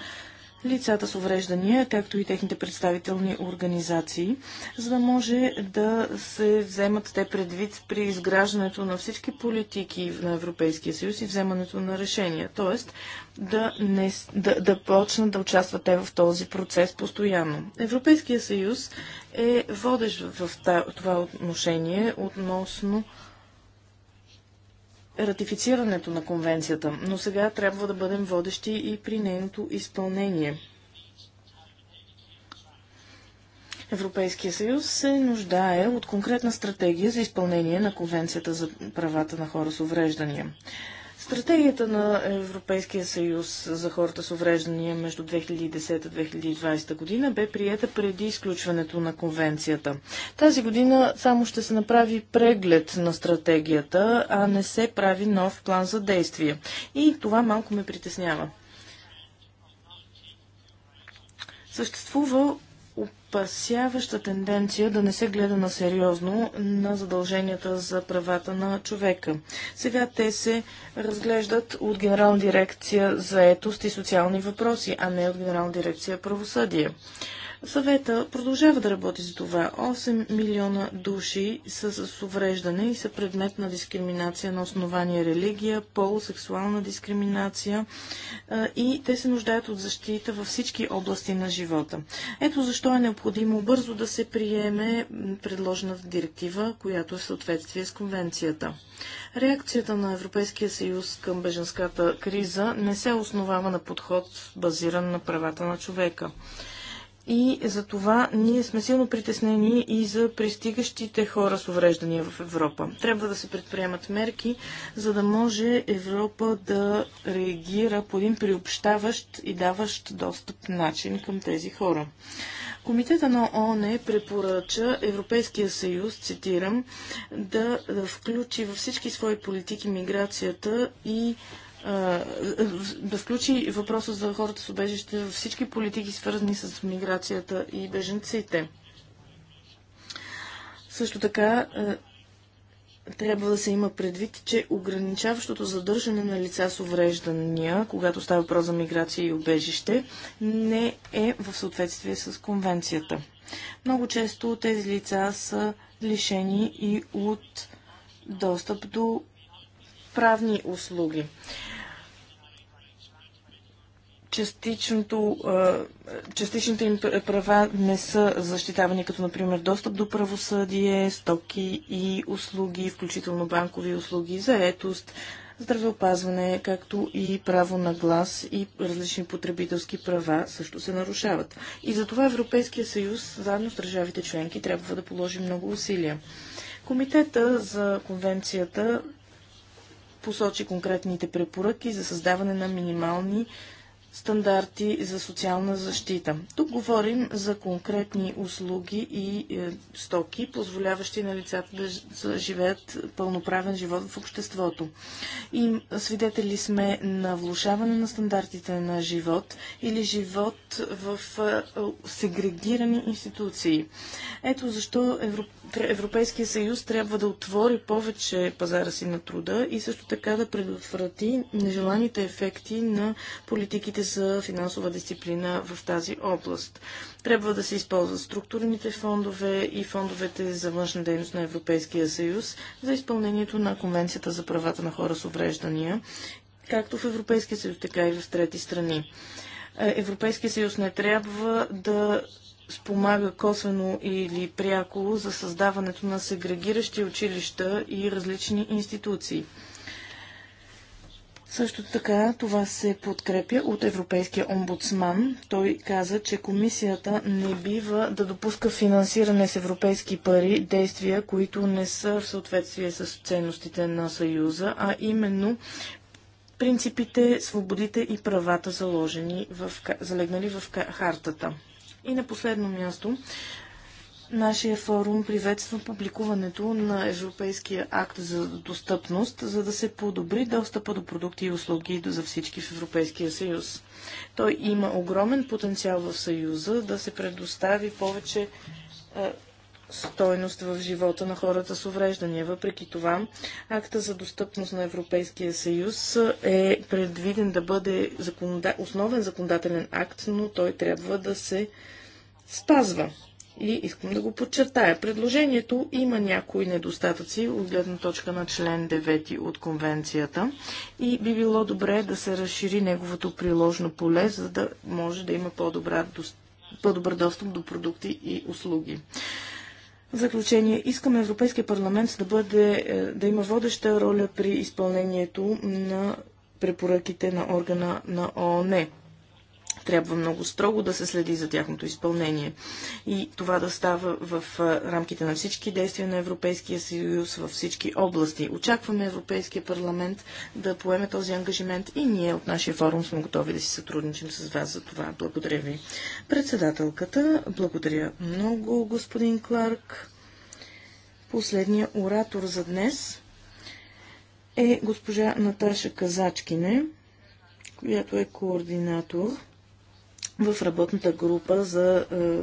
лицата с увреждания, както и техните представителни организации, за да може да се вземат те предвид при изграждането на всички политики на Европейския съюз и вземането на решения. Тоест, да, не, да, да почнат да участват те в този процес постоянно. Европейския съюз е водещ в това отношение относно ратифицирането на конвенцията, но сега трябва да бъдем водещи и при нейното изпълнение. Европейския съюз се нуждае от конкретна стратегия за изпълнение на Конвенцията за правата на хора с увреждания. Стратегията на Европейския съюз за хората с увреждания между 2010-2020 година бе приета преди изключването на конвенцията. Тази година само ще се направи преглед на стратегията, а не се прави нов план за действие. И това малко ме притеснява. Съществува спасяваща тенденция да не се гледа на сериозно на задълженията за правата на човека. Сега те се разглеждат от Генерална дирекция за етост и социални въпроси, а не от Генерална дирекция правосъдие. Съвета продължава да работи за това. 8 милиона души са с увреждане и са предмет на дискриминация на основание религия, пол, сексуална дискриминация и те се нуждаят от защита във всички области на живота. Ето защо е необходимо бързо да се приеме предложената директива, която е в съответствие с конвенцията. Реакцията на Европейския съюз към беженската криза не се основава на подход базиран на правата на човека и за това ние сме силно притеснени и за пристигащите хора с увреждания в Европа. Трябва да се предприемат мерки, за да може Европа да реагира по един приобщаващ и даващ достъп начин към тези хора. Комитета на ООН препоръча Европейския съюз, цитирам, да включи във всички свои политики миграцията и да включи въпроса за хората с убежище във всички политики, свързани с миграцията и беженците. Също така трябва да се има предвид, че ограничаващото задържане на лица с увреждания, когато става въпрос за миграция и убежище, не е в съответствие с конвенцията. Много често тези лица са лишени и от достъп до правни услуги частичното, частичните им права не са защитавани, като например достъп до правосъдие, стоки и услуги, включително банкови услуги, заетост, здравеопазване, както и право на глас и различни потребителски права също се нарушават. И затова Европейския съюз, заедно с държавите членки, трябва да положи много усилия. Комитета за конвенцията посочи конкретните препоръки за създаване на минимални стандарти за социална защита. Тук говорим за конкретни услуги и е, стоки, позволяващи на лицата да живеят пълноправен живот в обществото. И свидетели сме на влушаване на стандартите на живот или живот в е, сегрегирани институции. Ето защо Европ... Европейския съюз трябва да отвори повече пазара си на труда и също така да предотврати нежеланите ефекти на политиките мерките за финансова дисциплина в тази област. Трябва да се използват структурните фондове и фондовете за външна дейност на Европейския съюз за изпълнението на Конвенцията за правата на хора с увреждания, както в Европейския съюз, така и в трети страни. Е, Европейския съюз не трябва да спомага косвено или пряко за създаването на сегрегиращи училища и различни институции. Също така това се подкрепя от Европейския омбудсман. Той каза, че комисията не бива да допуска финансиране с европейски пари действия, които не са в съответствие с ценностите на Съюза, а именно принципите, свободите и правата заложени в, залегнали в хартата. И на последно място, Нашия форум приветства публикуването на Европейския акт за достъпност, за да се подобри достъпа до продукти и услуги за всички в Европейския съюз. Той има огромен потенциал в съюза да се предостави повече е, стойност в живота на хората с увреждания. Въпреки това, акта за достъпност на Европейския съюз е предвиден да бъде законода... основен законодателен акт, но той трябва да се спазва и искам да го подчертая. Предложението има някои недостатъци от гледна точка на член 9 от конвенцията и би било добре да се разшири неговото приложно поле, за да може да има по-добър по достъп до продукти и услуги. В заключение, искаме Европейския парламент да, бъде, е, да има водеща роля при изпълнението на препоръките на органа на ООН. Трябва много строго да се следи за тяхното изпълнение. И това да става в рамките на всички действия на Европейския съюз във всички области. Очакваме Европейския парламент да поеме този ангажимент и ние от нашия форум сме готови да си сътрудничим с вас за това. Благодаря ви. Председателката, благодаря много, господин Кларк. Последният оратор за днес е госпожа Наташа Казачкине, която е координатор в работната група за е,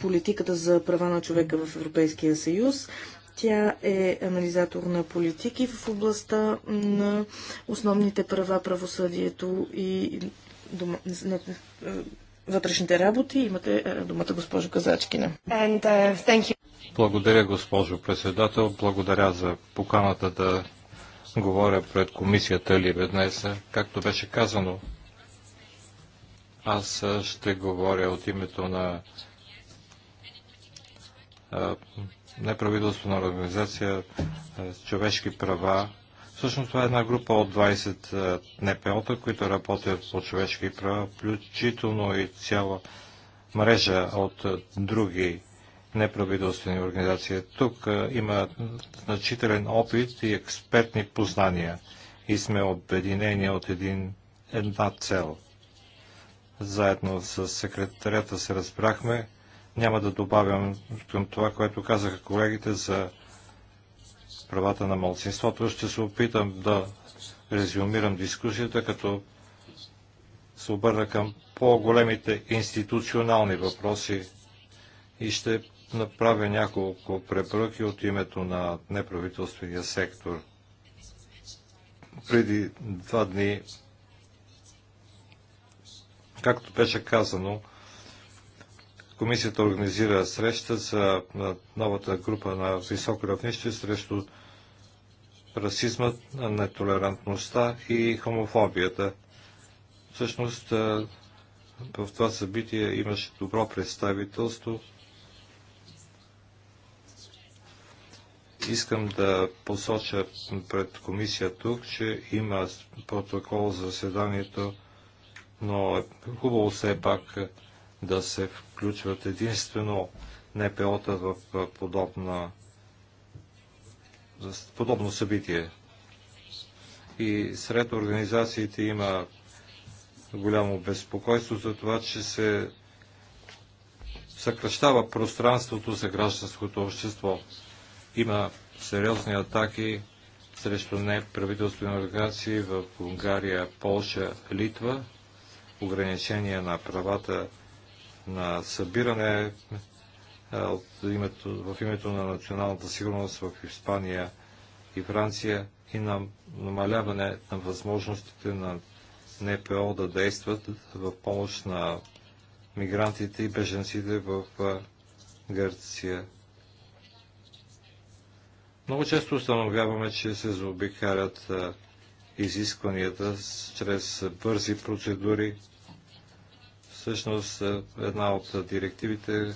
политиката за права на човека в Европейския съюз. Тя е анализатор на политики в областта на основните права, правосъдието и дом... Е, вътрешните работи. Имате е, думата госпожо Казачкина. And, uh, Благодаря, госпожо председател. Благодаря за поканата да говоря пред комисията Либе днес. Както беше казано, аз ще говоря от името на неправителствена организация човешки права. Всъщност това е една група от 20 НПО-та, които работят по човешки права, включително и цяла мрежа от други неправителствени организации. Тук има значителен опит и експертни познания и сме обединени от един, една цел – заедно с секретарята се разбрахме. Няма да добавям към това, което казаха колегите за правата на малцинството. Ще се опитам да резюмирам дискусията, като се обърна към по-големите институционални въпроси и ще направя няколко препоръки от името на неправителствения сектор. Преди два дни Както беше казано, комисията организира среща за новата група на високо равнище срещу расизма, нетолерантността и хомофобията. Всъщност в това събитие имаше добро представителство. Искам да посоча пред комисия тук, че има протокол за заседанието но е хубаво все пак да се включват единствено НПО-та в подобна, подобно събитие. И сред организациите има голямо безпокойство за това, че се съкръщава пространството за гражданското общество. Има сериозни атаки срещу неправителствени организации в Унгария, Полша, Литва – ограничения на правата на събиране от името, в името на националната сигурност в Испания и Франция и на намаляване на възможностите на НПО да действат в помощ на мигрантите и беженците в Гърция. Много често установяваме, че се заобикалят изискванията чрез бързи процедури Всъщност е, една от директивите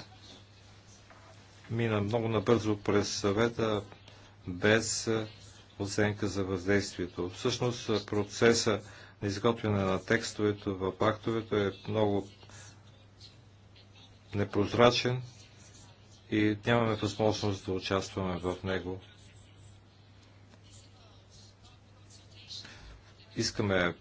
мина много набързо през съвета без е, оценка за въздействието. Всъщност е, процеса на изготвяне на текстовете в актовето е много непрозрачен и нямаме възможност да участваме в него. Искаме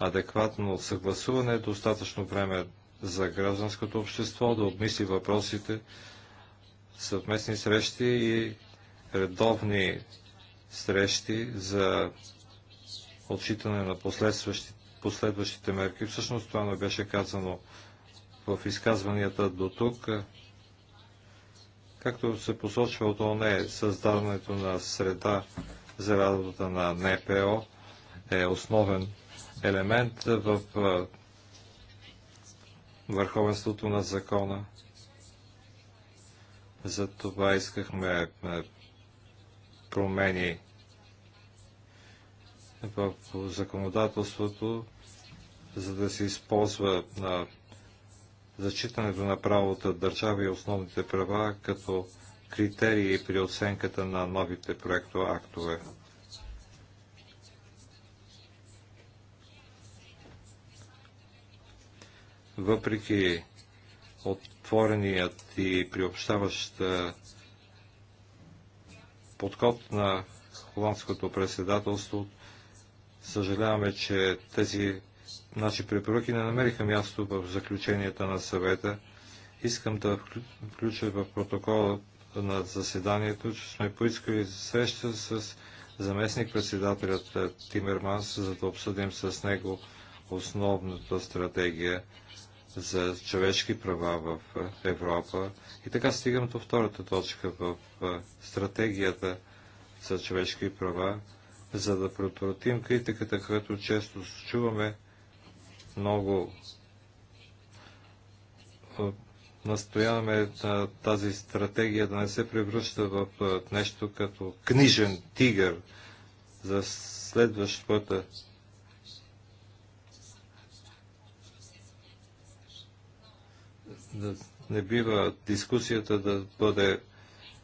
адекватно съгласуване, достатъчно време за гражданското общество да обмисли въпросите, съвместни срещи и редовни срещи за отчитане на последващите мерки. Всъщност това не беше казано в изказванията до тук. Както се посочва от ОНЕ, създаването на среда за работа на НПО е основен елемент в върховенството на закона. За това искахме промени в законодателството, за да се използва на зачитането на правото държава и основните права като критерии при оценката на новите проектоактове. актове. въпреки отвореният и приобщаващ е, подход на холандското председателство. Съжаляваме, че тези наши препоръки не намериха място в заключенията на съвета. Искам да включа в протокола на заседанието, че сме поискали среща с заместник-председателят е, Тимерманс, за да обсъдим с него основната стратегия за човешки права в Европа. И така стигам до втората точка в стратегията за човешки права, за да предотвратим критиката, която често чуваме много настояваме на тази стратегия да не се превръща в нещо като книжен тигър за следващата не бива дискусията да бъде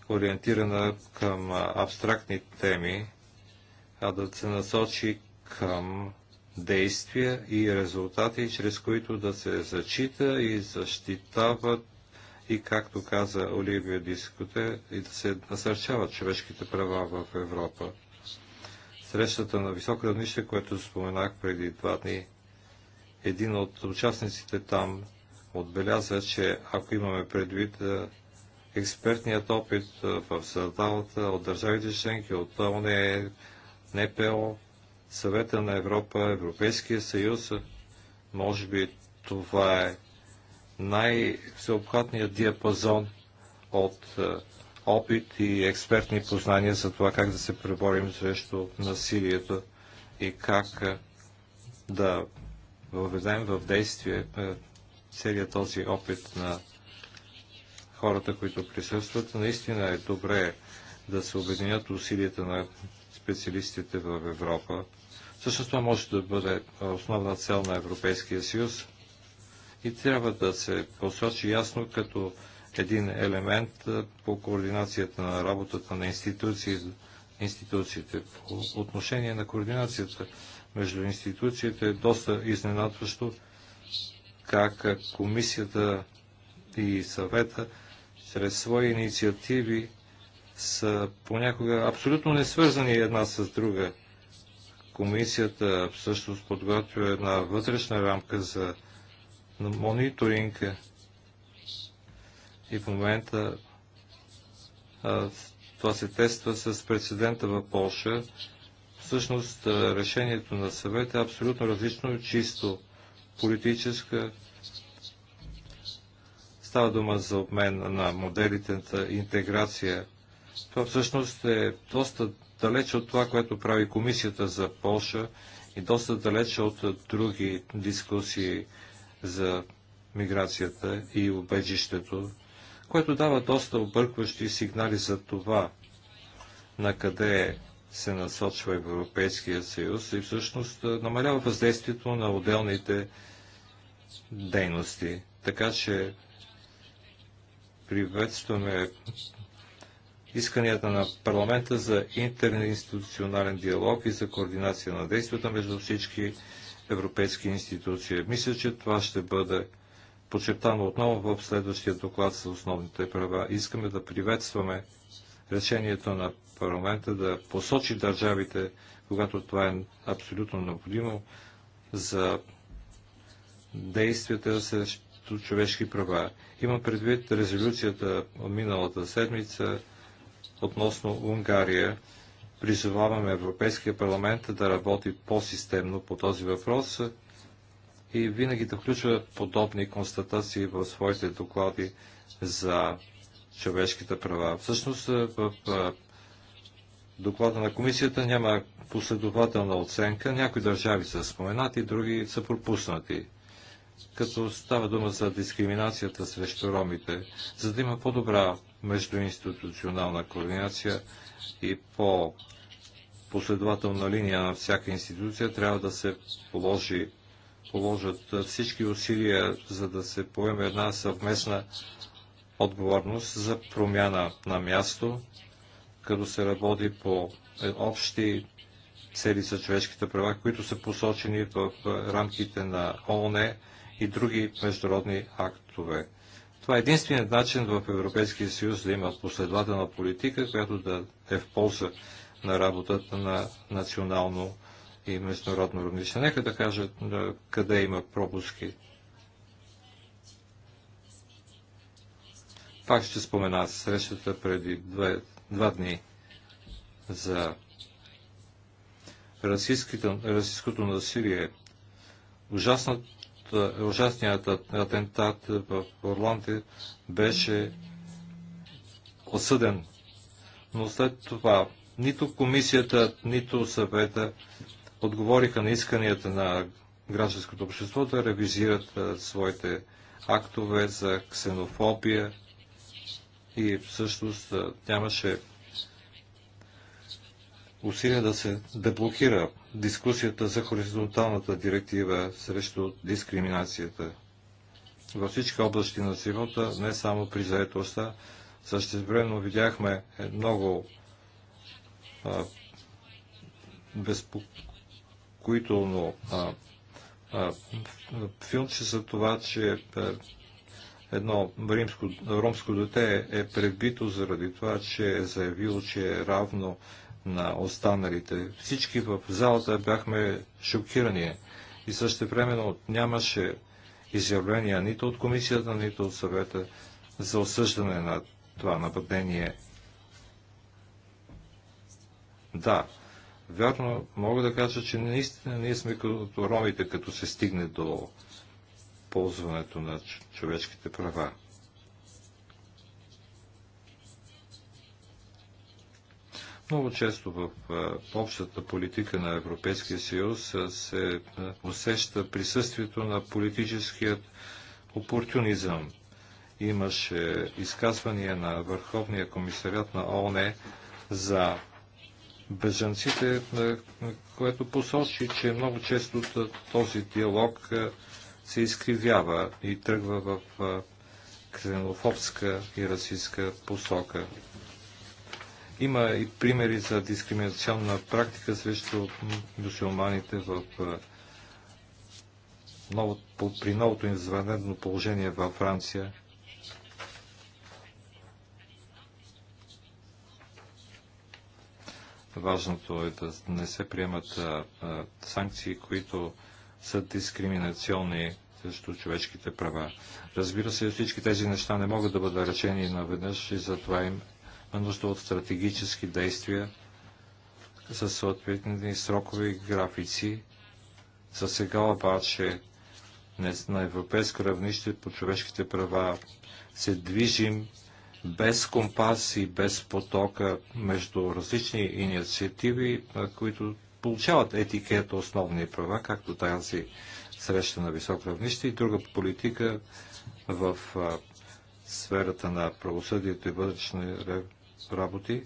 ориентирана към абстрактни теми, а да се насочи към действия и резултати, чрез които да се зачита и защитават и, както каза Оливия Дискоте, и да се насърчават човешките права в Европа. Срещата на високо равнище, което споменах преди два дни, един от участниците там отбеляза, че ако имаме предвид е, експертният опит е, в създалата от държавите членки, от ОНЕ, НПО, Съвета на Европа, Европейския съюз, е, може би това е най-всеобхватният диапазон от опит и експертни познания за това как да се преборим срещу насилието и как да въведем в действие целият този опит на хората, които присъстват. Наистина е добре да се обединят усилията на специалистите в Европа. Също това може да бъде основна цел на Европейския съюз и трябва да се посочи ясно като един елемент по координацията на работата на институции, институциите. По отношение на координацията между институциите е доста изненадващо, как комисията и съвета чрез свои инициативи са понякога абсолютно несвързани една с друга. Комисията всъщност подготвя една вътрешна рамка за мониторинг и в момента а, това се тества с прецедента в Польша. Всъщност решението на съвета е абсолютно различно, чисто политическа Става дума за обмен на моделите на интеграция. Това всъщност е доста далеч от това, което прави комисията за Польша и доста далеч от други дискусии за миграцията и убежището, което дава доста объркващи сигнали за това, на къде се насочва Европейския съюз и всъщност намалява въздействието на отделните дейности. Така че приветстваме исканията на парламента за интернационален диалог и за координация на действията между всички европейски институции. Мисля, че това ще бъде подчертано отново в следващия доклад за основните права. Искаме да приветстваме решението на парламента да посочи държавите, когато това е абсолютно необходимо, за действията срещу до човешки права. Има предвид резолюцията от миналата седмица относно Унгария. Призоваваме Европейския парламент да работи по-системно по този въпрос и винаги да включва подобни констатации в своите доклади за човешките права. Всъщност в доклада на комисията няма последователна оценка. Някои държави са споменати, други са пропуснати като става дума за дискриминацията срещу ромите, за да има по-добра междуинституционална координация и по последователна линия на всяка институция, трябва да се положи, положат всички усилия, за да се поеме една съвместна отговорност за промяна на място, като се работи по общи цели за човешките права, които са посочени в рамките на ООН и други международни актове. Това е единственият начин в Европейския съюз да има последователна политика, която да е в полза на работата на национално и международно равнище. Нека да кажа къде има пропуски. Пак ще спомена срещата преди две, два дни за расистското насилие. Ужасната е, ужасният атентат в Орландия беше осъден. Но след това нито комисията, нито съвета отговориха на исканията на гражданското общество да ревизират е, своите актове за ксенофобия и всъщност е, нямаше усилия да се деблокира дискусията за хоризонталната директива срещу дискриминацията във всички области на живота, не само при заедостта. Същевременно видяхме е много безпокоително филмче за това, че а, едно римско, ромско дете е пребито заради това, че е заявило, че е равно а, на останалите. Всички в залата бяхме шокирани и също времено нямаше изявления нито от комисията, нито от съвета за осъждане на това нападение. Да, вярно, мога да кажа, че наистина ние сме като ромите, като се стигне до ползването на човешките права. Много често в общата политика на Европейския съюз се усеща присъствието на политическият опортунизъм. Имаше изказвания на Върховния комисарят на ООН за бежанците, което посочи, че много често този диалог се изкривява и тръгва в ксенофобска и расистска посока. Има и примери за дискриминационна практика срещу мусулманите в ново, при новото извънредно положение във Франция. Важното е да не се приемат а, а, санкции, които са дискриминационни срещу човешките права. Разбира се, всички тези неща не могат да бъдат решени наведнъж и затова им нужда от стратегически действия със съответните срокови графици. За сега обаче на европейско равнище по човешките права се движим без компас и без потока между различни инициативи, които получават етикет основни права, както тази среща на високо равнище и друга политика в сферата на правосъдието и вътрешни работи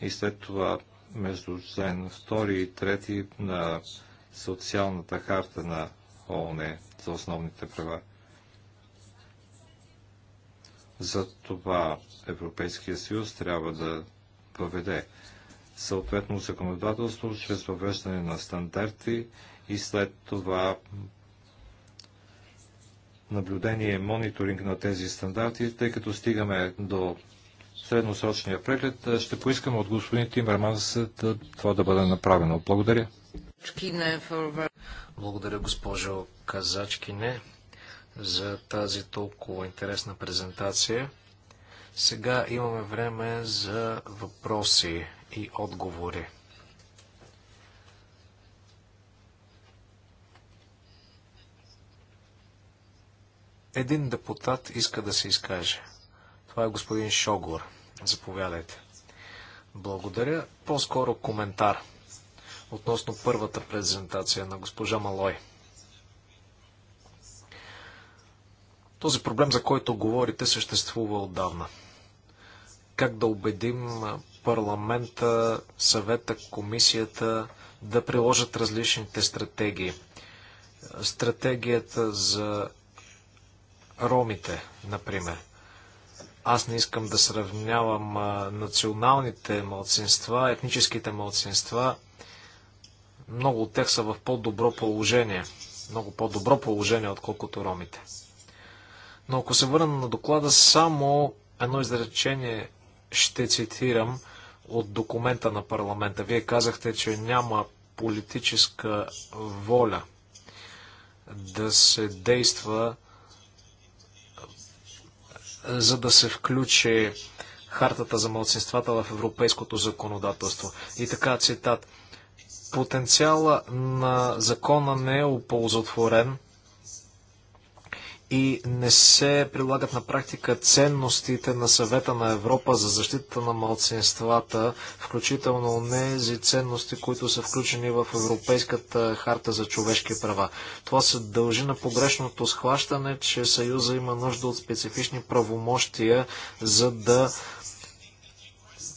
и след това между член 2 и 3 на социалната харта на ООН за основните права. За това Европейския съюз трябва да въведе съответно законодателство чрез въвеждане на стандарти и след това наблюдение и мониторинг на тези стандарти, тъй като стигаме до средносрочния преглед. Е, ще поискам от господин Тимерманс е, да, това да бъде направено. Благодаря. Благодаря, госпожо Казачкине, за тази толкова интересна презентация. Сега имаме време за въпроси и отговори. Един депутат иска да се изкаже. Това е господин Шогор. Заповядайте. Благодаря. По-скоро коментар относно първата презентация на госпожа Малой. Този проблем, за който говорите, съществува отдавна. Как да убедим парламента, съвета, комисията да приложат различните стратегии? Стратегията за ромите, например. Аз не искам да сравнявам националните малцинства, етническите малцинства. Много от тях са в по-добро положение. Много по-добро положение, отколкото ромите. Но ако се върна на доклада, само едно изречение ще цитирам от документа на парламента. Вие казахте, че няма политическа воля да се действа за да се включи хартата за младсинствата в европейското законодателство. И така, цитат. Потенциала на закона не е оползотворен и не се прилагат на практика ценностите на съвета на Европа за защита на малцинствата, включително нези ценности, които са включени в Европейската харта за човешки права. Това се дължи на погрешното схващане, че Съюза има нужда от специфични правомощия, за да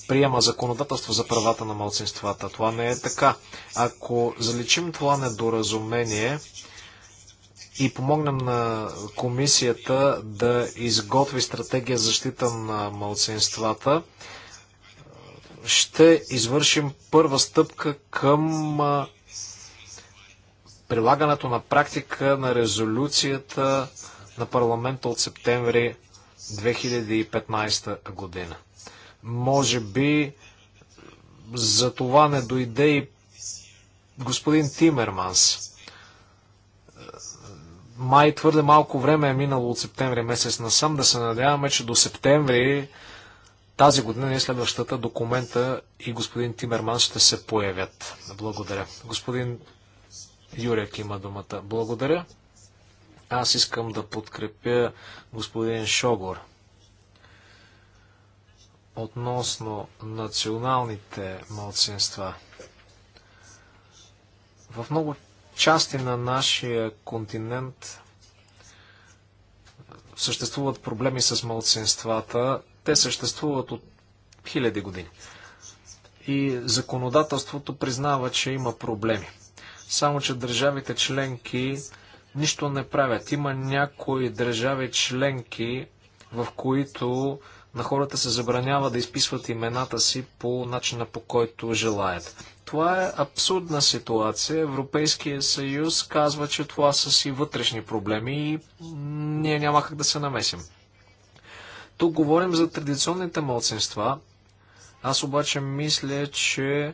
приема законодателство за правата на малцинствата. Това не е така. Ако заличим това недоразумение, и помогнем на комисията да изготви стратегия за защита на малцинствата, ще извършим първа стъпка към прилагането на практика на резолюцията на парламента от септември 2015 година. Може би за това не дойде и господин Тимерманс май твърде малко време е минало от септември месец насам. Да се надяваме, че до септември тази година и следващата документа и господин Тимерман ще се появят. Благодаря. Господин Юрек има думата. Благодаря. Аз искам да подкрепя господин Шогор относно националните малцинства. В много части на нашия континент съществуват проблеми с малцинствата. Те съществуват от хиляди години. И законодателството признава, че има проблеми. Само, че държавите членки нищо не правят. Има някои държави членки, в които на хората се забранява да изписват имената си по начина по който желаят. Това е абсурдна ситуация. Европейския съюз казва, че това са си вътрешни проблеми и ние няма как да се намесим. Тук говорим за традиционните младсинства. Аз обаче мисля, че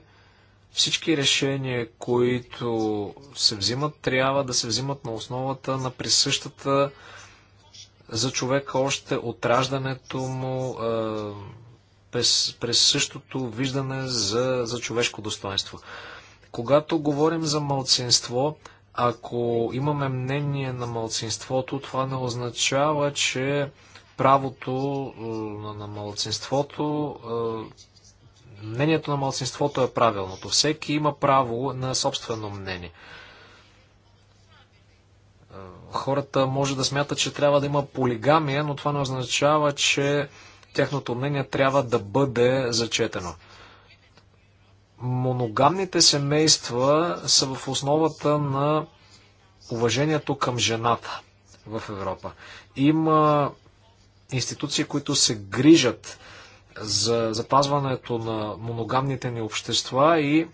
всички решения, които се взимат, трябва да се взимат на основата на присъщата за човека още от раждането му е, през, през същото виждане за, за човешко достоинство. Когато говорим за малцинство, ако имаме мнение на малцинството, това не означава, че правото е, на, на малцинството, е, мнението на малцинството е правилното. Всеки има право на собствено мнение хората може да смятат, че трябва да има полигамия, но това не означава, че тяхното мнение трябва да бъде зачетено. Моногамните семейства са в основата на уважението към жената в Европа. Има институции, които се грижат за запазването на моногамните ни общества и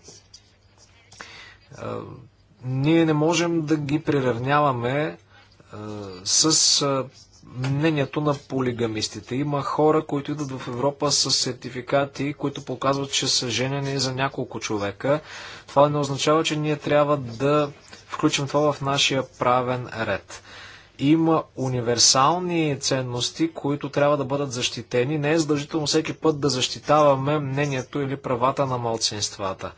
ние не можем да ги приравняваме е, с е, мнението на полигамистите. Има хора, които идват в Европа с сертификати, които показват, че са женени за няколко човека. Това не означава, че ние трябва да включим това в нашия правен ред. Има универсални ценности, които трябва да бъдат защитени. Не е задължително всеки път да защитаваме мнението или правата на малцинствата.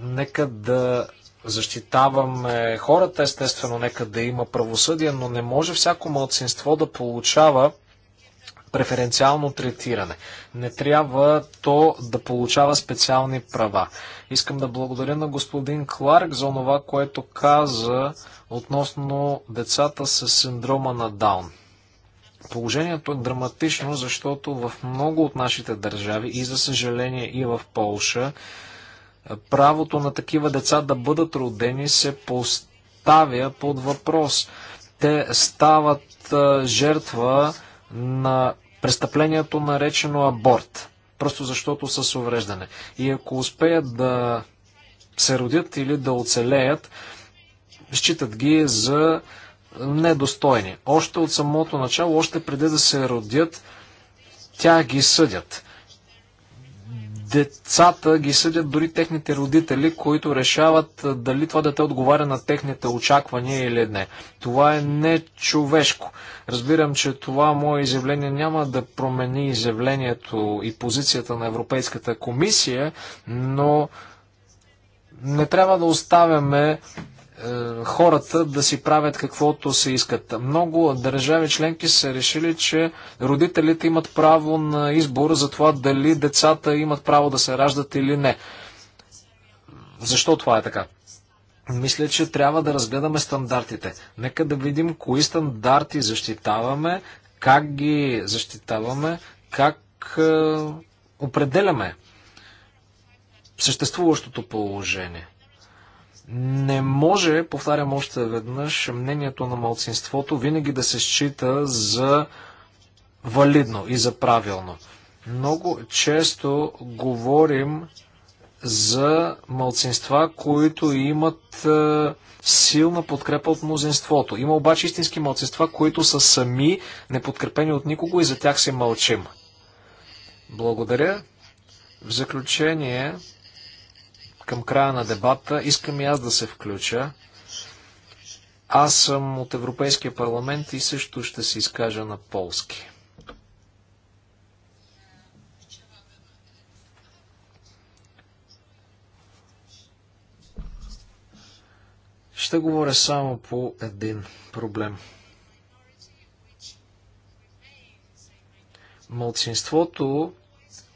Нека да защитаваме хората, естествено, нека да има правосъдие, но не може всяко мълцинство да получава преференциално третиране. Не трябва то да получава специални права. Искам да благодаря на господин Кларк за това, което каза относно децата с синдрома на Даун. Положението е драматично, защото в много от нашите държави, и за съжаление и в Полша, правото на такива деца да бъдат родени се поставя под въпрос. Те стават жертва на престъплението наречено аборт, просто защото са с увреждане. И ако успеят да се родят или да оцелеят, считат ги за недостойни. Още от самото начало, още преди да се родят, тя ги съдят. Децата ги съдят дори техните родители, които решават дали това дете отговаря на техните очаквания или не. Това е нечовешко. Разбирам, че това мое изявление няма да промени изявлението и позицията на Европейската комисия, но не трябва да оставяме е, хората да си правят каквото се искат. Много държави членки са решили, че родителите имат право на избор за това дали децата имат право да се раждат или не. Защо това е така? Мисля, че трябва да разгледаме стандартите. Нека да видим кои стандарти защитаваме, как ги защитаваме, как е, определяме съществуващото положение. Не може, повтарям още веднъж, мнението на малцинството винаги да се счита за валидно и за правилно. Много често говорим за малцинства, които имат е, силна подкрепа от мнозинството. Има обаче истински малцинства, които са сами, неподкрепени от никого и за тях се мълчим. Благодаря. В заключение, към края на дебата. Искам и аз да се включа. Аз съм от Европейския парламент и също ще се изкажа на полски. Ще говоря само по един проблем. Мълцинството,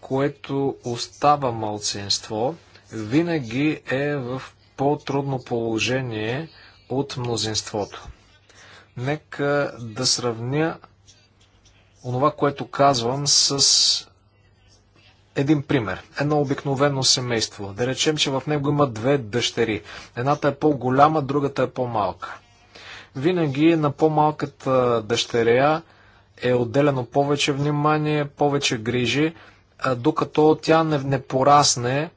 което остава мълцинство винаги е в по-трудно положение от мнозинството. Нека да сравня онова, което казвам с един пример. Едно обикновено семейство. Да речем, че в него има две дъщери. Едната е по-голяма, другата е по-малка. Винаги на по-малката дъщеря е отделено повече внимание, повече грижи, докато тя не, не порасне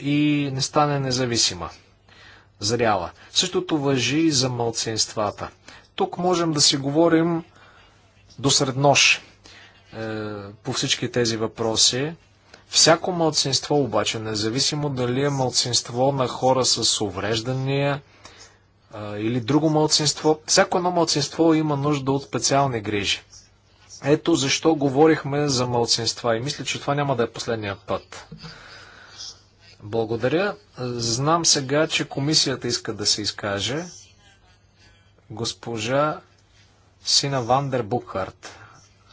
и не стане независима, зряла. Същото въжи и за мълценствата. Тук можем да си говорим до среднощ е, по всички тези въпроси. Всяко мълцинство обаче, независимо дали е мълцинство на хора с увреждания е, или друго мълцинство, всяко едно мълцинство има нужда от специални грижи. Ето защо говорихме за мълцинства и мисля, че това няма да е последния път. Благодаря. Знам сега, че комисията иска да се изкаже. Госпожа Сина Вандер Букхарт.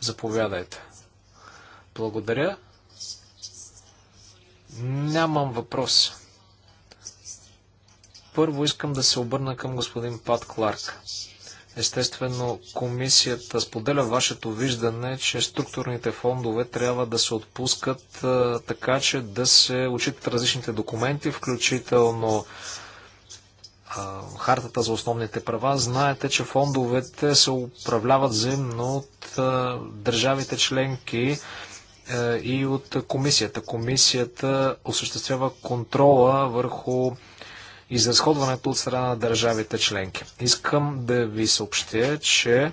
Заповядайте. Благодаря. Нямам въпрос. Първо искам да се обърна към господин Пат Кларк. Естествено, комисията споделя вашето виждане, че структурните фондове трябва да се отпускат така, че да се учитат различните документи, включително хартата за основните права. Знаете, че фондовете се управляват взаимно от държавите членки е, и от комисията. Комисията осъществява контрола върху изразходването от страна на държавите членки. Искам да ви съобщя, че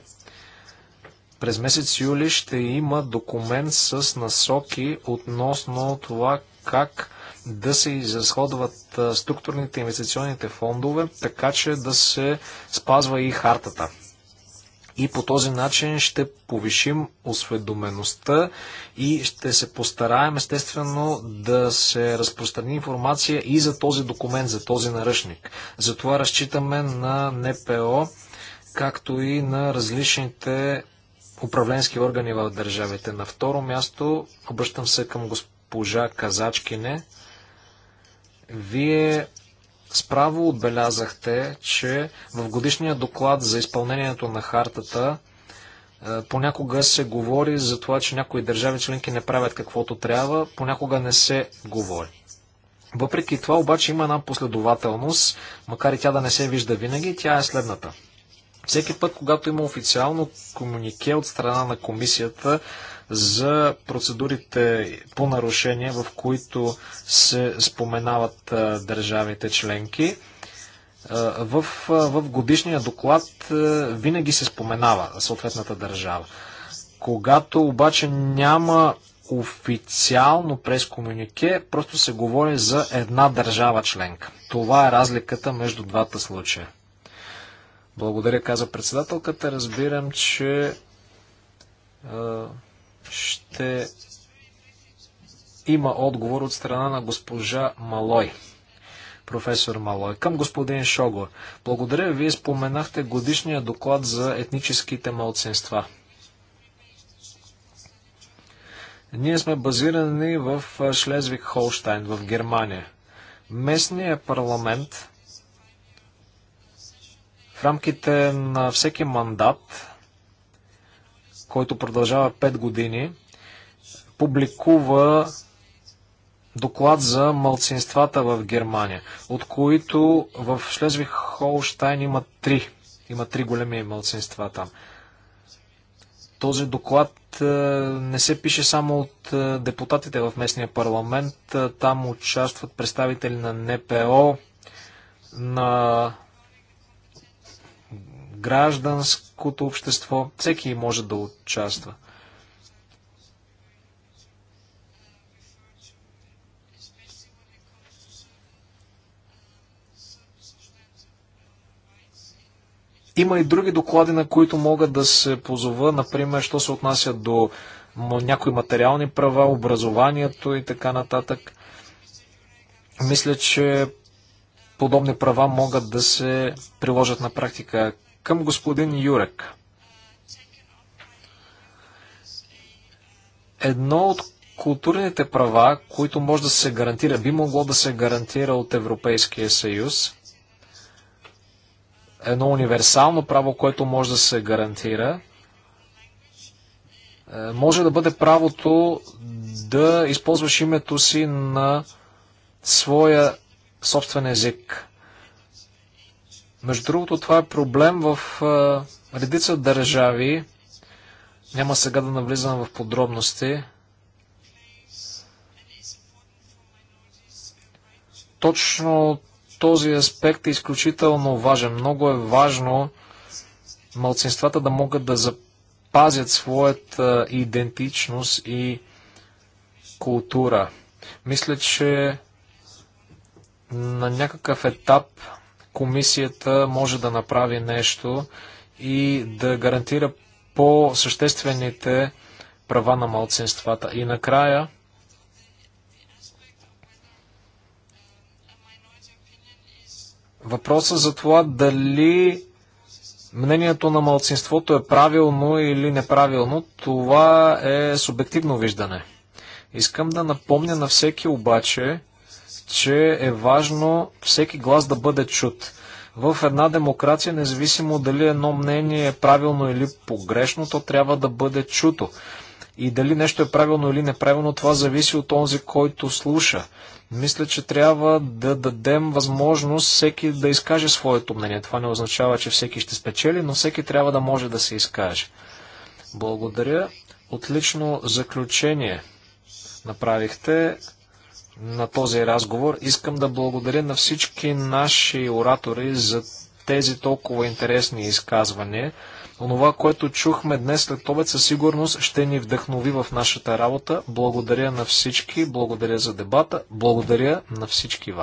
през месец юли ще има документ с насоки относно това как да се изразходват структурните инвестиционните фондове, така че да се спазва и хартата и по този начин ще повишим осведомеността и ще се постараем естествено да се разпространи информация и за този документ, за този наръчник. Затова разчитаме на НПО, както и на различните управленски органи в държавите. На второ място обръщам се към госпожа Казачкине. Вие Справо отбелязахте, че в годишния доклад за изпълнението на хартата е, понякога се говори за това, че някои държави членки не правят каквото трябва, понякога не се говори. Въпреки това обаче има една последователност, макар и тя да не се вижда винаги, тя е следната. Всеки път, когато има официално комунике от страна на комисията за процедурите по нарушение, в които се споменават държавите членки. В, в годишния доклад винаги се споменава съответната държава. Когато обаче няма официално през комюнике, просто се говори за една държава членка. Това е разликата между двата случая. Благодаря, каза председателката. Разбирам, че ще има отговор от страна на госпожа Малой. Професор Малой. Към господин Шого. Благодаря, вие споменахте годишния доклад за етническите малцинства. Ние сме базирани в Шлезвик Холштайн, в Германия. Местният парламент в рамките на всеки мандат който продължава 5 години, публикува доклад за малцинствата в Германия, от които в Шлезвих Холштайн има три. Има три големи малцинства там. Този доклад е, не се пише само от е, депутатите в местния парламент. Е, там участват представители на НПО, на гражданското общество. Всеки може да участва. Има и други доклади, на които мога да се позова, например, що се отнася до някои материални права, образованието и така нататък. Мисля, че подобни права могат да се приложат на практика към господин Юрек. Едно от културните права, които може да се гарантира, би могло да се гарантира от Европейския съюз, едно универсално право, което може да се гарантира, е, може да бъде правото да използваш името си на своя собствен език. Между другото, това е проблем в редица държави. Няма сега да навлизам в подробности. Точно този аспект е изключително важен. Много е важно малцинствата да могат да запазят своята идентичност и култура. Мисля, че на някакъв етап комисията може да направи нещо и да гарантира по-съществените права на малцинствата. И накрая, въпроса за това дали мнението на малцинството е правилно или неправилно, това е субективно виждане. Искам да напомня на всеки обаче, че е важно всеки глас да бъде чут. В една демокрация, независимо дали едно мнение е правилно или погрешно, то трябва да бъде чуто. И дали нещо е правилно или неправилно, това зависи от онзи, който слуша. Мисля, че трябва да дадем възможност всеки да изкаже своето мнение. Това не означава, че всеки ще спечели, но всеки трябва да може да се изкаже. Благодаря. Отлично заключение направихте на този разговор. Искам да благодаря на всички наши оратори за тези толкова интересни изказвания. Онова, което чухме днес след обед, със сигурност ще ни вдъхнови в нашата работа. Благодаря на всички, благодаря за дебата, благодаря на всички вас.